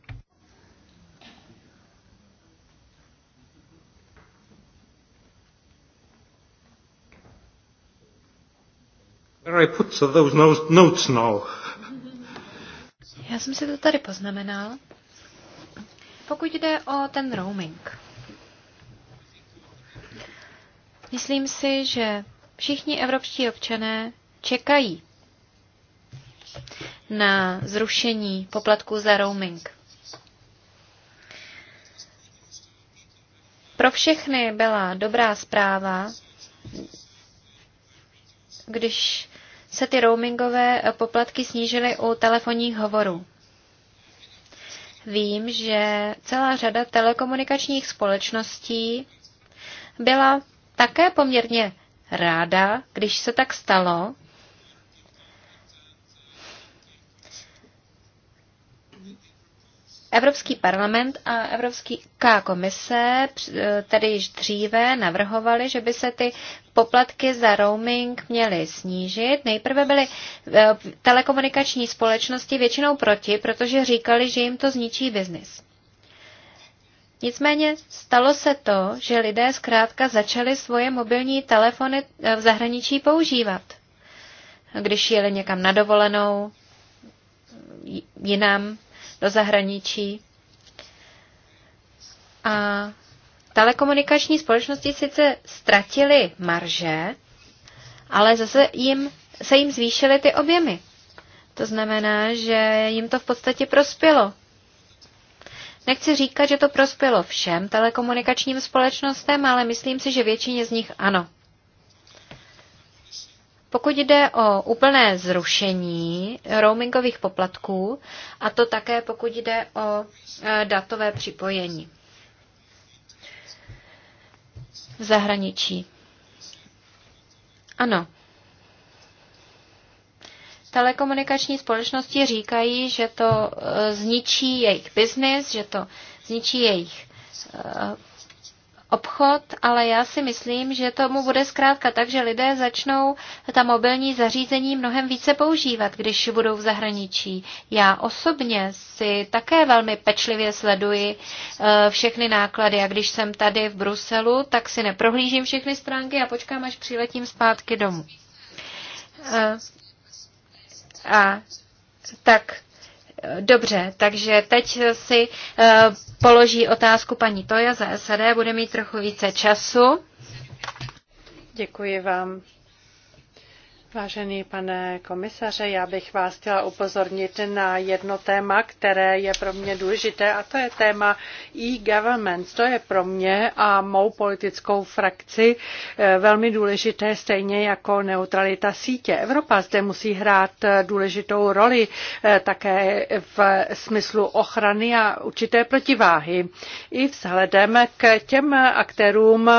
Where I put those notes now. Já jsem si to tady poznamenal. Pokud jde o ten roaming, myslím si, že všichni evropští občané čekají na zrušení poplatků za roaming. Pro všechny byla dobrá zpráva, když se ty roamingové poplatky snížily u telefonních hovorů. Vím, že celá řada telekomunikačních společností byla také poměrně ráda, když se tak stalo, Evropský parlament a Evropská komise eh, tedy již dříve navrhovali, že by se ty poplatky za roaming měly snížit. Nejprve byly eh, telekomunikační společnosti většinou proti, protože říkali, že jim to zničí biznis. Nicméně stalo se to, že lidé zkrátka začali svoje mobilní telefony eh, v zahraničí používat. Když jeli někam na dovolenou, jinam, do zahraničí. A telekomunikační společnosti sice ztratily marže, ale zase jim, se jim zvýšily ty objemy. To znamená, že jim to v podstatě prospělo. Nechci říkat, že to prospělo všem telekomunikačním společnostem, ale myslím si, že většině z nich ano. Pokud jde o úplné zrušení roamingových poplatků, a to také pokud jde o e, datové připojení v zahraničí. Ano. Telekomunikační společnosti říkají, že to e, zničí jejich biznis, že to zničí jejich e, obchod, ale já si myslím, že tomu bude zkrátka tak, že lidé začnou ta mobilní zařízení mnohem více používat, když budou v zahraničí. Já osobně si také velmi pečlivě sleduji eh, všechny náklady a když jsem tady v Bruselu, tak si neprohlížím všechny stránky a počkám, až přiletím zpátky domů. Eh, a tak Dobře, takže teď si eh, položí otázku paní Toja za SAD, bude mít trochu více času. Děkuji vám, Vážený pane komisaře, já bych vás chtěla upozornit na jedno téma, které je pro mě důležité, a to je téma e-government. To je pro mě a mou politickou frakci eh, velmi důležité, stejně jako neutralita sítě. Evropa zde musí hrát eh, důležitou roli eh, také v smyslu ochrany a určité protiváhy. I vzhledem k těm aktérům,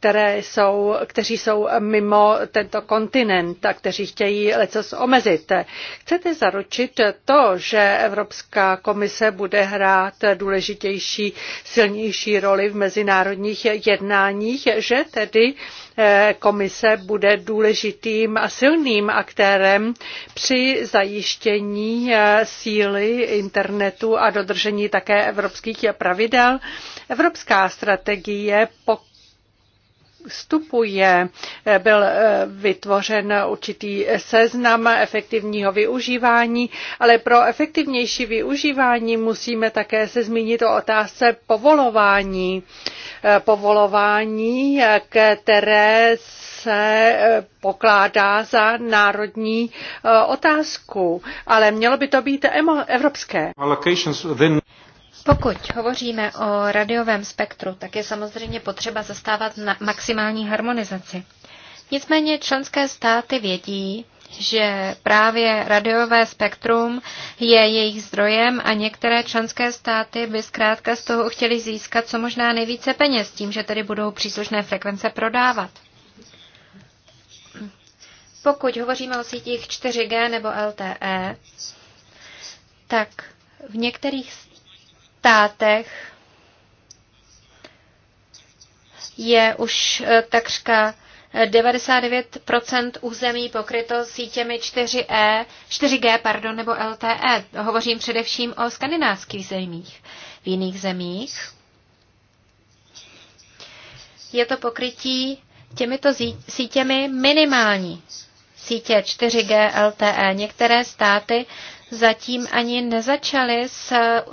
které jsou, kteří jsou mimo tento kontinent, a kteří chtějí lecos omezit. Chcete zaručit to, že Evropská komise bude hrát důležitější, silnější roli v mezinárodních jednáních, že tedy eh, komise bude důležitým a silným aktérem při zajištění eh, síly internetu a dodržení také evropských pravidel. Evropská strategie, pokud vstupuje. Eh, byl eh, vytvořen určitý seznam efektivního využívání, ale pro efektivnější využívání musíme také se zmínit o otázce povolování. Eh, povolování, které se pokládá za národní otázku, ale mělo by to být evropské. Pokud hovoříme o radiovém spektru, tak je samozřejmě potřeba zastávat na maximální harmonizaci. Nicméně členské státy vědí, že právě radiové spektrum je jejich zdrojem a některé členské státy by zkrátka z toho chtěli získat co možná nejvíce peněz, tím, že tedy budou příslušné frekvence prodávat. Pokud hovoříme o sítích 4G nebo LTE, tak v některých státech je už eh, takřka 99 eh, území pokryto sítěmi 4E, 4G pardon, nebo LTE. Hovořím především o skandinávských zemích. V jiných zemích je to pokrytí těmito sítěmi minimální. Sítě 4G LTE. Některé státy zatím ani nezačaly s,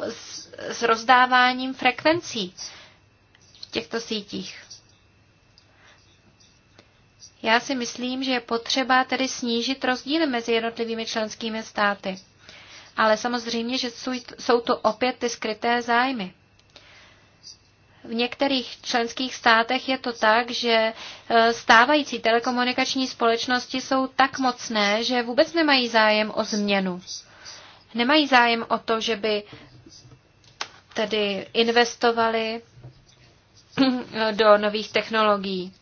s s rozdáváním frekvencí v těchto sítích. Já si myslím, že je potřeba tedy snížit rozdíly mezi jednotlivými členskými státy. Ale samozřejmě, že jsou to opět ty skryté zájmy. V některých členských státech je to tak, že e, stávající telekomunikační společnosti jsou tak mocné, že vůbec nemají zájem o změnu. Nemají zájem o to, že by tedy investovali do nových technologií.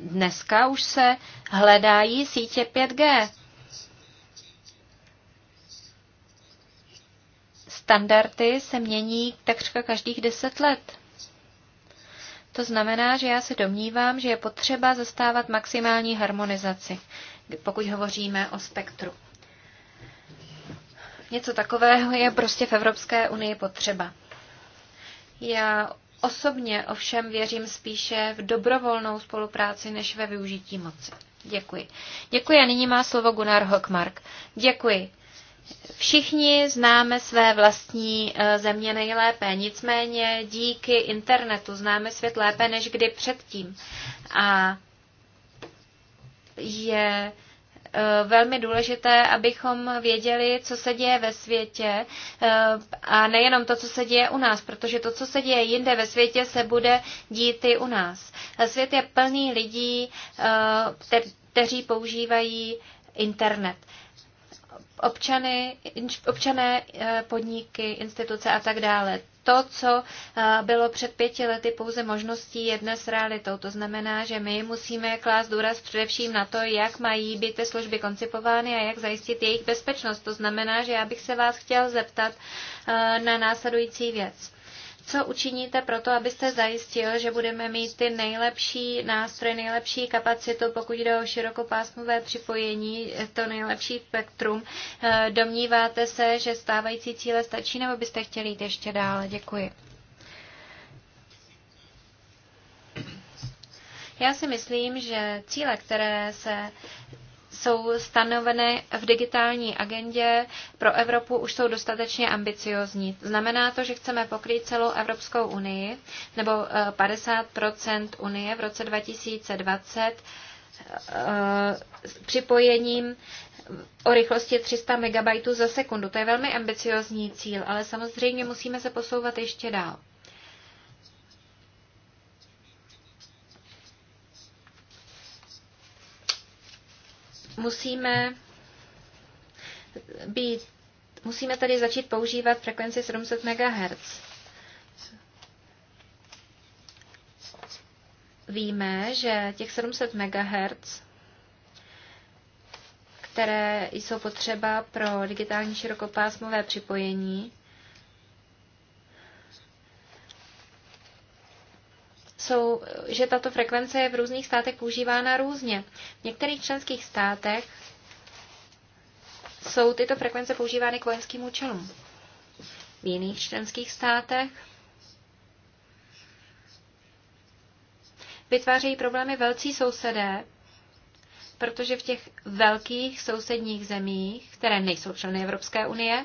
Dneska už se hledají sítě 5G. Standardy se mění takřka každých deset let. To znamená, že já se domnívám, že je potřeba zastávat maximální harmonizaci, pokud hovoříme o spektru. Něco takového je prostě v Evropské unii potřeba. Já osobně ovšem věřím spíše v dobrovolnou spolupráci než ve využití moci. Děkuji. Děkuji a nyní má slovo Gunnar Hockmark. Děkuji. Všichni známe své vlastní eh, země nejlépe, nicméně díky internetu známe svět lépe než kdy předtím. A je Eh, velmi důležité, abychom věděli, co se děje ve světě eh, a nejenom to, co se děje u nás, protože to, co se děje jinde ve světě, se bude dít i u nás. Svět je plný lidí, eh, kteří používají internet občany, občané, podniky, instituce a tak dále to, co eh, bylo před pěti lety pouze možností, je dnes realitou. To znamená, že my musíme klást důraz především na to, jak mají být ty služby koncipovány a jak zajistit jejich bezpečnost. To znamená, že já bych se vás chtěl zeptat eh, na následující věc. Co učiníte pro to, abyste zajistil, že budeme mít ty nejlepší nástroje, nejlepší kapacitu, pokud jde o širokopásmové připojení, to nejlepší spektrum? Eh, domníváte se, že stávající cíle stačí, nebo byste chtěli jít ještě dále? Děkuji. Já si myslím, že cíle, které se jsou stanoveny v digitální agendě pro Evropu, už jsou dostatečně ambiciozní. Znamená to, že chceme pokrýt celou Evropskou unii nebo 50 eh, unie v roce 2020 eh, připojením o rychlosti 300 MB za sekundu. To je velmi ambiciozní cíl, ale samozřejmě musíme se posouvat ještě dál. musíme být, musíme tady začít používat frekvenci 700 MHz. Víme, že těch 700 MHz, které jsou potřeba pro digitální širokopásmové připojení, jsou, že tato frekvence je v různých státech používána různě. V některých členských státech jsou tyto frekvence používány k vojenským účelům. V jiných členských státech vytvářejí problémy velcí sousedé, protože v těch velkých sousedních zemích, které nejsou členy Evropské unie,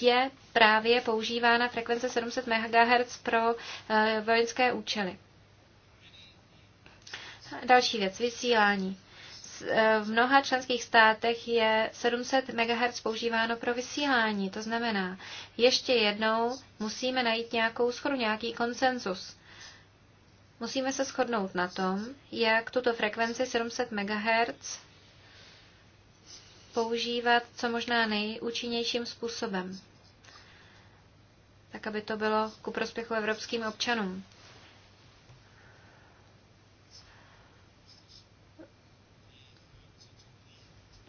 je právě používána frekvence 700 MHz pro eh, vojenské účely. Další věc, vysílání. Eh, v mnoha členských státech je 700 MHz používáno pro vysílání. To znamená, ještě jednou musíme najít nějakou schodu, nějaký konsenzus. Musíme se shodnout na tom, jak tuto frekvenci 700 MHz používat co možná nejúčinnějším způsobem, tak aby to bylo ku prospěchu evropským občanům.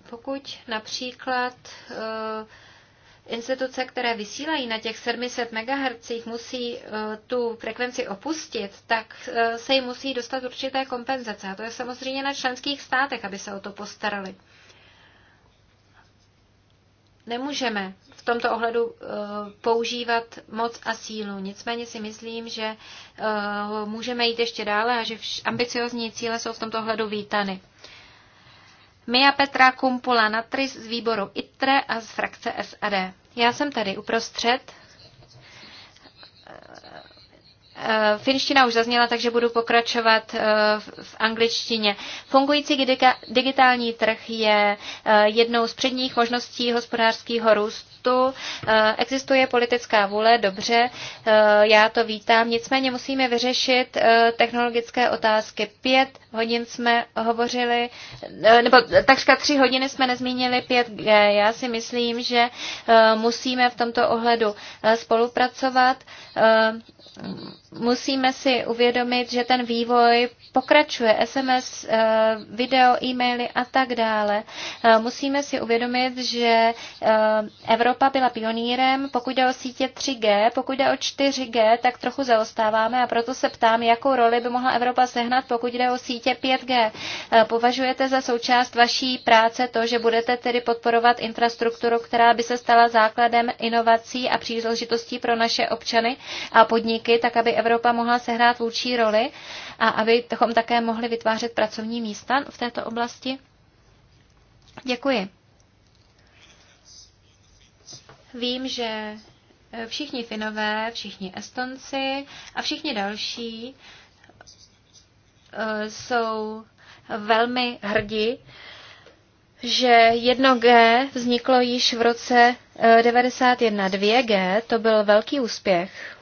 Pokud například eh, instituce, které vysílají na těch 700 MHz, musí eh, tu frekvenci opustit, tak eh, se jim musí dostat určité kompenzace. A to je samozřejmě na členských státech, aby se o to postarali nemůžeme v tomto ohledu eh, používat moc a sílu. Nicméně si myslím, že eh, můžeme jít ještě dále a že ambiciozní cíle jsou v tomto ohledu vítany. Mia Petra Kumpula Natris z výboru ITRE a z frakce SAD. Já jsem tady uprostřed Eh, finština už zazněla, takže budu pokračovat eh, v angličtině. Fungující digitální trh je eh, jednou z předních možností hospodářského růstu sportu. Eh, existuje politická vůle, dobře, eh, já to vítám, nicméně musíme vyřešit eh, technologické otázky. Pět hodin jsme hovořili, nebo takřka tři hodiny jsme nezmínili 5G. Já si myslím, že musíme v tomto ohledu spolupracovat musíme si uvědomit, že ten vývoj pokračuje, SMS, video, e-maily a tak dále. Musíme si uvědomit, že Evropa Evropa byla pionýrem, pokud jde o sítě 3G, pokud jde o 4G, tak trochu zaostáváme a proto se ptám, jakou roli by mohla Evropa sehnat, pokud jde o sítě 5G. Eh, považujete za součást vaší práce to, že budete tedy podporovat infrastrukturu, která by se stala základem inovací a příležitostí pro naše občany a podniky, tak aby Evropa mohla sehrát vůči roli a abychom také mohli vytvářet pracovní místa v této oblasti? Děkuji. Vím, že eh, všichni Finové, všichni Estonci a všichni další eh, jsou velmi hrdí, že jedno g vzniklo již v roce 91. Eh, 2G to byl velký úspěch.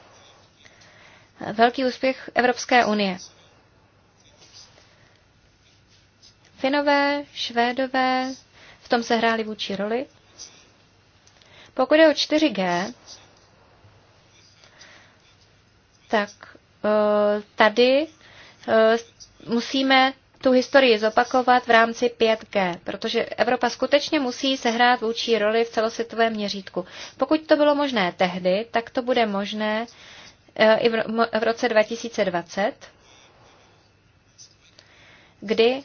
Velký úspěch Evropské unie. Finové, Švédové v tom se hráli vůči roli. Pokud je o 4G, tak eh, tady eh, musíme tu historii zopakovat v rámci 5G, protože Evropa skutečně musí sehrát vůči roli v celosvětovém měřítku. Pokud to bylo možné tehdy, tak to bude možné eh, i v roce 2020, kdy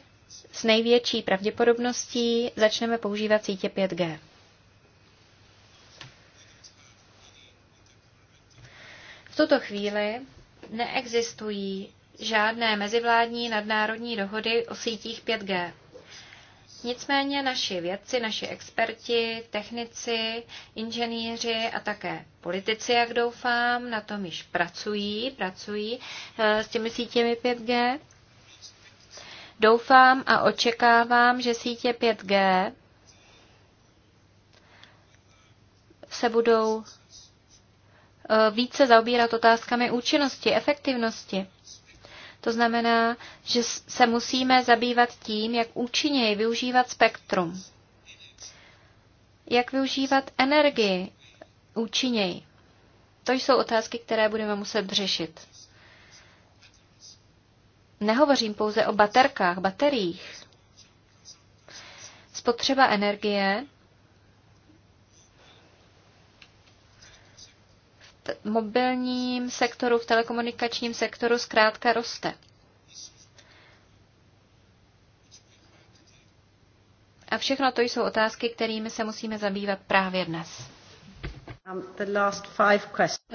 s největší pravděpodobností začneme používat sítě 5G. tuto chvíli neexistují žádné mezivládní nadnárodní dohody o sítích 5G. Nicméně naši vědci, naši experti, technici, inženýři a také politici, jak doufám, na tom již pracují, pracují eh, s těmi sítěmi 5G. Doufám a očekávám, že sítě 5G se budou E, více zaobírat otázkami účinnosti, efektivnosti. To znamená, že se musíme zabývat tím, jak účinněji využívat spektrum, jak využívat energii účinněji. To jsou otázky, které budeme muset řešit. Nehovořím pouze o baterkách, bateriích. Spotřeba energie mobilním sektoru, v telekomunikačním sektoru zkrátka roste. A všechno to jsou otázky, kterými se musíme zabývat právě dnes. Um,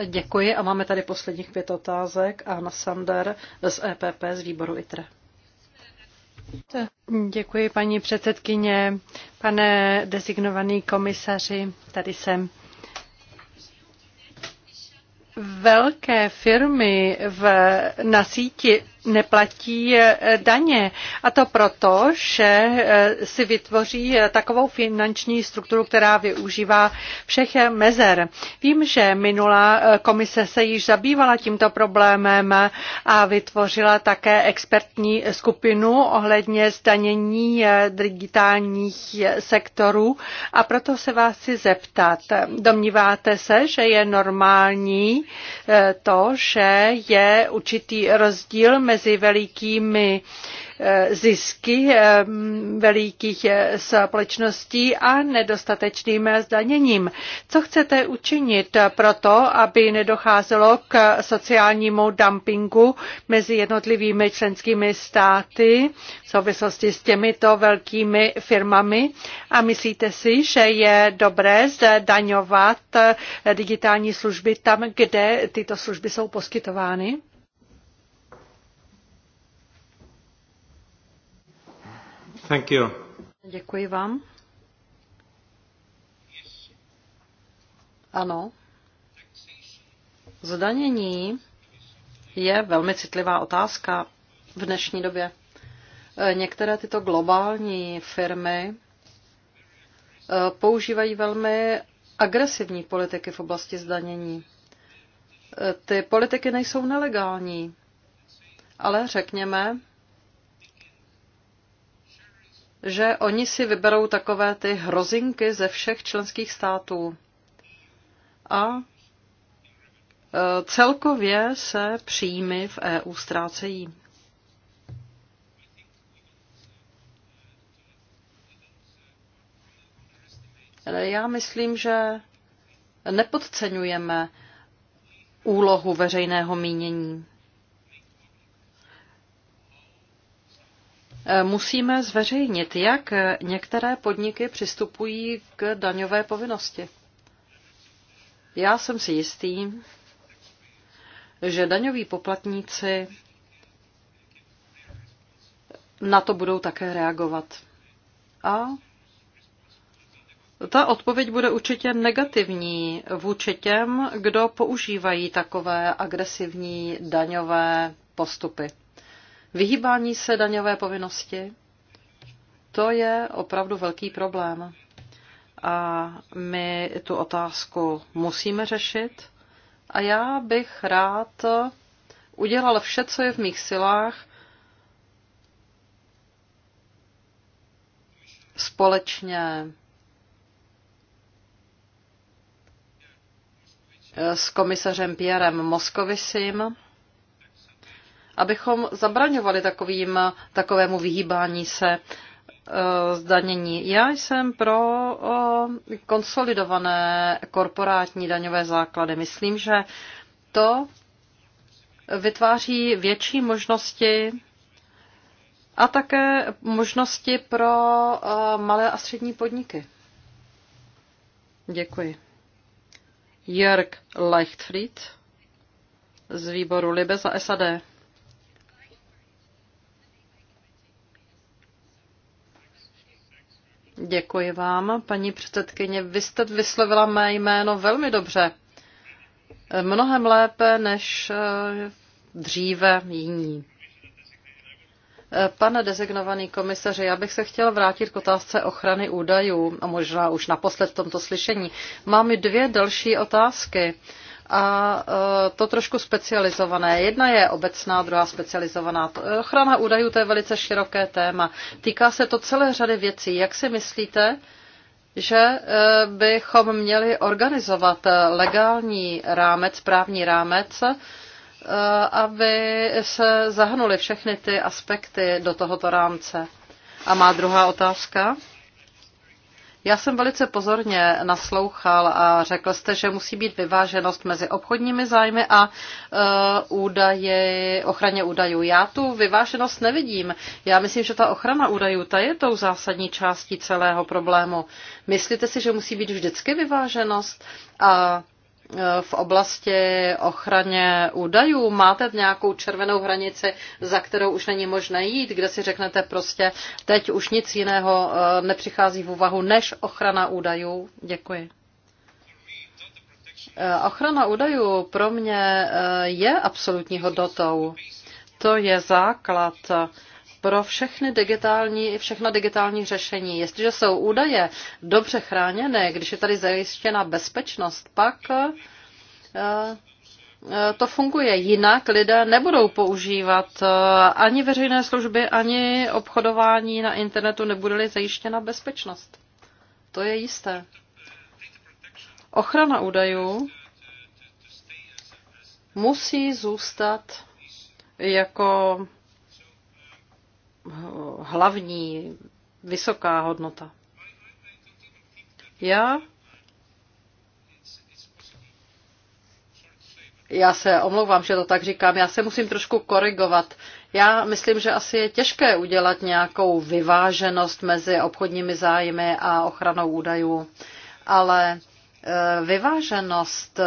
Děkuji a máme tady posledních pět otázek. Anna Sander z EPP z výboru ITRE. Děkuji, paní předsedkyně, pane designovaný komisaři, tady jsem velké firmy v, na síti neplatí eh, daně. A to proto, že eh, si vytvoří eh, takovou finanční strukturu, která využívá všech mezer. Vím, že minulá komise se již zabývala tímto problémem a vytvořila také expertní skupinu ohledně zdanění digitálních sektorů. A proto se vás chci zeptat. Domníváte se, že je normální to, že je určitý rozdíl mezi mezi velikými eh, zisky eh, velikých eh, společností a nedostatečným zdaněním. Co chcete učinit pro to, aby nedocházelo k sociálnímu dumpingu mezi jednotlivými členskými státy v souvislosti s těmito velkými firmami? A myslíte si, že je dobré zdaňovat digitální služby tam, kde tyto služby jsou poskytovány? Thank you. Děkuji vám. Ano. Zdanění je velmi citlivá otázka v dnešní době. E, některé tyto globální firmy e, používají velmi agresivní politiky v oblasti zdanění. E, ty politiky nejsou nelegální, ale řekněme, že oni si vyberou takové ty hrozinky ze všech členských států. A e, celkově se příjmy v EU ztrácejí. Já myslím, že nepodceňujeme úlohu veřejného mínění. musíme zveřejnit, jak některé podniky přistupují k daňové povinnosti. Já jsem si jistý, že daňoví poplatníci na to budou také reagovat. A ta odpověď bude určitě negativní vůči těm, kdo používají takové agresivní daňové postupy vyhýbání se daňové povinnosti, to je opravdu velký problém. A my tu otázku musíme řešit. A já bych rád udělal vše, co je v mých silách, společně s komisařem Pierrem Moskovisim, abychom zabraňovali takovým, takovému vyhýbání se e, zdanění. Já jsem pro konsolidované korporátní daňové základy. Myslím, že to vytváří větší možnosti a také možnosti pro e, malé a střední podniky. Děkuji. Jörg Leichtfried z výboru Libe za SAD. Děkuji vám, paní předsedkyně. Vy jste vyslovila mé jméno velmi dobře. Mnohem lépe než eh, dříve jiní. Pane dezignovaný komisaři, já bych se chtěl vrátit k otázce ochrany údajů, a možná už naposled v tomto slyšení. Mám dvě další otázky a e, to trošku specializované. Jedna je obecná, druhá specializovaná. E, ochrana údajů to je velice široké téma. Týká se to celé řady věcí. Jak si myslíte, že e, bychom měli organizovat legální rámec, právní rámec, aby se zahnuli všechny ty aspekty do tohoto rámce? A má druhá otázka? Já jsem velice pozorně naslouchal a řekl jste, že musí být vyváženost mezi obchodními zájmy a e, údaje, ochraně údajů. Já tu vyváženost nevidím. Já myslím, že ta ochrana údajů, ta je tou zásadní částí celého problému. Myslíte si, že musí být vždycky vyváženost? A v oblasti ochraně údajů? Máte nějakou červenou hranici, za kterou už není možné jít, kde si řeknete prostě, teď už nic jiného eh, nepřichází v úvahu než ochrana údajů? Děkuji. Eh, ochrana údajů pro mě eh, je absolutní hodnotou. To je základ pro všechny digitální, i všechna digitální řešení. Jestliže jsou údaje dobře chráněné, když je tady zajištěna bezpečnost, pak eh, eh, to funguje. Jinak lidé nebudou používat eh, ani veřejné služby, ani obchodování na internetu, nebude-li zajištěna bezpečnost. To je jisté. Ochrana údajů musí zůstat jako hlavní vysoká hodnota. Já Já se omlouvám, že to tak říkám. Já se musím trošku korigovat. Já myslím, že asi je těžké udělat nějakou vyváženost mezi obchodními zájmy a ochranou údajů, ale eh, vyváženost eh,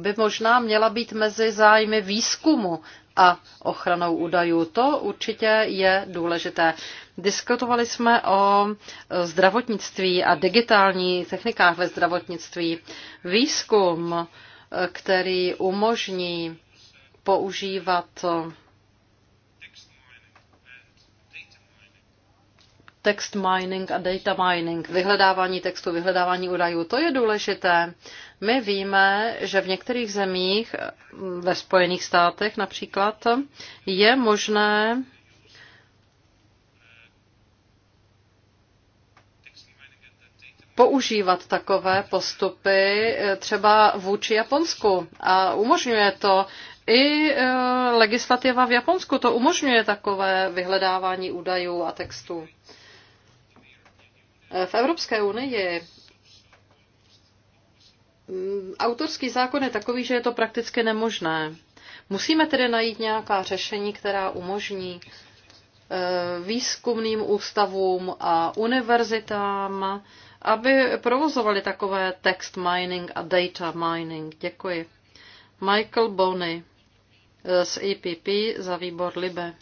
by možná měla být mezi zájmy výzkumu a ochranou údajů. To určitě je důležité. Diskutovali jsme o zdravotnictví a digitální technikách ve zdravotnictví. Výzkum, který umožní používat text mining a data mining, vyhledávání textu, vyhledávání údajů, to je důležité. My víme, že v některých zemích, ve Spojených státech například, je možné používat takové postupy eh, třeba vůči Japonsku. A umožňuje to i eh, legislativa v Japonsku, to umožňuje takové vyhledávání údajů a textů. Eh, v Evropské unii Mm, autorský zákon je takový, že je to prakticky nemožné. Musíme tedy najít nějaká řešení, která umožní eh, výzkumným ústavům a univerzitám, aby provozovali takové text mining a data mining. Děkuji. Michael Bony eh, z EPP za výbor Libe.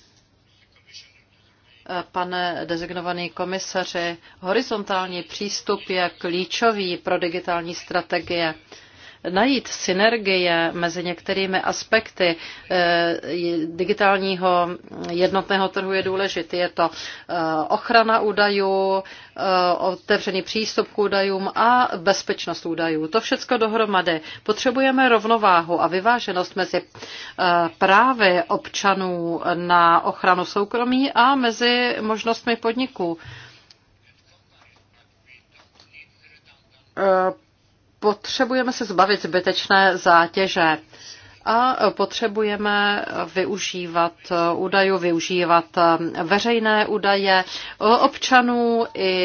Pane dezignovaný komisaři, horizontální přístup je klíčový pro digitální strategie najít synergie mezi některými aspekty eh, digitálního jednotného trhu je důležitý. Je to eh, ochrana údajů, eh, otevřený přístup k údajům a bezpečnost údajů. To všechno dohromady. Potřebujeme rovnováhu a vyváženost mezi právy občanů na ochranu soukromí a mezi možnostmi podniků potřebujeme se zbavit zbytečné zátěže a potřebujeme využívat údajů, využívat veřejné údaje občanů i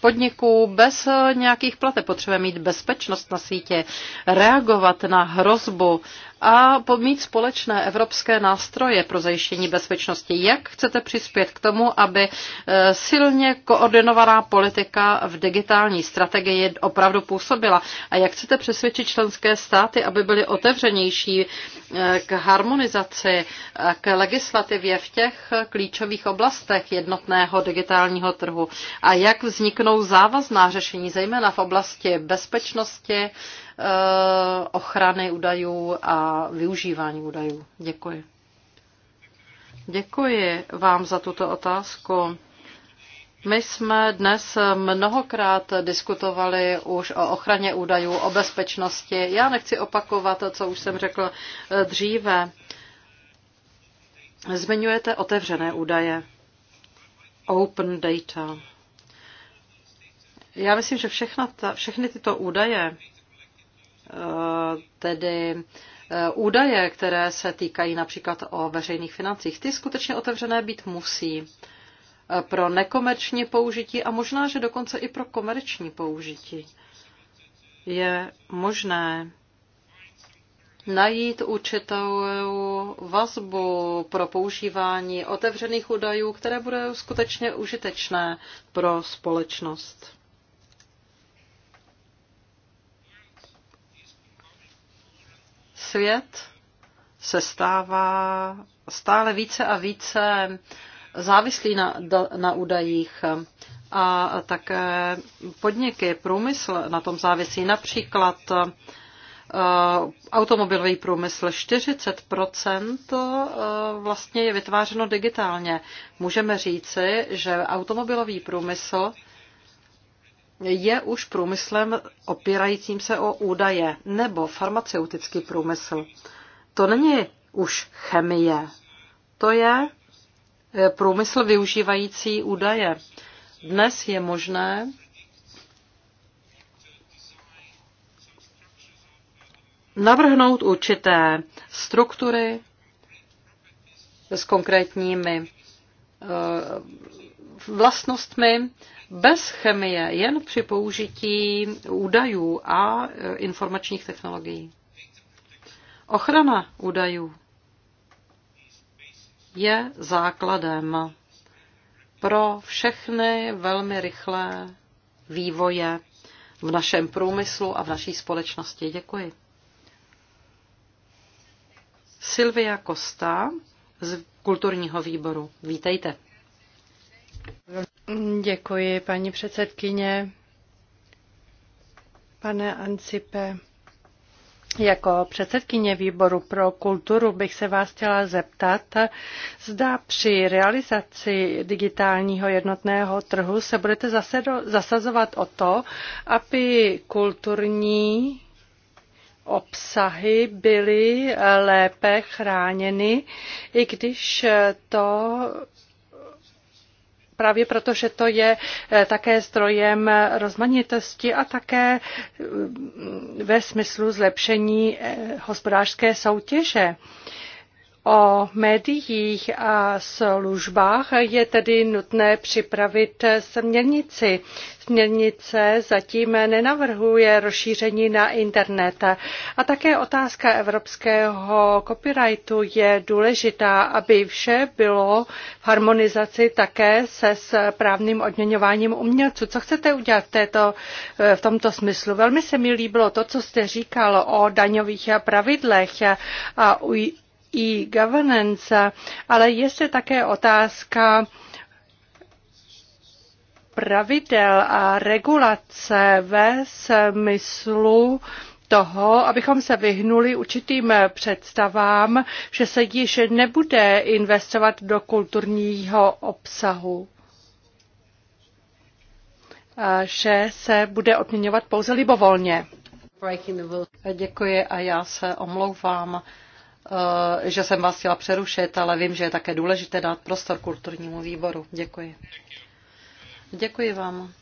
podniků bez nějakých plate. Potřebujeme mít bezpečnost na sítě, reagovat na hrozbu a mít společné evropské nástroje pro zajištění bezpečnosti. Jak chcete přispět k tomu, aby eh, silně koordinovaná politika v digitální strategii opravdu působila? A jak chcete přesvědčit členské státy, aby byly otevřenější eh, k harmonizaci, k legislativě v těch klíčových oblastech jednotného digitálního trhu? A jak vzniknou závazná řešení, zejména v oblasti bezpečnosti, Eh, ochrany údajů a využívání údajů. Děkuji. Děkuji vám za tuto otázku. My jsme dnes mnohokrát diskutovali už o ochraně údajů, o bezpečnosti. Já nechci opakovat, co už jsem řekl eh, dříve. Zmiňujete otevřené údaje. Open data. Já myslím, že všechna ta, všechny tyto údaje tedy eh, údaje, které se týkají například o veřejných financích, ty skutečně otevřené být musí eh, pro nekomerční použití a možná, že dokonce i pro komerční použití. Je možné najít určitou vazbu pro používání otevřených údajů, které budou skutečně užitečné pro společnost. svět se stává stále více a více závislý na, na údajích a také podniky, průmysl na tom závisí. Například eh, automobilový průmysl 40 eh, vlastně je vytvářeno digitálně. Můžeme říci, že automobilový průmysl je už průmyslem opírajícím se o údaje nebo farmaceutický průmysl. To není už chemie, to je e, průmysl využívající údaje. Dnes je možné navrhnout určité struktury s konkrétními e, vlastnostmi bez chemie, jen při použití údajů a e, informačních technologií. Ochrana údajů je základem pro všechny velmi rychlé vývoje v našem průmyslu a v naší společnosti. Děkuji. Silvia Kosta z kulturního výboru. Vítejte. Děkuji, paní předsedkyně. Pane Ancipe, jako předsedkyně výboru pro kulturu bych se vás chtěla zeptat, zda při realizaci digitálního jednotného trhu se budete zasazovat o to, aby kulturní obsahy byly lépe chráněny, i když to právě proto, že to je eh, také zdrojem rozmanitosti a také mm, ve smyslu zlepšení eh, hospodářské soutěže o médiích a službách je tedy nutné připravit směrnici. Směrnice zatím nenavrhuje rozšíření na internet. A také otázka evropského copyrightu je důležitá, aby vše bylo v harmonizaci také se správným odměňováním umělců. Co chcete udělat v, této, v tomto smyslu? Velmi se mi líbilo to, co jste říkal o daňových pravidlech a u i governance, ale je zde také otázka pravidel a regulace ve smyslu toho, abychom se vyhnuli určitým představám, že se již nebude investovat do kulturního obsahu. A že se bude odměňovat pouze libovolně. Děkuji a já se omlouvám. Eh, že jsem vás chtěla přerušit, ale vím, že je také důležité dát prostor kulturnímu výboru. Děkuji. Děkuji vám.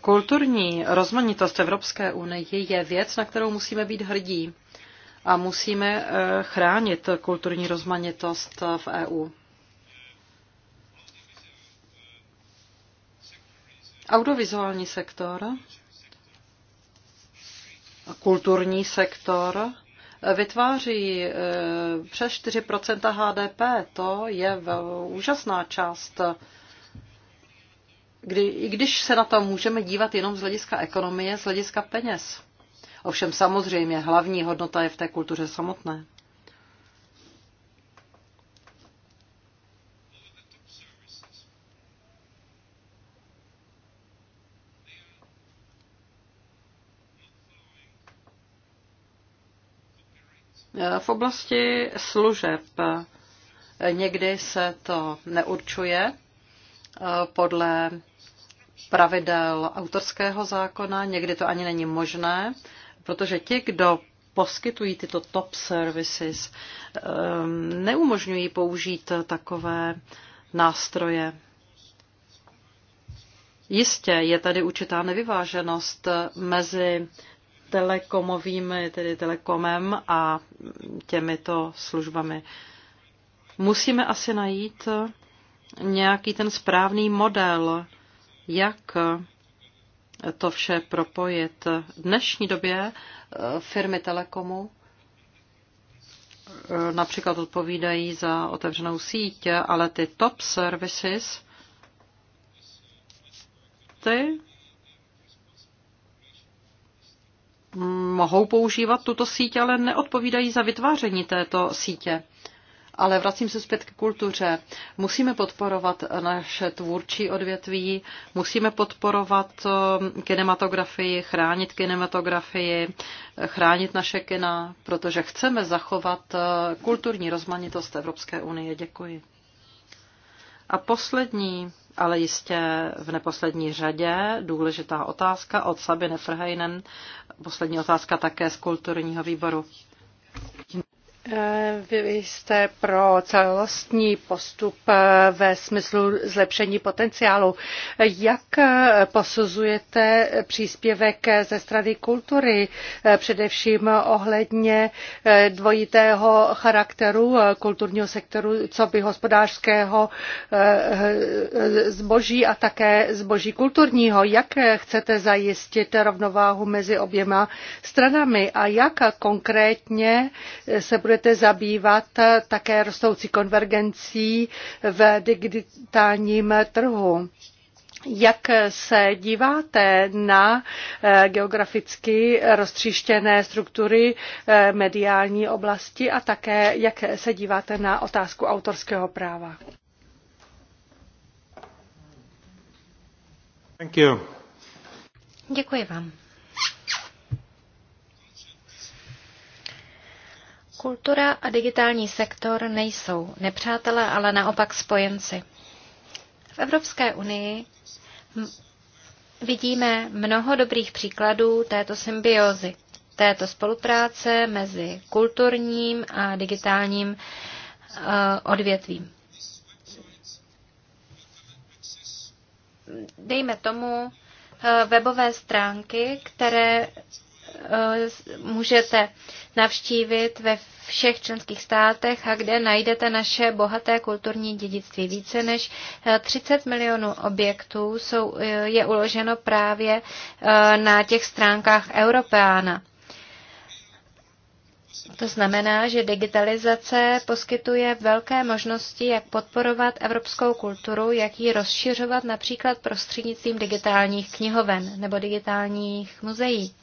Kulturní rozmanitost Evropské unie je věc, na kterou musíme být hrdí a musíme eh, chránit kulturní rozmanitost v EU. Audiovizuální sektor, kulturní sektor vytváří eh, přes 4 HDP. To je úžasná část. Kdy, I když se na to můžeme dívat jenom z hlediska ekonomie, z hlediska peněz. Ovšem samozřejmě hlavní hodnota je v té kultuře samotné. V oblasti služeb někdy se to neurčuje eh, podle pravidel autorského zákona, někdy to ani není možné, protože ti, kdo poskytují tyto top services, eh, neumožňují použít takové nástroje. Jistě je tady určitá nevyváženost mezi telekomovými, tedy telekomem a těmito službami. Musíme asi najít nějaký ten správný model, jak to vše propojit. V dnešní době eh, firmy telekomu eh, například odpovídají za otevřenou síť, ale ty top services, ty mohou používat tuto síť, ale neodpovídají za vytváření této sítě. Ale vracím se zpět k kultuře. Musíme podporovat naše tvůrčí odvětví, musíme podporovat um, kinematografii, chránit kinematografii, chránit naše kina, protože chceme zachovat uh, kulturní rozmanitost Evropské unie. Děkuji. A poslední, ale jistě v neposlední řadě, důležitá otázka od Sabine Frheinen poslední otázka také z kulturního výboru. Eh, vy jste pro celostní postup eh, ve smyslu zlepšení potenciálu. Jak eh, posuzujete příspěvek ze strany kultury, především ohledně dvojitého charakteru kulturního sektoru, co by hospodářského zboží a také zboží kulturního? Jak chcete zajistit rovnováhu mezi oběma stranami a jak konkrétně se bude budete zabývat také rostoucí konvergencí v digitálním trhu. Jak se díváte na eh, geograficky roztříštěné struktury eh, mediální oblasti a také jak se díváte na otázku autorského práva? Thank you. Děkuji vám. Kultura a digitální sektor nejsou nepřátelé, ale naopak spojenci. V Evropské unii vidíme mnoho dobrých příkladů této symbiozy, této spolupráce mezi kulturním a digitálním eh, odvětvím. Dejme tomu eh, webové stránky, které Eh, můžete navštívit ve všech členských státech a kde najdete naše bohaté kulturní dědictví. Více než 30 eh, milionů objektů jsou, eh, je uloženo právě na těch stránkách Europeana. To znamená, že digitalizace poskytuje velké možnosti, jak podporovat evropskou kulturu, jak ji rozšiřovat například prostřednictvím digitálních knihoven nebo digitálních muzeí.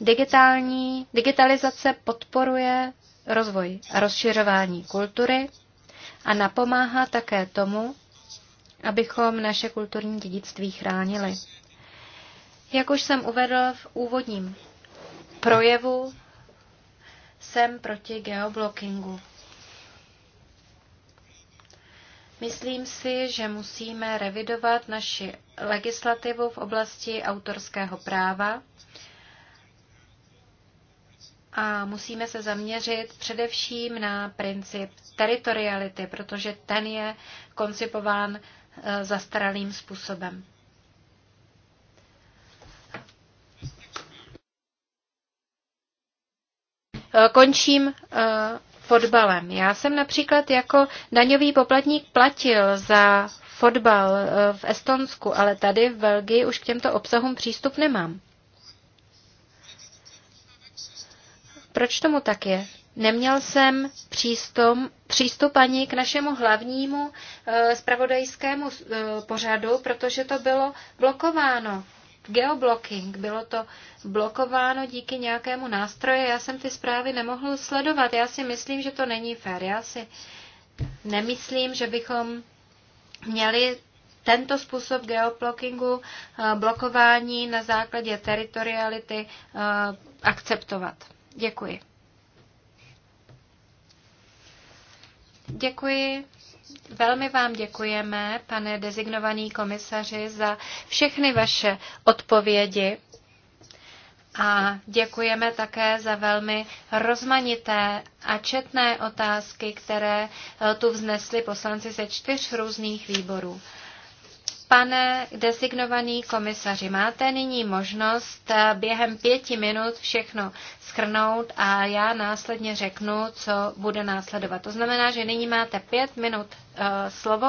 Digitální, digitalizace podporuje rozvoj a rozšiřování kultury a napomáhá také tomu, abychom naše kulturní dědictví chránili. Jak už jsem uvedl v úvodním projevu, jsem proti geoblockingu. Myslím si, že musíme revidovat naši legislativu v oblasti autorského práva a musíme se zaměřit především na princip teritoriality, protože ten je koncipován eh, zastaralým způsobem. Eh, končím eh, fotbalem. Já jsem například jako daňový poplatník platil za fotbal v Estonsku, ale tady v Belgii už k těmto obsahům přístup nemám. Proč tomu tak je? Neměl jsem přístup, přístup ani k našemu hlavnímu e, eh, spravodajskému e, eh, pořadu, protože to bylo blokováno. Geoblocking. Bylo to blokováno díky nějakému nástroji. Já jsem ty zprávy nemohl sledovat. Já si myslím, že to není fér. Já si nemyslím, že bychom měli tento způsob geoblockingu, eh, blokování na základě teritoriality akceptovat. Děkuji. Děkuji. Velmi vám děkujeme, pane designovaný komisaři, za všechny vaše odpovědi a děkujeme také za velmi rozmanité a četné otázky, které tu vznesli poslanci ze čtyř různých výborů. Pane designovaný komisaři, máte nyní možnost eh, během pěti minut všechno schrnout a já následně řeknu, co bude následovat. To znamená, že nyní máte pět minut eh, slovo.